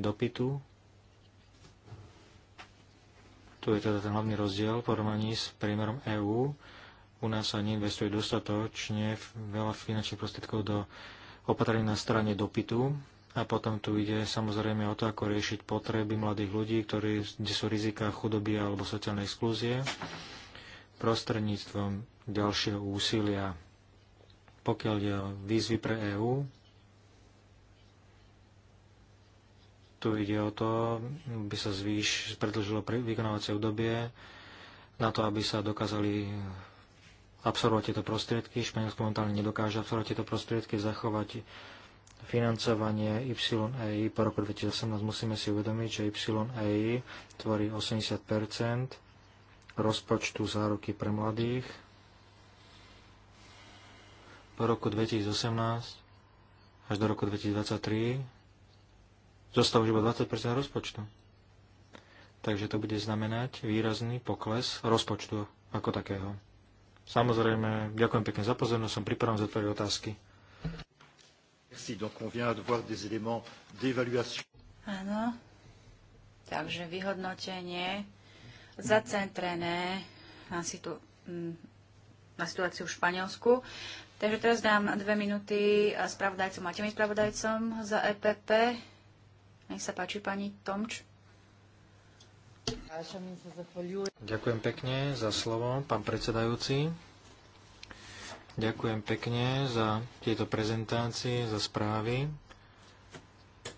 dopytu. Tu je teda ten hlavný rozdiel v porovnaní s priemerom EÚ. U nás sa neinvestuje dostatočne veľa finančných prostriedkov do opatrení na strane dopytu, a potom tu ide samozrejme o to, ako riešiť potreby mladých ľudí, ktorí, kde sú rizika chudoby alebo sociálnej exklúzie, prostredníctvom ďalšieho úsilia. Pokiaľ je výzvy pre EÚ, tu ide o to, by sa zvýš, predlžilo vykonávacie obdobie na to, aby sa dokázali absorbovať tieto prostriedky. Španielsko momentálne nedokáže absorbovať tieto prostriedky, zachovať financovanie YA po roku 2018 musíme si uvedomiť, že YA tvorí 80 rozpočtu záruky pre mladých. Po roku 2018 až do roku 2023 zostal už iba 20 rozpočtu. Takže to bude znamenať výrazný pokles rozpočtu ako takého. Samozrejme, ďakujem pekne za pozornosť, som pripravený zodpovedať otázky. Merci. Donc on vient de voir des éléments d'évaluation. Takže vyhodnotenie zacentrené na, situ- na situáciu v Španielsku. Takže teraz dám dve minúty spravodajcom a mi spravodajcom za EPP. Nech sa páči pani Tomč. Ďakujem pekne za slovo, pán predsedajúci. Ďakujem pekne za tieto prezentácie, za správy.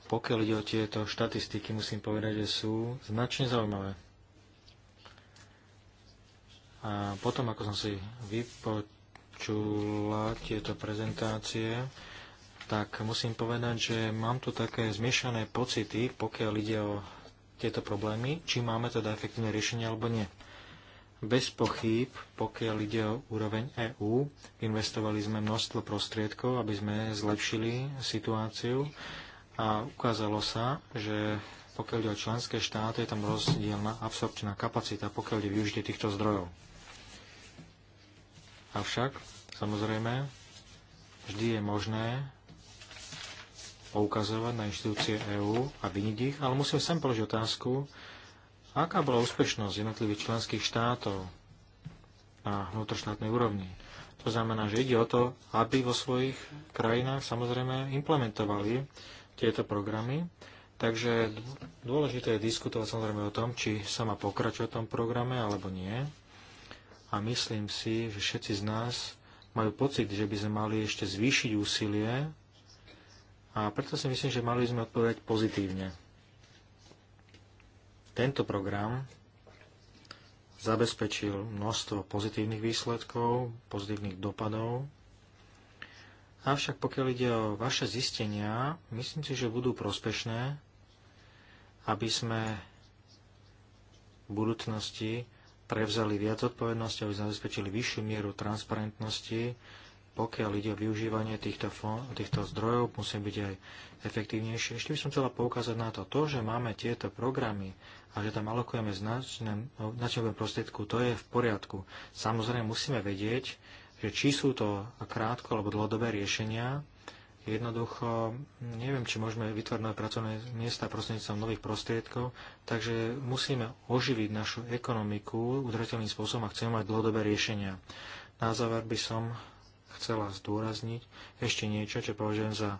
Pokiaľ ide o tieto štatistiky, musím povedať, že sú značne zaujímavé. A potom, ako som si vypočula tieto prezentácie, tak musím povedať, že mám tu také zmiešané pocity, pokiaľ ide o tieto problémy, či máme teda efektívne riešenie alebo nie. Bez pochýb, pokiaľ ide o úroveň EÚ, investovali sme množstvo prostriedkov, aby sme zlepšili situáciu a ukázalo sa, že pokiaľ ide o členské štáty, je tam rozdielna absorpčná kapacita, pokiaľ ide využitie týchto zdrojov. Avšak, samozrejme, vždy je možné poukazovať na inštitúcie EÚ a vyniť ich, ale musím sem položiť otázku, Aká bola úspešnosť jednotlivých členských štátov na vnútroštátnej úrovni? To znamená, že ide o to, aby vo svojich krajinách samozrejme implementovali tieto programy. Takže dôležité je diskutovať samozrejme o tom, či sa má pokračovať v tom programe alebo nie. A myslím si, že všetci z nás majú pocit, že by sme mali ešte zvýšiť úsilie a preto si myslím, že mali sme odpovedať pozitívne. Tento program zabezpečil množstvo pozitívnych výsledkov, pozitívnych dopadov. Avšak pokiaľ ide o vaše zistenia, myslím si, že budú prospešné, aby sme v budúcnosti prevzali viac odpovednosti, aby zabezpečili vyššiu mieru transparentnosti, pokiaľ ide o využívanie týchto, fond, týchto zdrojov, musí byť aj efektívnejšie. Ešte by som chcela poukázať na to, to, že máme tieto programy a že tam alokujeme značné, značné prostriedku, to je v poriadku. Samozrejme musíme vedieť, že či sú to krátko alebo dlhodobé riešenia, jednoducho neviem, či môžeme vytvoriť nové pracovné miesta prostredníctvom nových prostriedkov, takže musíme oživiť našu ekonomiku udržateľným spôsobom a chceme mať dlhodobé riešenia. Na záver by som chcela zdôrazniť ešte niečo, čo považujem za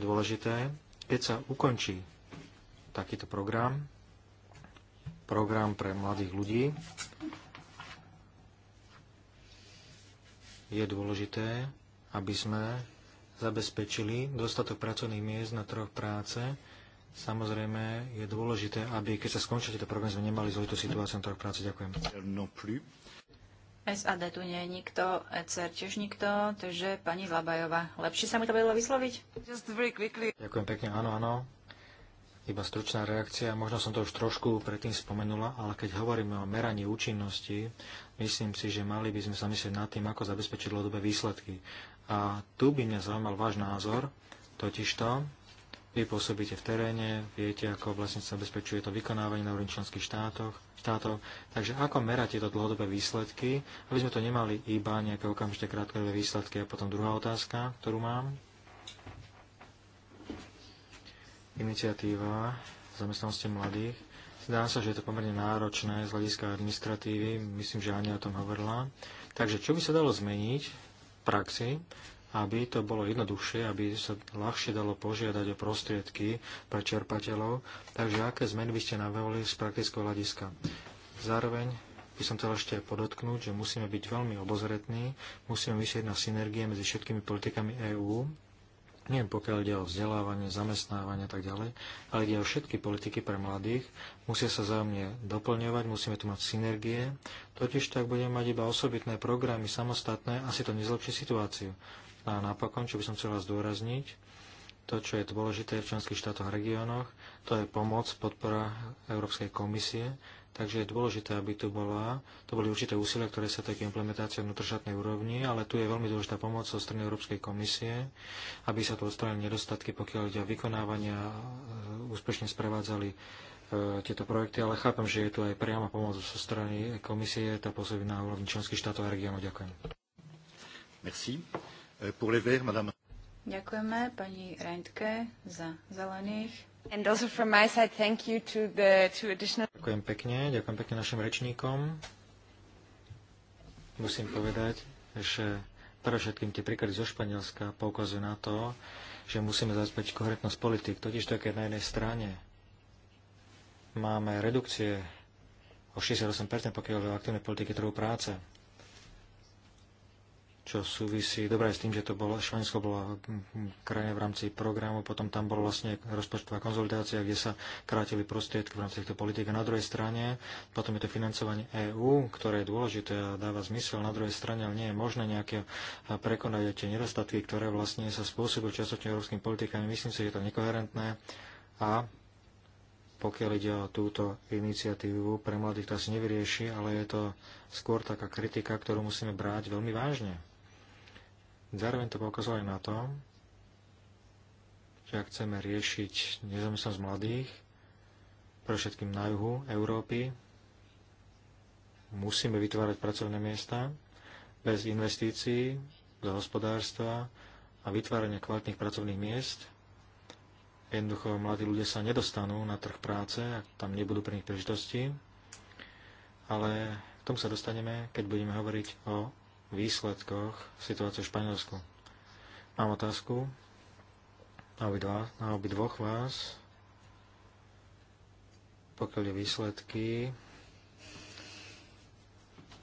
dôležité. Keď sa ukončí takýto program, program pre mladých ľudí, je dôležité, aby sme zabezpečili dostatok pracovných miest na trh práce. Samozrejme, je dôležité, aby keď sa skončí tento program, sme nemali zložitú situáciu na trh práce. Ďakujem. No SAD tu nie je nikto, ECR tiež nikto, takže pani Zlabajová, lepšie sa mi to vedelo vysloviť? Ďakujem pekne, áno, áno. Iba stručná reakcia, možno som to už trošku predtým spomenula, ale keď hovoríme o meraní účinnosti, myslím si, že mali by sme sa myslieť nad tým, ako zabezpečiť dlhodobé výsledky. A tu by mňa zaujímal váš názor, totižto vy pôsobíte v teréne, viete, ako vlastne sa zabezpečuje to vykonávanie na úrovni členských štátoch, štátov. Takže ako merať tieto dlhodobé výsledky, aby sme to nemali iba nejaké okamžite krátkodobé výsledky. A potom druhá otázka, ktorú mám. Iniciatíva zamestnanosti mladých. Zdá sa, že je to pomerne náročné z hľadiska administratívy. Myslím, že Ania o tom hovorila. Takže čo by sa dalo zmeniť v praxi, aby to bolo jednoduchšie, aby sa ľahšie dalo požiadať o prostriedky pre čerpateľov. Takže aké zmeny by ste navrhli z praktického hľadiska? Zároveň by som chcel ešte podotknúť, že musíme byť veľmi obozretní, musíme myslieť na synergie medzi všetkými politikami EÚ, nie pokiaľ ide o vzdelávanie, zamestnávanie a tak ďalej, ale ide o všetky politiky pre mladých, musia sa zájomne doplňovať, musíme tu mať synergie, totiž tak budeme mať iba osobitné programy samostatné, asi to nezlepší situáciu. A napokon, čo by som chcel zdôrazniť, to, čo je dôležité v členských štátoch a regiónoch, to je pomoc, podpora Európskej komisie, takže je dôležité, aby tu bola, to boli určité úsilia, ktoré sa týkajú implementácie vnútrošatnej úrovni, ale tu je veľmi dôležitá pomoc zo strany Európskej komisie, aby sa tu odstranili nedostatky, pokiaľ ide o vykonávania, e, úspešne sprevádzali e, tieto projekty, ale chápem, že je tu aj priama pomoc zo strany komisie, tá pôsobí na úrovni členských štátov a regiónov. Ďakujem. Merci. Pour les verts, madame. Ďakujeme pani Reintke za zelených. And also from my side, thank you to the two additional... Ďakujem pekne, ďakujem pekne našim rečníkom. Musím povedať, že pre všetkým tie príklady zo Španielska poukazujú na to, že musíme zabezpečiť koherentnosť politik. Totiž to, keď na jednej strane máme redukcie o 68%, pokiaľ o aktívnej politiky trhu práce čo súvisí dobre aj s tým, že to bolo, Švensko bolo krajina v rámci programu, potom tam bola vlastne rozpočtová konzolidácia, kde sa krátili prostriedky v rámci týchto politik. A na druhej strane, potom je to financovanie EÚ, ktoré je dôležité a dáva zmysel. Na druhej strane, ale nie je možné nejaké prekonať tie nedostatky, ktoré vlastne sa spôsobujú častočne európskym politikami. Myslím si, že je to nekoherentné a pokiaľ ide o túto iniciatívu pre mladých, to asi nevyrieši, ale je to skôr taká kritika, ktorú musíme brať veľmi vážne. Zároveň to aj na to, že ak chceme riešiť nezamestnanosť mladých, pre všetkým na juhu Európy, musíme vytvárať pracovné miesta bez investícií do hospodárstva a vytvárania kvalitných pracovných miest. Jednoducho mladí ľudia sa nedostanú na trh práce, ak tam nebudú pre nich príležitosti, ale k tomu sa dostaneme, keď budeme hovoriť o výsledkoch situácie v Španielsku. Mám otázku na obidva, na obidvoch vás, pokiaľ je výsledky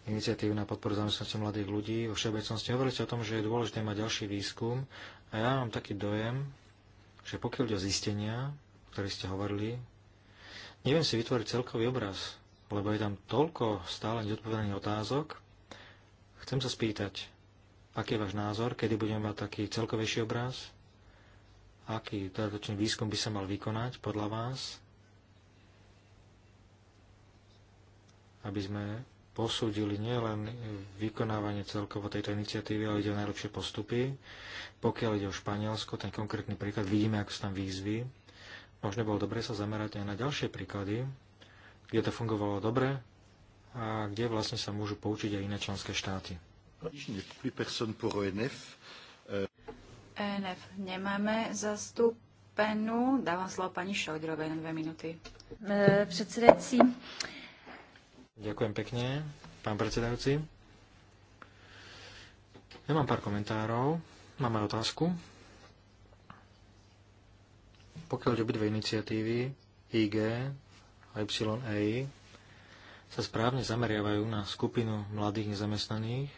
iniciatív na podporu zamestnanosti mladých ľudí. Vo všeobecnosti hovoríte o tom, že je dôležité mať ďalší výskum a ja mám taký dojem, že pokiaľ ide o zistenia, o ktorých ste hovorili, neviem si vytvoriť celkový obraz, lebo je tam toľko stále neodpovedaných otázok, Chcem sa spýtať, aký je váš názor, kedy budeme mať taký celkovejší obraz, aký dodatočný výskum by sa mal vykonať podľa vás, aby sme posúdili nielen vykonávanie celkovo tejto iniciatívy, ale ide o najlepšie postupy. Pokiaľ ide o Španielsko, ten konkrétny príklad, vidíme, ako sú tam výzvy. Možno bolo dobre sa zamerať aj na ďalšie príklady, kde to fungovalo dobre, a kde vlastne sa môžu poučiť aj iné členské štáty. ENF nemáme zastúpenú. Dávam slovo pani Šojdrovej na dve minúty. E, predsedajúci. Ďakujem pekne, pán predsedajúci. Ja mám pár komentárov, mám aj otázku. Pokiaľ ide obidve iniciatívy, IG a YA, sa správne zameriavajú na skupinu mladých nezamestnaných,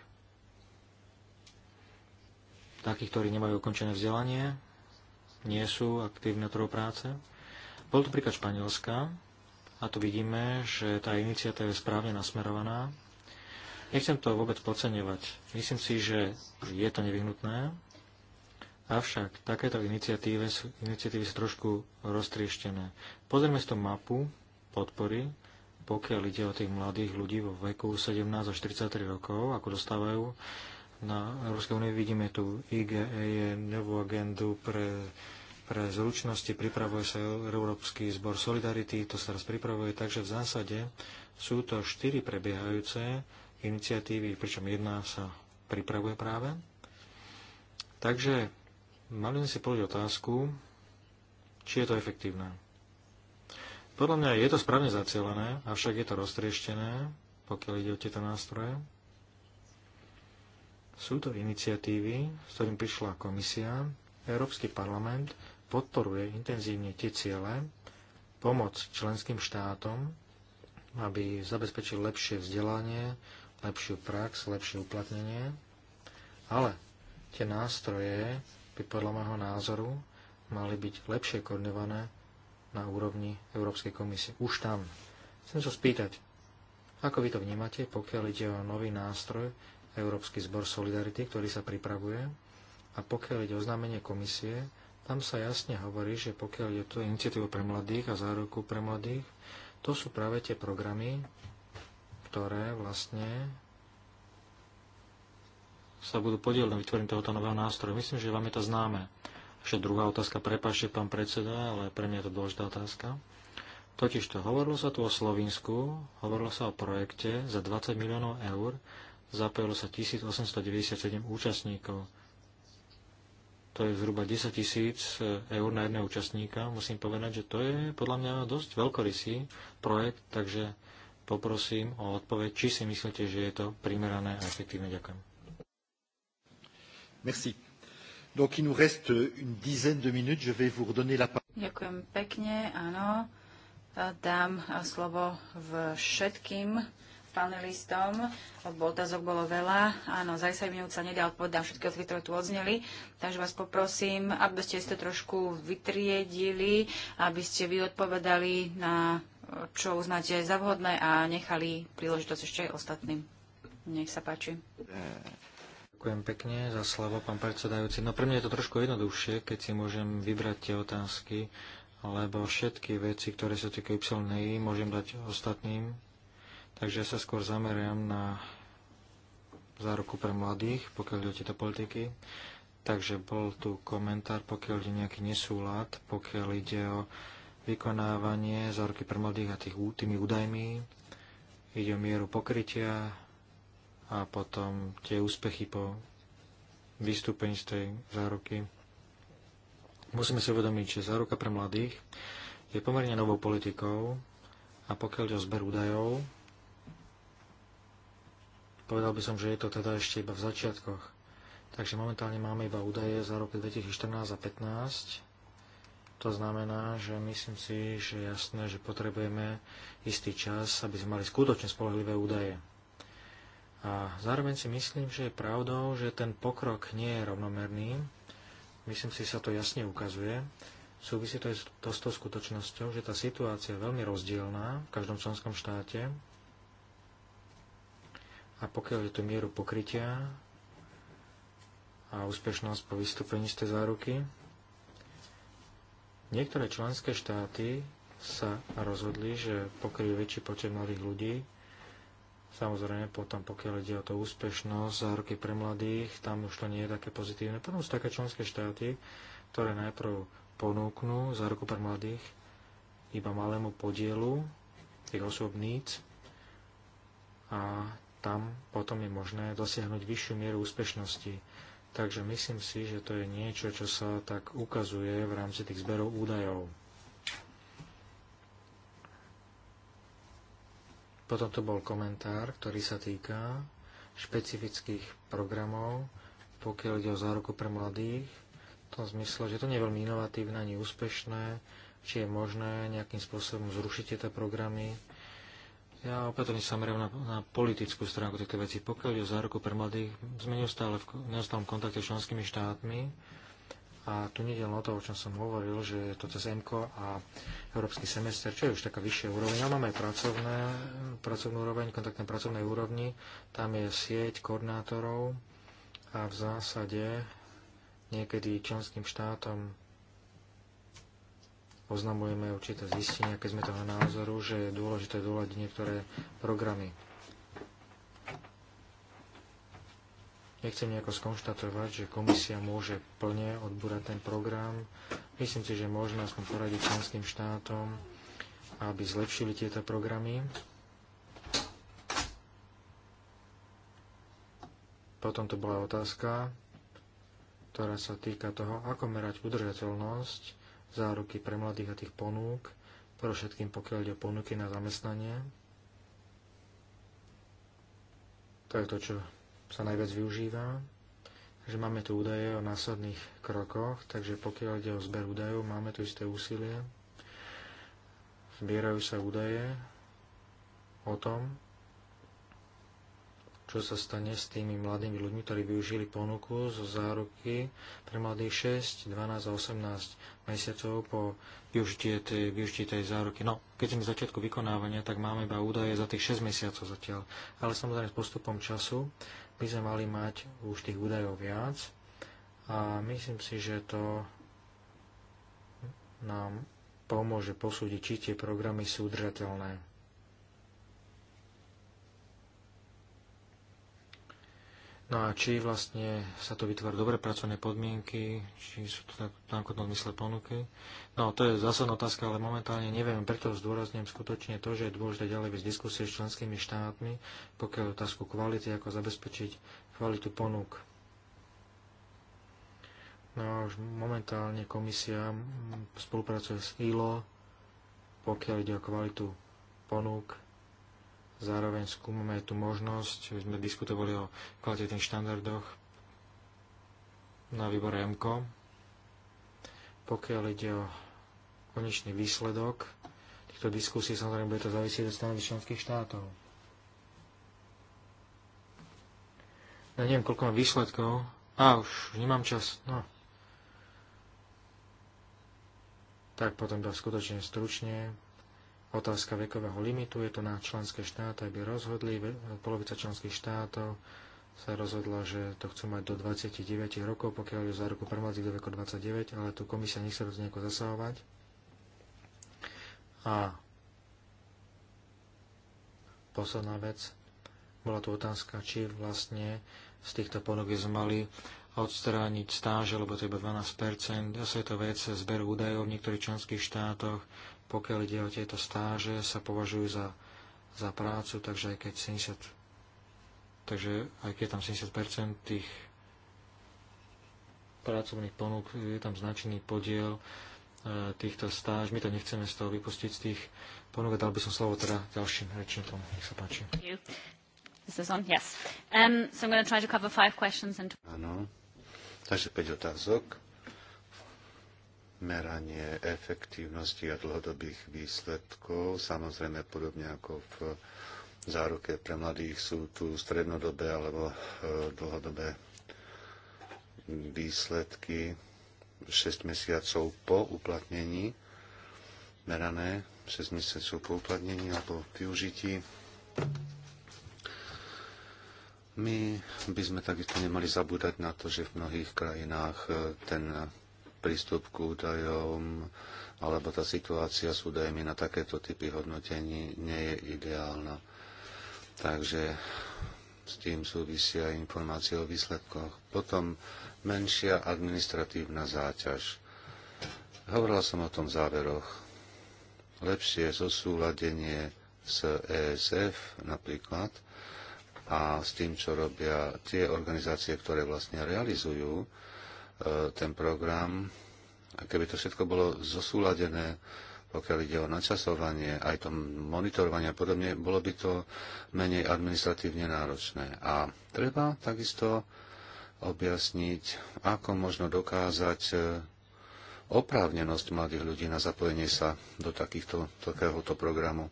takých, ktorí nemajú ukončené vzdelanie, nie sú aktívne na trhu práce. Bol to príklad Španielska a tu vidíme, že tá iniciatíva je správne nasmerovaná. Nechcem to vôbec podceňovať. Myslím si, že je to nevyhnutné, avšak takéto iniciatíve, iniciatívy sú trošku roztrieštené. Pozrieme si tú mapu podpory, pokiaľ ide o tých mladých ľudí vo veku 17 až 43 rokov, ako dostávajú na Európskej únie, vidíme tu IGE, novú agendu pre, pre zručnosti, pripravuje sa Európsky zbor Solidarity, to sa teraz pripravuje, takže v zásade sú to štyri prebiehajúce iniciatívy, pričom jedna sa pripravuje práve. Takže mali sme si položiť otázku, či je to efektívne. Podľa mňa je to správne zacielené, avšak je to roztrieštené, pokiaľ ide o tieto nástroje. Sú to iniciatívy, s ktorým prišla komisia. Európsky parlament podporuje intenzívne tie ciele, pomoc členským štátom, aby zabezpečil lepšie vzdelanie, lepšiu prax, lepšie uplatnenie. Ale tie nástroje by podľa môjho názoru mali byť lepšie koordinované na úrovni Európskej komisie. Už tam. Chcem sa spýtať, ako vy to vnímate, pokiaľ ide o nový nástroj Európsky zbor Solidarity, ktorý sa pripravuje, a pokiaľ ide o oznámenie komisie, tam sa jasne hovorí, že pokiaľ je to iniciatíva pre mladých a záruku pre mladých, to sú práve tie programy, ktoré vlastne sa budú podielne vytvoriť tohoto nového nástroja. Myslím, že vám je to známe. Ešte druhá otázka, prepáčte, pán predseda, ale pre mňa je to dôležitá otázka. Totižto hovorilo sa tu o Slovensku, hovorilo sa o projekte za 20 miliónov eur, zapojilo sa 1897 účastníkov. To je zhruba 10 tisíc eur na jedného účastníka. Musím povedať, že to je podľa mňa dosť veľkorysý projekt, takže poprosím o odpoveď, či si myslíte, že je to primerané a efektívne. Ďakujem. Merci. Donc il nous reste une dizaine de minutes, je vais vous redonner la parole. Ďakujem pekne, áno. Dám slovo všetkým panelistom, lebo otázok bolo veľa. Áno, za 10 minút sa nedá odpovedať všetky otázky, ktoré tu odzneli. Takže vás poprosím, aby ste to trošku vytriedili, aby ste vy odpovedali na čo uznáte za vhodné a nechali príležitosť ešte aj ostatným. Nech sa páči. Uh... Ďakujem pekne za slovo, pán predsedajúci. No pre mňa je to trošku jednoduchšie, keď si môžem vybrať tie otázky, lebo všetky veci, ktoré sa týkajú Y, môžem dať ostatným. Takže ja sa skôr zameriam na záruku pre mladých, pokiaľ ide o tieto politiky. Takže bol tu komentár, pokiaľ ide nejaký nesúlad, pokiaľ ide o vykonávanie záruky pre mladých a tých, tými údajmi. Ide o mieru pokrytia, a potom tie úspechy po vystúpení z tej záruky. Musíme si uvedomiť, že záruka pre mladých je pomerne novou politikou a pokiaľ ide o zber údajov, povedal by som, že je to teda ešte iba v začiatkoch. Takže momentálne máme iba údaje za roky 2014 a 2015. To znamená, že myslím si, že je jasné, že potrebujeme istý čas, aby sme mali skutočne spolahlivé údaje. A zároveň si myslím, že je pravdou, že ten pokrok nie je rovnomerný. Myslím si, že sa to jasne ukazuje. Súvisí to aj s tou skutočnosťou, že tá situácia je veľmi rozdielná v každom členskom štáte. A pokiaľ je tu mieru pokrytia a úspešnosť po vystúpení z tej záruky, niektoré členské štáty sa rozhodli, že pokryjú väčší počet mladých ľudí Samozrejme, potom pokiaľ ide o to úspešnosť za roky pre mladých, tam už to nie je také pozitívne. Potom sú také členské štáty, ktoré najprv ponúknú za roku pre mladých iba malému podielu tých osobníc a tam potom je možné dosiahnuť vyššiu mieru úspešnosti. Takže myslím si, že to je niečo, čo sa tak ukazuje v rámci tých zberov údajov. Potom to bol komentár, ktorý sa týka špecifických programov, pokiaľ ide o záruku pre mladých, v tom zmysle, že to nie je veľmi inovatívne ani úspešné, či je možné nejakým spôsobom zrušiť tieto programy. Ja opätovne samozrejme na, na politickú stránku týchto vecí. Pokiaľ ide o záruku pre mladých, sme neustále v neustálom kontakte s členskými štátmi, a tu nie je len o to, o čom som hovoril, že je to cez EMKO a Európsky semester, čo je už taká vyššia úroveň. ale máme aj pracovné, pracovnú úroveň, kontaktné pracovnej úrovni. Tam je sieť koordinátorov a v zásade niekedy členským štátom oznamujeme určité zistenia, keď sme toho názoru, že je dôležité doľadiť niektoré programy. Nechcem nejako skonštatovať, že komisia môže plne odbúrať ten program. Myslím si, že môžeme aspoň poradiť členským štátom, aby zlepšili tieto programy. Potom to bola otázka, ktorá sa týka toho, ako merať udržateľnosť záruky pre mladých a tých ponúk, pre všetkým pokiaľ ide o ponuky na zamestnanie. To je to, čo sa najviac využíva. Takže máme tu údaje o následných krokoch, takže pokiaľ ide o zber údajov, máme tu isté úsilie. Zbierajú sa údaje o tom, čo sa stane s tými mladými ľuďmi, ktorí využili ponuku zo záruky pre mladých 6, 12 a 18 mesiacov po využití tej, využití tej záruky. No, keď sme v začiatku vykonávania, tak máme iba údaje za tých 6 mesiacov zatiaľ. Ale samozrejme s postupom času by sme mali mať už tých údajov viac a myslím si, že to nám pomôže posúdiť, či tie programy sú udržateľné. No a či vlastne sa to vytvára dobre pracovné podmienky, či sú to tak nákladnom zmysle ponuky. No to je zásadná otázka, ale momentálne neviem, preto zdôrazňujem skutočne to, že je dôležité ďalej viesť diskusie s členskými štátmi, pokiaľ otázku kvality, ako zabezpečiť kvalitu ponúk. No a už momentálne komisia spolupracuje s ILO, pokiaľ ide o kvalitu ponúk Zároveň skúmame tú možnosť, sme diskutovali o kvalitných štandardoch na výbore MKO. Pokiaľ ide o konečný výsledok týchto diskusí, samozrejme bude to závisieť od strany členských štátov. Ja neviem, koľko mám výsledkov. A, už nemám čas. No. Tak potom dá skutočne stručne otázka vekového limitu, je to na členské štáty, aby rozhodli. Polovica členských štátov sa rozhodla, že to chcú mať do 29 rokov, pokiaľ je za roku prvádzik do veku 29, ale tu komisia nechce do nejako zasahovať. A posledná vec, bola tu otázka, či vlastne z týchto ponúk sme mali odstrániť stáže, lebo to je iba 12%. Zase je to vec zberu údajov v niektorých členských štátoch, pokiaľ ide o tieto stáže, sa považujú za, za prácu, takže aj keď 70, takže aj keď tam 70% tých pracovných ponúk, je tam značný podiel e, týchto stáž. My to nechceme z toho vypustiť z tých ponúk. Dal by som slovo teda ďalším rečníkom. Nech sa páči. Um, Áno, takže 5 otázok meranie efektívnosti a dlhodobých výsledkov. Samozrejme, podobne ako v záruke pre mladých sú tu strednodobé alebo e, dlhodobé výsledky 6 mesiacov po uplatnení, merané 6 mesiacov po uplatnení alebo využití. My by sme takisto nemali zabúdať na to, že v mnohých krajinách e, ten prístup k údajom alebo tá situácia s údajmi na takéto typy hodnotení nie je ideálna. Takže s tým súvisia informácie o výsledkoch. Potom menšia administratívna záťaž. Hovorila som o tom v záveroch. Lepšie zosúladenie s ESF napríklad a s tým, čo robia tie organizácie, ktoré vlastne realizujú E, ten program, keby to všetko bolo zosúladené, pokiaľ ide o načasovanie, aj to monitorovanie a podobne, bolo by to menej administratívne náročné. A treba takisto objasniť, ako možno dokázať e, oprávnenosť mladých ľudí na zapojenie sa do takýchto, takéhoto programu.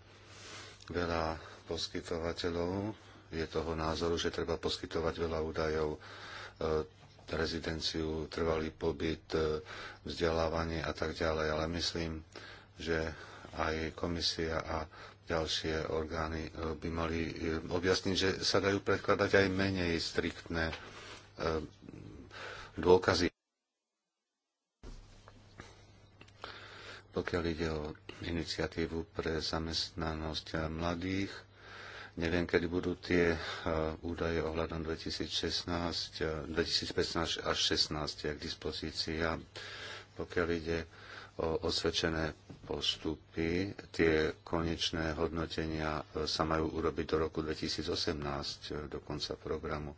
Veľa poskytovateľov je toho názoru, že treba poskytovať veľa údajov e, rezidenciu, trvalý pobyt, e, vzdelávanie a tak ďalej. Ale myslím, že aj komisia a ďalšie orgány e, by mali e, objasniť, že sa dajú predkladať aj menej striktné dôkazy. Pokiaľ ide o iniciatívu pre zamestnanosť mladých, Neviem, kedy budú tie e, údaje ohľadom 2016, 2015 e, až 16 k dispozícii a pokiaľ ide o osvedčené postupy, tie konečné hodnotenia e, sa majú urobiť do roku 2018, do konca programu.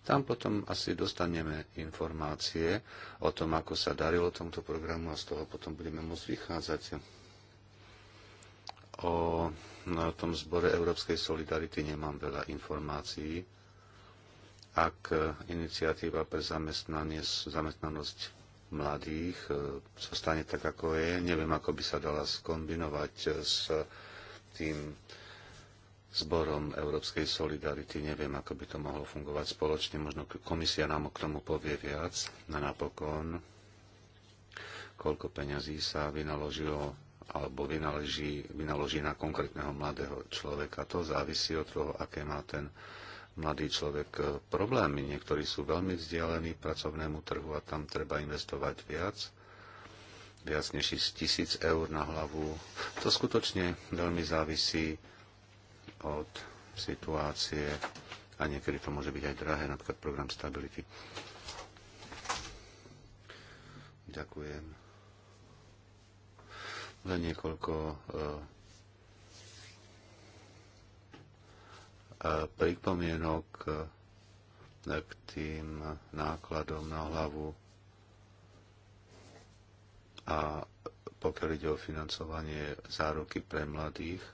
Tam potom asi dostaneme informácie o tom, ako sa darilo tomto programu a z toho potom budeme môcť vychádzať. O tom zbore Európskej solidarity nemám veľa informácií. Ak e, iniciatíva pre zamestnanie, zamestnanosť mladých e, sa stane tak, ako je. Neviem, ako by sa dala skombinovať e, s tým zborom Európskej solidarity. Neviem, ako by to mohlo fungovať spoločne. Možno komisia nám k tomu povie viac. na napokon, koľko peňazí sa vynaložilo alebo vynaloží, vynaloží na konkrétneho mladého človeka. To závisí od toho, aké má ten mladý človek eh, problémy. Niektorí sú veľmi vzdialení pracovnému trhu a tam treba investovať viac, viac než tisíc eur na hlavu. To skutočne veľmi závisí od situácie a niekedy to môže byť aj drahé, napríklad program stability. Ďakujem len niekoľko eh, eh, pripomienok eh, k tým nákladom na hlavu a pokiaľ ide o financovanie záruky pre mladých,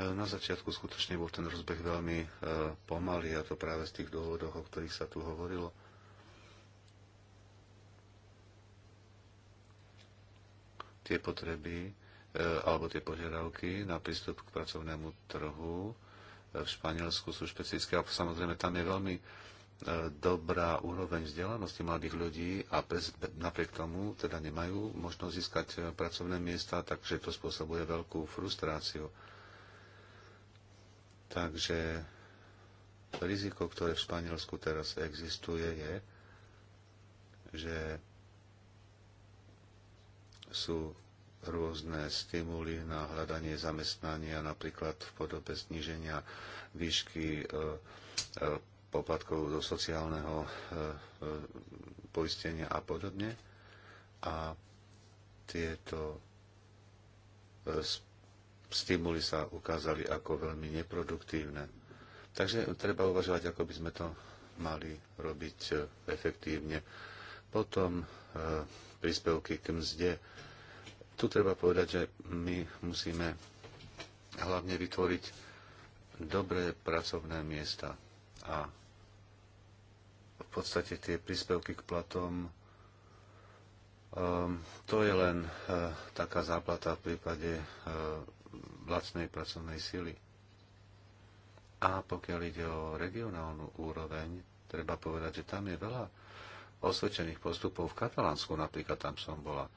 Na začiatku skutočne bol ten rozbeh veľmi e, pomalý a to práve z tých dôvodov, o ktorých sa tu hovorilo. Tie potreby e, alebo tie požiadavky na prístup k pracovnému trhu e, v Španielsku sú špecifické a samozrejme tam je veľmi dobrá úroveň vzdelanosti mladých ľudí a bez, napriek tomu teda nemajú možnosť získať pracovné miesta, takže to spôsobuje veľkú frustráciu. Takže riziko, ktoré v Španielsku teraz existuje, je, že sú rôzne stimuly na hľadanie zamestnania, napríklad v podobe zniženia výšky e, e, poplatkov do sociálneho e, poistenia a podobne. A tieto stimuly sa ukázali ako veľmi neproduktívne. Takže treba uvažovať, ako by sme to mali robiť e, efektívne. Potom e, príspevky k mzde. Tu treba povedať, že my musíme hlavne vytvoriť dobré pracovné miesta a v podstate tie príspevky k platom e, to je len taká záplata v prípade vlastnej pracovnej sily. A pokiaľ ide o regionálnu úroveň, treba povedať, že tam je veľa osvedčených postupov. V Katalánsku napríklad tam som bola.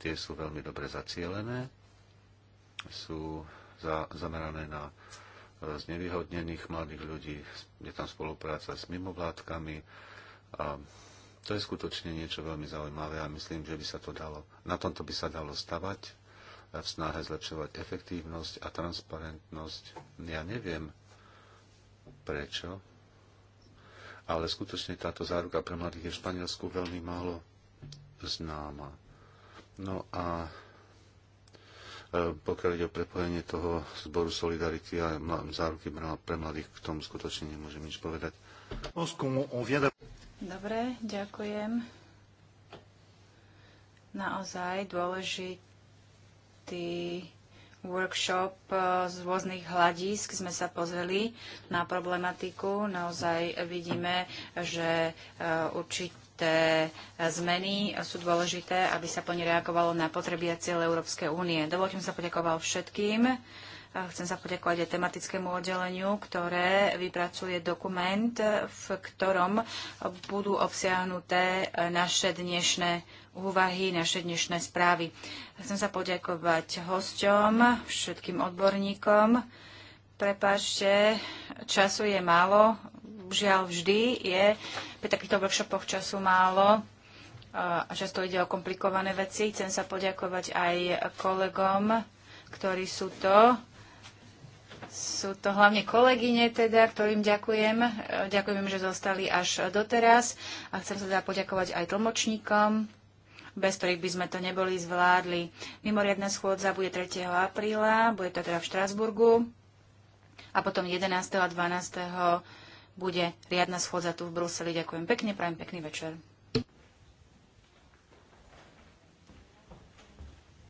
Tie sú veľmi dobre zacielené, sú za, zamerané na e, znevýhodnených mladých ľudí, je tam spolupráca s mimovládkami a to je skutočne niečo veľmi zaujímavé a myslím, že by sa to dalo, na tomto by sa dalo stavať v snahe zlepšovať efektívnosť a transparentnosť. Ja neviem prečo, ale skutočne táto záruka pre mladých je v Španielsku veľmi málo známa. No a e, pokiaľ ide o prepojenie toho zboru Solidarity a záruky pre mladých, k tomu skutočne nemôžem nič povedať. Dobre, ďakujem. Naozaj dôležité určitý workshop eh, z rôznych hľadísk sme sa pozreli na problematiku. Naozaj vidíme, že eh, určité eh, zmeny sú dôležité, aby sa plne reagovalo na potreby a cieľe Európskej únie. Dovolte mi sa poďakoval všetkým. Chcem sa poďakovať aj tematickému oddeleniu, ktoré vypracuje dokument, v ktorom budú obsiahnuté naše dnešné úvahy naše dnešné správy. Chcem sa poďakovať hosťom, všetkým odborníkom. Prepačte, času je málo, žiaľ vždy je pri takýchto workshopoch času málo a často ide o komplikované veci. Chcem sa poďakovať aj kolegom, ktorí sú to. Sú to hlavne kolegyne, teda, ktorým ďakujem. Ďakujem, že zostali až doteraz. A chcem sa teda poďakovať aj tlmočníkom, bez ktorých by sme to neboli zvládli. Mimoriadná schôdza bude 3. apríla, bude to teda v Štrasburgu a potom 11. a 12. bude riadna schôdza tu v Bruseli. Ďakujem pekne, prajem pekný večer.